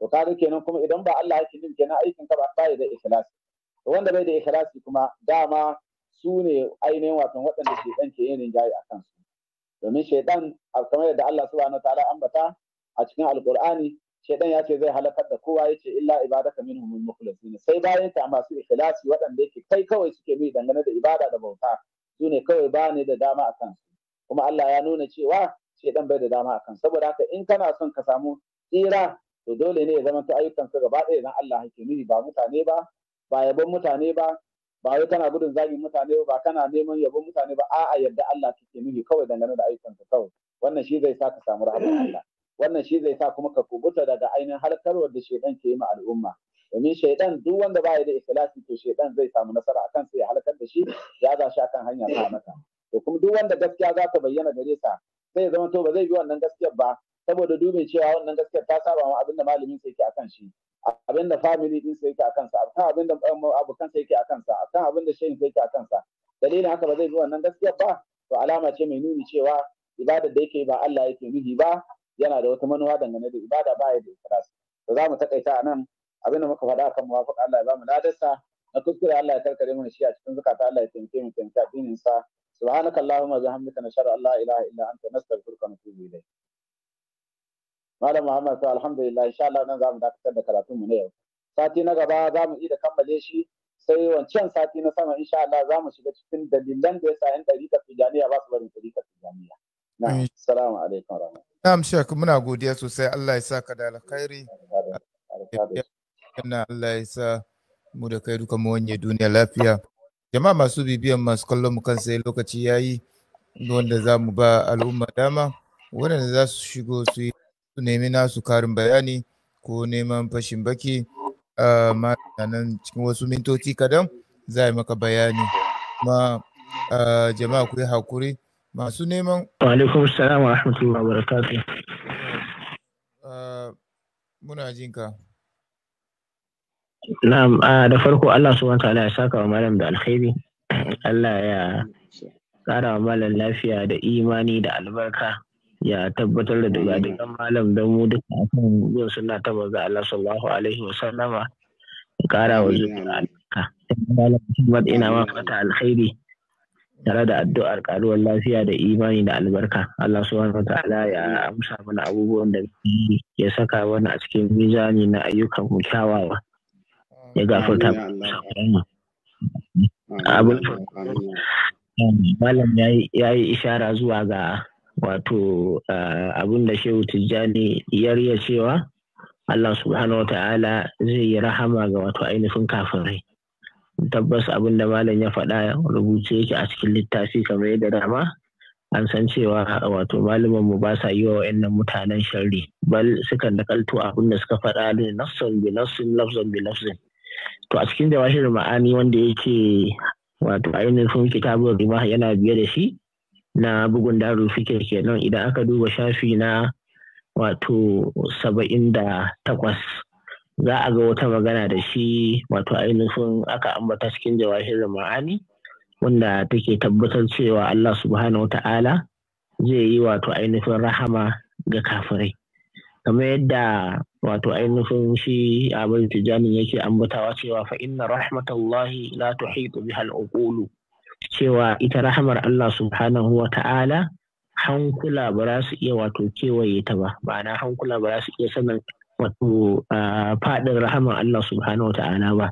to kaga kenan kuma idan ba Allah yake nuhi kenan aikin ka ba bai da ikhlas wanda bai da ikhlasi kuma dama su ne ainihin wasan waɗanda shaidan ke yin rinjaye a kansu domin shaidan kamar yadda Allah subhanahu ta'ala ambata a cikin alqur'ani shaidan ya ce zai halakar da kowa yace illa ibadaka minhum mukhlisin sai bayan ta masu ikhlasi waɗanda yake kai kawai suke bi dangane da ibada da bauta su ne kawai ba ne da dama a kansu kuma Allah ya nuna cewa shaidan bai da dama a kansu saboda haka in kana son ka samu tsira to dole ne ya zama ta ka gaba ɗaya idan Allah yake nufi ba mutane ba ba yabon mutane ba ba wai kana gudun zagin mutane ba kana neman yabon mutane ba a'a yadda Allah take nufi kawai dangane da ka kawai wannan shi zai sa ka samu rahmar Allah wannan shi zai sa kuma ka kubuta daga ainihin harkarwar da shaidan ke yi ma al'umma domin shaiɗan duk wanda baya da ikhlasi to shaidan zai samu nasara akan sai ya halakar da shi ya za shi akan hanya ta mata to kuma duk wanda gaskiya za ka bayyana gare sa zai zama to ba zai bi wannan gaskiyar ba saboda dubin cewa wannan gaskiyar ta saba ma abinda malamin sai ke akan shi abinda family din sa yake a kansa akan abinda abokan sa yake a kansa akan abinda shehin sai yake a kansa dalilin haka ba zai bi wannan gaskiya ba to alama ce mai nuni cewa ibadar da yake ba Allah yake nuhi ba yana da wata manuwa dangane da ibada ba ya da ikhlasi to za mu takaita a nan abin da muka faɗa akan muwafaqa Allah ya ba mu ladarsa na kuskure Allah ya karkare mu shi a cikin zakata Allah ya taimake mu taimake addinin sa subhanakallahumma wa bihamdika nashhadu an la ilaha illa anta nastaghfiruka wa natubu ilayk Malam Muhammad to alhamdulillah insha Allah nan zamu dakatar da karatun mu na yau. Sati na gaba zamu yi da kammale shi sai wancan sati na sama insha Allah zamu shiga cikin dalilan da yasa yan dariƙar tijaniya ba su barin dariƙar tijaniya. Na'am. Assalamu alaikum warahmatullahi. Na'am Sheikh muna godiya sosai Allah ya saka da alkhairi. Allah ya sa mu da kai duka mu wanye duniya lafiya. Jama'a masu bibiyan masu kallon mu kan sai lokaci yayi wanda za ba al'umma dama waɗanda za su shigo su yi su nemi nasu karin bayani ko neman fashin baki ma nan cikin wasu mintoci kadan za a yi maka bayani ma jama'a ku yi hakuri masu neman alaikum salam wa rahmatullahi wa barakatuh muna jinka na'am da farko Allah subhanahu wa ta'ala ya saka wa malam da alkhairi Allah ya kara wa malam lafiya da imani da albarka ya tabbatar da dugadugan malam don mu duka akan yin suna ta manzo Allah sallallahu alaihi wa sallama ya kara wa zuwa albarka malam Muhammad ina ma fata alkhairi tare da addu'ar karuwar lafiya da imani da albarka Allah subhanahu ta'ala ya amsa mana abubuwan da ya saka wani a cikin mizani na ayyukan mu kyawawa ya gafarta mu abin malam ya yi ishara zuwa ga wato eh, abin da shehu tijjani yarya cewa Allah subhanahu wata'ala zai yi rahama ga wato ainihin kafirai tabbas abin da malam ya faɗa rubuce yake a cikin littafi kamar yadda dama an san cewa wato malaman mu ba sa yi wa wa'annan mutanen sharri bal sukan nakalto abin da suka faɗa ne nafsun bi nafsun lafzan bi nafsun to a cikin jawahir ma'ani wanda yake wato ainihin kitabun rima yana biye da shi na bugun daru fikir kenan idan aka duba shafi na wato saba'in da takwas za a ga wata magana da shi wato ainihin aka ambata cikin jawahir ma'ani wanda take tabbatar cewa Allah subhanahu wa ta'ala zai yi wato ainihin rahama ga kafirai kamar yadda wato ainihin shi abin tijanin yake ambatawa cewa fa inna rahmatallahi la tuhitu bihal okulu cewa ita rahamar Allah subhanahu wa ta'ala hankula ba za su iya wato kewaye ta ba ma'ana hankula ba za su iya sanin wato faɗin rahamar Allah subhanahu wa ta'ala ba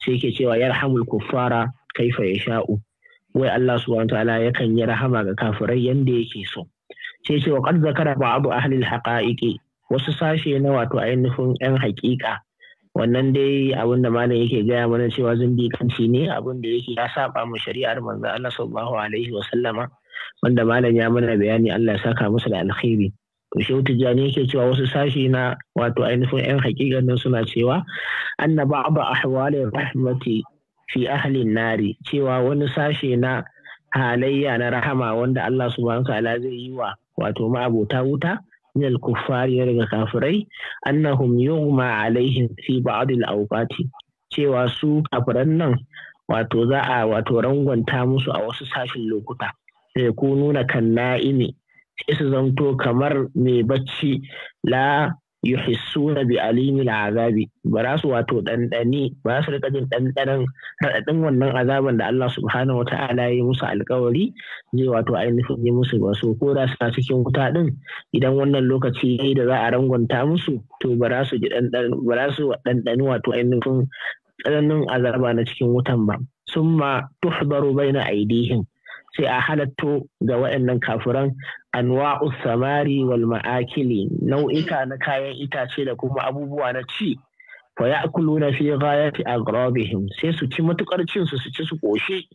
sai yake cewa yarhamul kuffara kaifa sha'u. wai Allah subhanahu wa ta'ala yakan yi rahama ga kafirai yanda yake so sai ce wa qad zakara ba'du ahli al-haqa'iqi wasu sashe na wato ainihin yan haƙiƙa wannan dai abin da malam yake gaya mana cewa zindiƙanci ne abin da yake ya saba mu shari'ar manzo Allah sallallahu alaihi wa sallama wanda malam ya mana bayani Allah ya saka musu da alkhairi to shehu tijjani yake cewa wasu sashi na wato ainihin yan hakikan nan suna cewa anna ba'da ahwalir rahmati fi ahli nari cewa wani sashe na halayya na rahama wanda Allah subhanahu wa ta'ala zai yi wa wato ma'abota wuta من daga kafirai, كافري أنهم يغمى عليهم في بعض الأوقات cewa su kafiran nan wato za a wato rangwanta musu a wasu sashin lokuta sai ku nuna kan na'imi sai su zanto kamar mai bacci la yuhissuna bi alimil azabi ba za su wato ba za su rika jin ɗanɗanon raɗaɗin wannan azaban da Allah subhanahu wata'ala ya musu alkawari zai wato ainihin yi musu ba so ko da suna cikin wuta ɗin idan wannan lokaci yayi da za a rangwanta musu to ba za su ji ba za su ɗanɗani wato ainihin tsananin azaba na cikin wutan ba summa tuhbaru baina aidihim sai a halatto ga waɗannan kafiran anwa'u samari wal ma'akili nau'ika na kayan itace da kuma abubuwa na ci fa na fi ghayati aghrabihim sai su ci matukar cin su su ci su koshi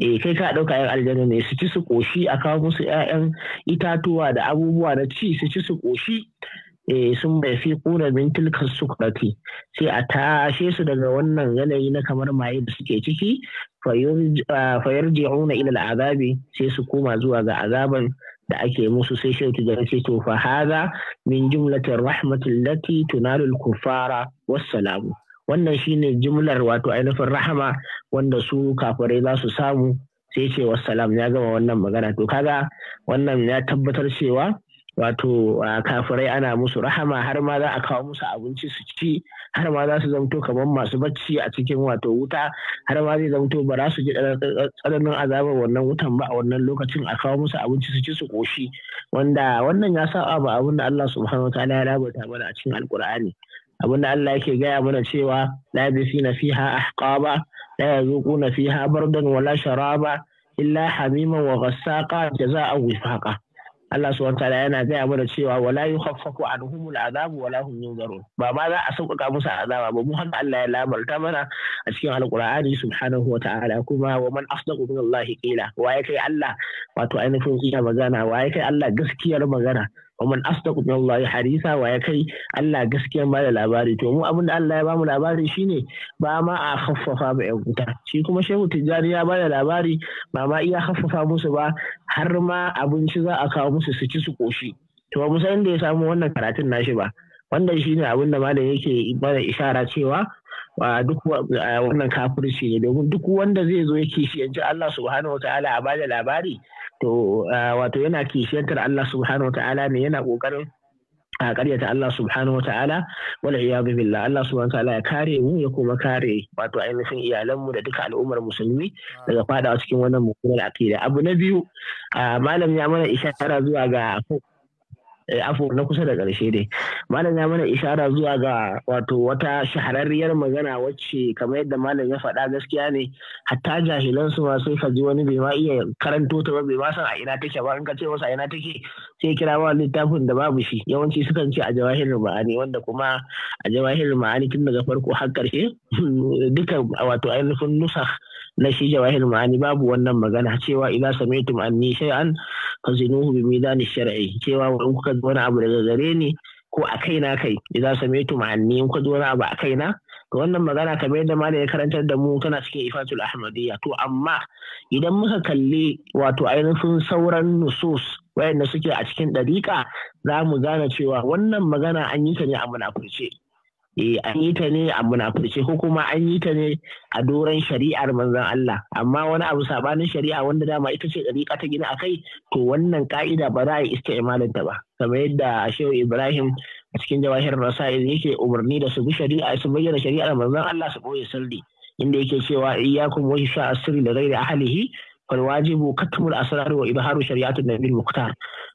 eh kai ka ɗauka yan aljanna ne su ci su koshi a kawo musu 'ya'yan itatuwa da abubuwa na ci su ci su koshi Eh, sun bai fi kuna min tilka sukrati sai a tashe su daga wannan yanayi na kamar maye da suke ciki fayar ji'una ila azabi sai su koma zuwa ga azaban da ake musu sai shaitu da ce to fa haza min jumlatin rahmatin lati tunalul kufara wassalamu wannan shine jumlar wato ainihin rahama wanda su kafirai za su samu sai ce wassalam ya gama wannan magana to kaga wannan ya tabbatar cewa wato kafirai ana musu rahama har ma za a kawo musu abinci su ci har ma za su zamto kamar masu bacci a cikin wato wuta har ma zai zamto ba za su ji tsananin azabar wannan wutan ba a wannan lokacin a kawo musu abinci su ci su koshi wanda wannan ya sa ba abin da Allah subhanahu wa ta'ala ya rabata mana a cikin alkur'ani abin da Allah yake gaya mana cewa la bisina fiha ahqaba la yazuquna fiha bardan wala sharaba illa hamiman wa ghassaqa jazaa'an wifaqa Allah subhanahu wataala yana gaya mana cewa wala yukhaffafu anhumul azabu wala hum yunzarun ba ma za a sauƙaƙa musu azaba ba mu haka Allah ya lamarta mana a cikin alqur'ani subhanahu wataala kuma wa man asdaqu min Allah qila wa ya kai Allah wato ainihin iya magana wa ya kai Allah gaskiyar magana ومن أصدق من الله حديثا ويكي الله قسكي ما للعباري تومو أبن الله يبامو العباري شيني باما أخففا labari شيكم شيخ تجاري ما للعباري باما إيا خففا موسبا حرما أبن شزا أكاو موسي سيكسو كوشي to musa inda ya samu wannan karatun nashi ba wannan shine abin da malam yake mana ishara cewa duk wannan kafirci ne domin duk wanda zai zo yake shi yanzu Allah subhanahu wataala a bada labari to ah, wato yana kishiyantar Allah subhanahu wa ta'ala ne yana kokarin a karyata Allah subhanahu wa ta'ala wala iyadu billah Allah subhanahu wa ta'ala ya kare mu ya kuma kare wato ainihin iyalanmu da duka al'ummar musulmi daga fadawa cikin wannan mummunar akida abu na biyu ah, malam ya mana tara zuwa ga Eh, afo na kusa da ƙarshe dai malam ya mana ishara zuwa ga wato wata shahararriyar magana wacce kamar yadda malam ya faɗa gaskiya ne hatta jahilan su ma sai ka ji wani bai ma iya karanto ta ba bai ma san a ina take ba in ka ce masa a ina take sai kira ma littafin da babu shi yawanci sukan ce a jawahir ma'ani wanda kuma a jawahir ma'ani tun daga farko har ƙarshe duka wato ainihin nusa. na shi jawahir ma'ani babu wannan magana cewa idza sami'tum anni shay'an fazinuhu bi mizani shar'i cewa in kuka ji wani abu daga gare ni ko a kaina kai idza sami'tum anni in kuka ji wani abu a na to wannan magana kamar yadda malam ya karantar da mu tana cikin ifatul ahmadiyya to amma idan muka kalli wato ainihin sauran nusus wayanda suke a cikin dariƙa za mu gane cewa wannan magana an yi ta ne a munafurce Eh, an yi ta ne a munafurci ko kuma an yi ta ne a doron shari'ar manzon Allah amma wani abu sabanin shari'a wanda dama ita ce dariƙa ta gina akai to wannan ka'ida ba za a yi imanin ta ba kamar yadda Shehu Ibrahim a cikin jawahir rasail yake umarni da su bi shari'a su bayyana shari'ar manzon Allah su boye sirri inda yake cewa iyyakum wa hisa asri da ghairi ahlihi fal wajibu katmul asrar wa ibharu shari'atun nabiyil muqtar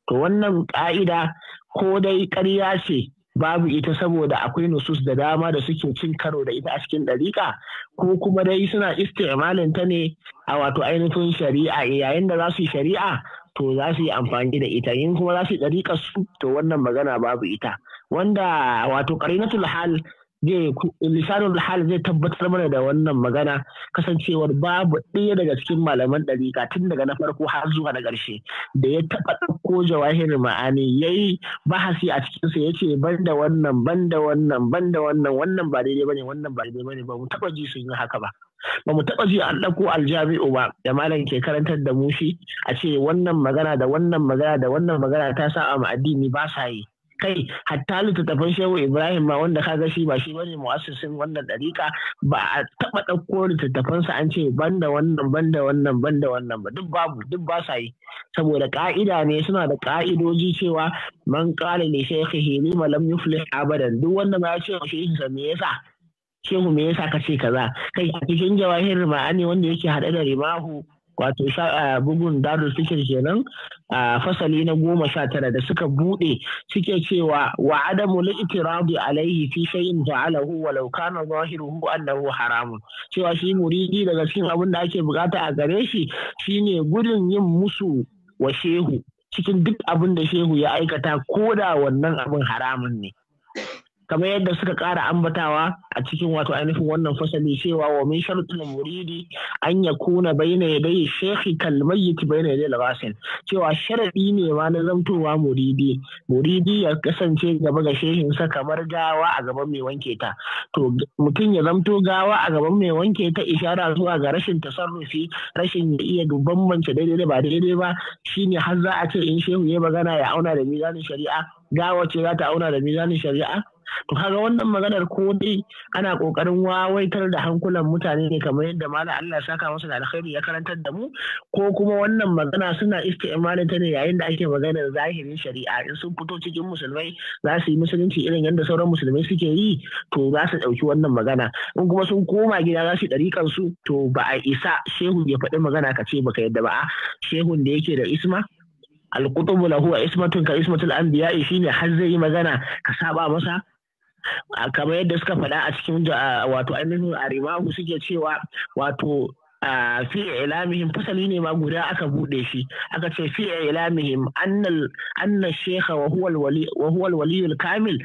to wannan ka'ida ko dai ƙarya ce babu ita saboda akwai nusus da dama da suke cin karo da ita a cikin ɗariƙa ko kuma dai suna istimalin ta ne a wato ainihin shari'a eh, yayin da za su yi shari'a to za su yi amfani da ita Yin kuma za su yi ɗariƙa su to wannan magana babu ita wanda wato ƙarinatul hal lisanin hal zai tabbatar mana da wannan magana kasancewar babu ɗaya daga cikin malaman ɗariƙa tun daga na farko har zuwa na ƙarshe da ya taɓa ɗauko jawahirin ma'ani ya yi bahasi a cikinsa ya ce ban da wannan ban da wannan ban da wannan wannan ba daidai ba ne wannan ba daidai ba ne ba mu taɓa ji sun yi haka ba ba mu taɓa ji an ɗauko aljami'u ba da malam ke karantar da mushi a ce wannan magana da wannan magana da wannan magana ta sa a addini ba sa yi kai hatta littattafan shehu ibrahim ma wanda kaga shi ba shi bane mu'assisin wannan dariƙa ba a taɓa ɗauko sa an ce banda wannan banda wannan banda wannan ba duk babu duk ba sa yi saboda ka'ida ne suna da ka'idoji cewa man qala li shaykhihi lima lam yuflih abadan duk wanda ma ya ce shi me yasa shehu me yasa ka ce kaza kai a cikin jawahir ma'ani wanda yake haɗe da rimahu wato bugun dado suke kenan a fasali na goma sha tara da suka bude suke cewa wa adamu li'tiradi alaihi fi shay'in wa law kana zahiruhu annahu haramun cewa shi muridi daga cikin abin da ake bukata a gare shi shine gudun yin musu wa shehu cikin duk abin da shehu ya aikata ko da wannan abin haramun ne kamar yadda suka ƙara ambatawa a cikin wato ainihin wannan fasali cewa wa min sharutul muridi an ya kuna bayna yadai shekhi kal mayyit bayna yadai al cewa sharadi ne ma na zamtowa muridi muridi ya kasance gaba ga shehin sa kamar gawa a gaban mai wanke ta to mutum ya zamto gawa a gaban mai wanke ta ishara zuwa ga rashin tasarrufi rashin ya iya bambance daidai ba daidai ba shine har za a ce in shehu ya magana ya auna da mizanin shari'a gawa ce za ta auna da mizanin shari'a to kaga wannan maganar ko dai ana kokarin wawaitar da hankulan mutane ne kamar yadda malam Allah ya saka masa da alkhairi ya karantar da mu ko kuma wannan magana suna isti'malin ta ne yayin da ake maganar zahirin shari'a in sun fito cikin musulmai za su yi musulunci irin yadda sauran musulmai suke yi to za su ɗauki wannan magana in kuma sun koma gida za su yi su to ba a isa shehu ya faɗi magana ka ce baka yadda ba a shehu da yake da isma alkutubu lahu ismatun ka ismatul anbiya'i shine har zai yi magana ka saba masa kamar yadda suka faɗa a cikin wato ainihin arimahu suke cewa wato fi ilamihim fasali ne ma guda aka buɗe shi aka ce fi ilamihim annal anna shekha wa huwa waliyul kamil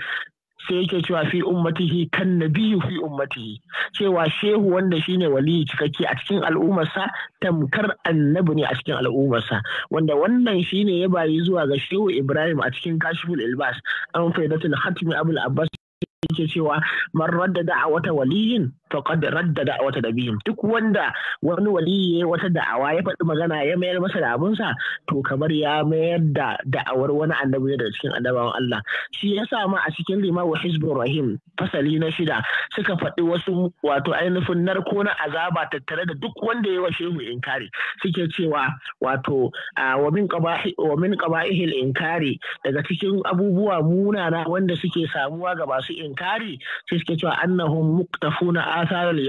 sai yake cewa fi ummatihi kan nabiyu fi ummatihi cewa shehu wanda shine waliyi cikakke a cikin al'ummarsa tamkar annabi ne a cikin al'ummarsa wanda wannan shine ya bayi zuwa ga shehu ibrahim a cikin kashiful ilbas an faidatul hatmi abul abbas yake cewa da a wata waliyin faqad radda da'wata nabiyyin duk wanda wani wali ya wata da'awa ya faɗi magana ya mayar masa da abunsa to kamar ya mayar da da'awar wani annabi daga cikin annabawan Allah shi yasa ma a cikin limamu hizbur rahim fasali na shida suka faɗi wasu wato ainihin narko na azaba tattare da duk wanda ya wa shehu inkari suke cewa wato wa min wa min qaba'ihil inkari daga cikin abubuwa munana wanda suke samuwa ga masu inkari sai suke cewa annahum muktafuna asar yahudu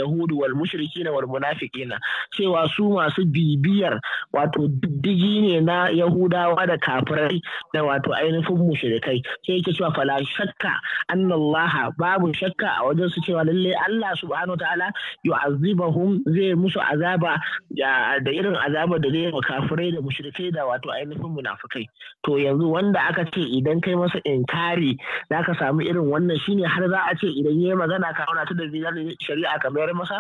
yahud wal na wal cewa su masu bibiyar wato diddigi ne na yahudawa da kafirai da wato ainihin mushrikai sai yake cewa fala shakka annallaha babu shakka a wajen su cewa lalle Allah subhanahu ta'ala yu'azzibahum zai musu azaba da irin azaba da zai wa kafirai da mushrikai da wato ainihin munafikai to yanzu wanda aka ce idan kai masa inkari zaka samu irin wannan shine har za a ce idan yayi magana ka auna ta da shari'a gari aka mayar masa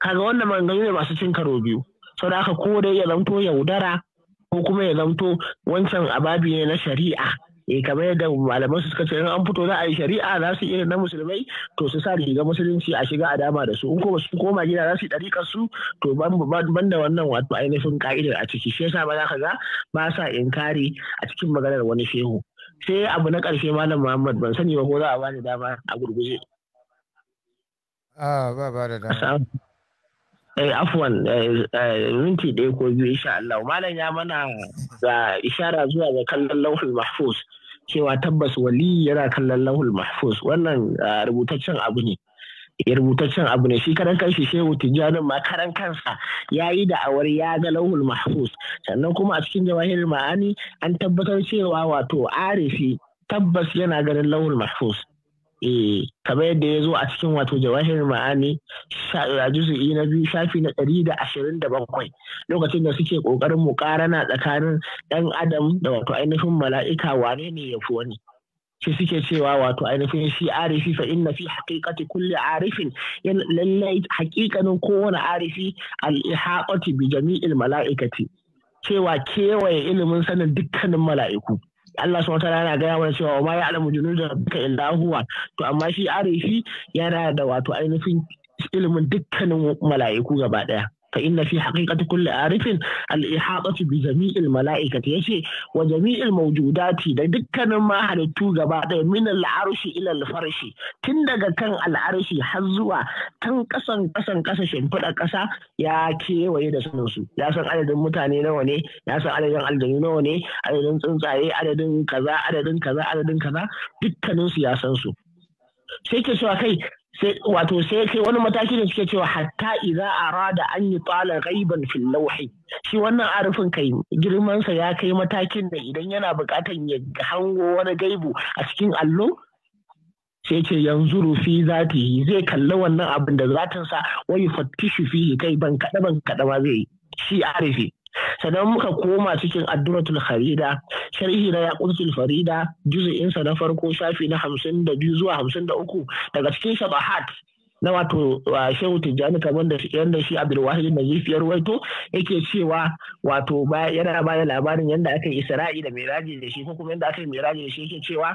kaga wannan maganganu ne masu cin karo biyu sau da ko dai ya zamto yaudara ko kuma ya zamto wancan ababi ne na shari'a eh kamar yadda malaman su suka ce an fito za a yi shari'a za su iya na musulmai to su sa riga musulunci a shiga a dama da su in ko su koma gida za su yi ɗariƙar su to ban da wannan wato ainihin ka'idar a ciki shi yasa ba za ka ga ba sa inkari a cikin maganar wani shehu sai abu na ƙarshe malam muhammad ban sani ba ko za a bani dama a gurguje. Ah, ba ba da dama. Eh, afwan eh, eh, minti ɗaya ko biyu insha Allah. Malam ya mana ga ishara zuwa ga kallon lauhul mahfuz cewa tabbas wali yana kallon lauhul mahfuz wannan ah, rubutaccen abu ne. Eh, rubutaccen abu ne shi karan kanshi shehu Tijjani ma karan kansa ya yi da'awar ya ga lauhul mahfuz sannan kuma a cikin jawahir ma'ani an tabbatar cewa wato arifi tabbas yana ganin lauhul mahfuz eh kamar yadda ya zo a cikin wato jawahir ma'ani a juzu'i na biyu shafi na ɗari da ashirin da bakwai lokacin da suke ƙoƙarin muƙarana tsakanin ɗan adam da wato ainihin mala'ika wane ne ya fi wani shi suke cewa wato ainihin shi arifi fa inna fi haqiqati kulli arifin lallai haƙiƙanin kowane arifi al-ihaqati bi jami'il mala'ikati cewa kewaye ilimin sanin dukkanin mala'iku Allah subhanahu wataala yana gaya mana cewa ma ya alamu da ka illa huwa to amma shi arifi yana da wato ainihin ilimin dukkanin mala'iku gaba daya فإن في حقيقة كل عارف الإحاطة بجميع wa jami'in وجميع الموجودات da dukkanin mahalittu gaba ɗaya min al'arshi ila alfarshi tun daga kan al'arshi har zuwa kan kasan kasan kasa shimfiɗa ƙasa ya kewaye da saninsu. su ya san adadin mutane nawa ne ya san adadin aljanu nawa ne adadin tsuntsaye adadin kaza adadin kaza adadin kaza dukkanin ya san su sai ke cewa kai wato sai kai wani mataki da suke cewa hatta idza arada an yi tsala ghaiban fil lawhi shi wannan arifin kai girman sa ya kai matakin da idan yana bukatan ya hango wani gaibu a cikin allo sai ce yanzu rufi zati zai kalli wannan abin da zatin sa wai fattishu fi kai ban kada ban kada ba zai shi arifi sannan muka koma cikin addu'atul harida sharhi na yaqutul farida sa na farko shafi na hamsin zuwa hamsin daga cikin shabahat na wato shehu tijjani kamar da yadda shi abdulwahid nazif ya ruwaito yake cewa wato yana bada labarin yadda aka yi isra'i da miraji da shi ko kuma yadda aka yi miraji da shi yake cewa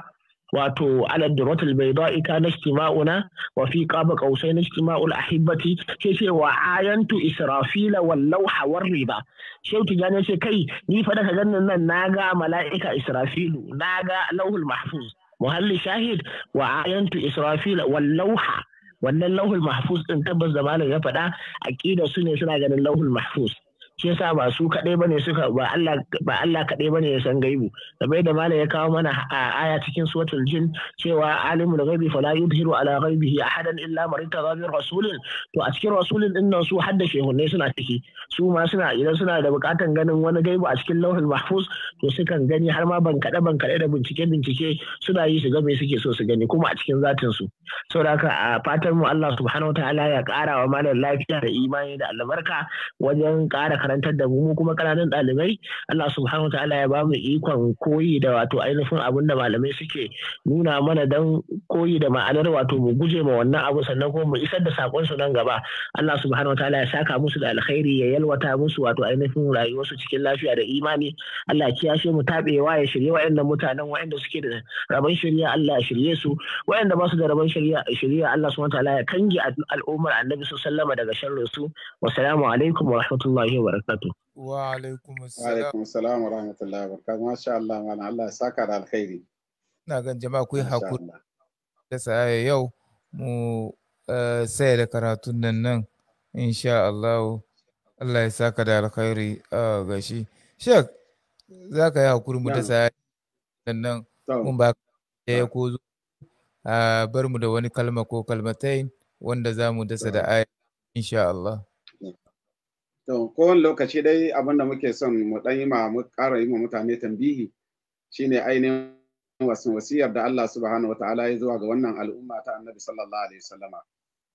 wato ala bai ba ita najtima'una wa fi qaba a ijtima'ul ahibbati sai ce wa ayantu israfila wal lawha war riba sai tijani ce kai ni fa da ka gannan nan naga mala'ika israfilu naga lauhul mahfuz muhalli shahid wa ayantu israfila wal lawha wannan lauhul mahfuz din tabbas da malam ya faɗa aqida su ne suna ganin lauhul mahfuz shi yasa ba su kaɗai bane suka ba Allah ba Allah kaɗai bane ya san gaibu kamar da malam ya kawo mana a aya cikin suratul jin cewa alimul ghaibi fala yudhiru ala ghaibihi ahadan illa man irtada bi rasulin to a cikin rasulin din nan su hadda shehunne suna ciki su ma suna idan suna da bukatan ganin wani gaibu a cikin lauhul mahfuz to sukan gani har ma ban kaɗe ban kaɗe da bincike bincike suna yi su ga me suke so su gani kuma a cikin zatin su saboda haka a fatan mu Allah subhanahu wa ta'ala ya ƙara wa malam lafiya da imani da albarka wajen ƙara karantar da mu kuma ƙananan ɗalibai Allah subhanahu ta'ala ya bamu ikon koyi da wato ainihin abin da malamai suke nuna mana dan koyi da ma'anar wato mu guje ma wannan abu sannan kuma mu isar da sakon su nan gaba Allah subhanahu ta'ala ya saka musu da alkhairi ya yalwata musu wato ainihin rayuwarsu cikin lafiya da imani Allah ya kiyashe mu tabewa ya shirye waɗannan mutanen waɗanda suke da rabon shari'a Allah ya shirye su waɗanda ba su da rabon shari'a shari'a Allah subhanahu ta'ala ya kange al'ummar Annabi sallallahu alaihi wasallam daga sharrin su wassalamu alaikum wa rahmatullahi wa barakatuh. Wa alaikum salam. Wa alaikum salam wa rahmatullahi wa barakatu. Masha Allah na Allah saka da alkhairi. Ina gan jama'a ku yi hakuri. Da saye yau mu eh, sai da karatun nan nan insha Allah Allah ya saka da alkhairi a ah, gashi. Shek za ka yi hakuri mu da saye nan nan mun ba ka ya ko zo ah, bar mu da wani kalma ko kalmatai wanda za mu dasa da aya insha Allah. To, kowane lokaci dai abin da muke son mu ɗan yi ma ƙara yi mutane tambihi shine ainihin wasiyar da Allah subhanahu wa ta'ala ya zuwa ga wannan al'umma ta annabi sallallahu alaihi wasallama.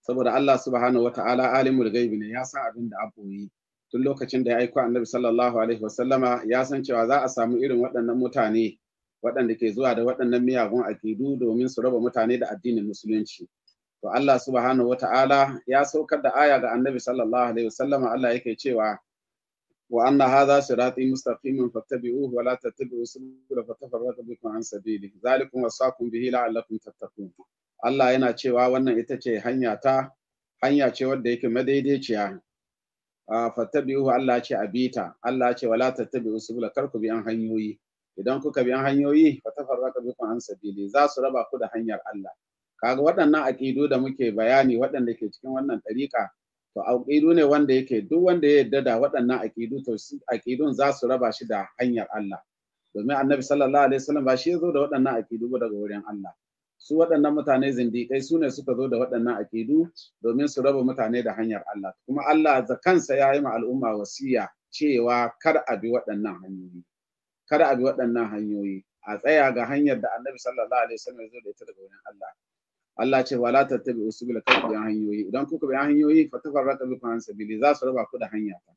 Saboda Allah subhanahu wa ta'ala alimul gaibi ne ya san abin da abu yi. Tun lokacin da ya aiko annabi sallallahu alaihi wasallama ya san cewa za a samu irin waɗannan mutane waɗanda ke zuwa da waɗannan miyagun akidu domin su raba mutane da addinin musulunci. to Allah subhanahu wata'ala ya saukar da aya ga annabi sallallahu alaihi wasallam Allah yake cewa wa anna hadha sirati mustaqimin fattabi'uhu wa la tattabi'u subula fatafarraqu bikum an sabili zalikum wasaqum bihi la'allakum tattaqun Allah yana cewa wannan ita ce hanya ta hanya ce wadda yake madaidaiciya fattabi'uhu Allah ce abita Allah ce wa wala tattabi'u subula kar ku bi an hanyoyi idan kuka bi an hanyoyi fatafarraqu bikum an sabili za su raba ku da hanyar Allah kaga waɗannan aƙidu da muke bayani waɗanda ke cikin wannan ɗariƙa to aƙidu ne wanda yake duk wanda ya yarda da waɗannan aƙidu to aƙidun za su raba shi da hanyar Allah domin annabi sallallahu alaihi wasallam ba shi ya zo da waɗannan aƙidu ba daga wurin Allah su waɗannan mutane zindiƙai su ne suka zo da waɗannan aƙidu domin su raba mutane da hanyar Allah kuma Allah da kansa ya yi ma al'umma wasiya cewa kar a bi waɗannan hanyoyi kar a bi waɗannan hanyoyi a tsaya ga hanyar da annabi sallallahu alaihi wasallam ya zo da ita daga wurin Allah Allah ce wala tattabi usbila ta yan hanyoyi idan kuka bi hanyoyi fa tafarraqa bi an sabili za su raba ku da hanya ta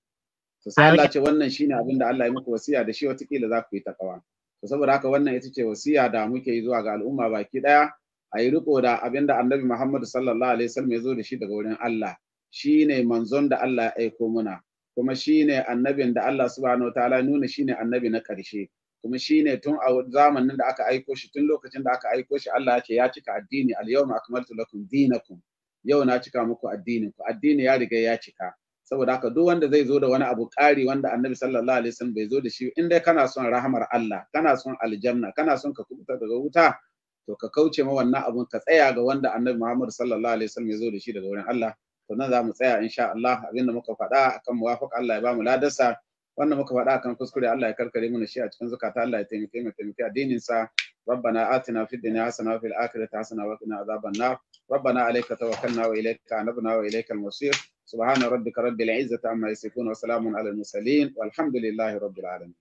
to sai Allah ce wannan shine abin da Allah ya muku wasiya da shi watakila za ku yi takawa to saboda haka wannan ita ce wasiya da muke yi zuwa ga al'umma baki daya a yi riko da abin da annabi Muhammad sallallahu alaihi wasallam ya zo da shi daga wurin Allah shine manzon da Allah ya aiko muna kuma shine annabin da Allah subhanahu wataala nuna shine annabi na karshe kuma shine tun a zamanin da aka aiko shi tun lokacin da aka aiko shi Allah ya ce ya cika addini al-yawma akmaltu lakum dinakum yau na cika muku addinin ku addini ya riga ya cika saboda haka duk wanda zai zo da wani abu ƙari wanda annabi sallallahu alaihi wasallam bai zo da shi in dai kana son rahamar Allah kana son aljanna kana son ka kubuta daga wuta to ka kauce ma wannan abun ka tsaya ga wanda annabi Muhammad sallallahu alaihi wasallam ya zo da shi daga wurin Allah to nan za mu tsaya insha Allah abinda muka faɗa akan muwafaq Allah ya ba mu ladarsa wannan muka faɗa akan kuskure Allah ya karkare mana shi a cikin zakata Allah ya taimake mu taimake addinin sa ربنا آتنا في الدنيا حسنة وفي الآخرة حسنة وقنا عذاب النار ربنا عليك توكلنا وإليك أنبنا وإليك المصير سبحان ربك رب العزة عما يصفون وسلام على المرسلين والحمد لله رب العالمين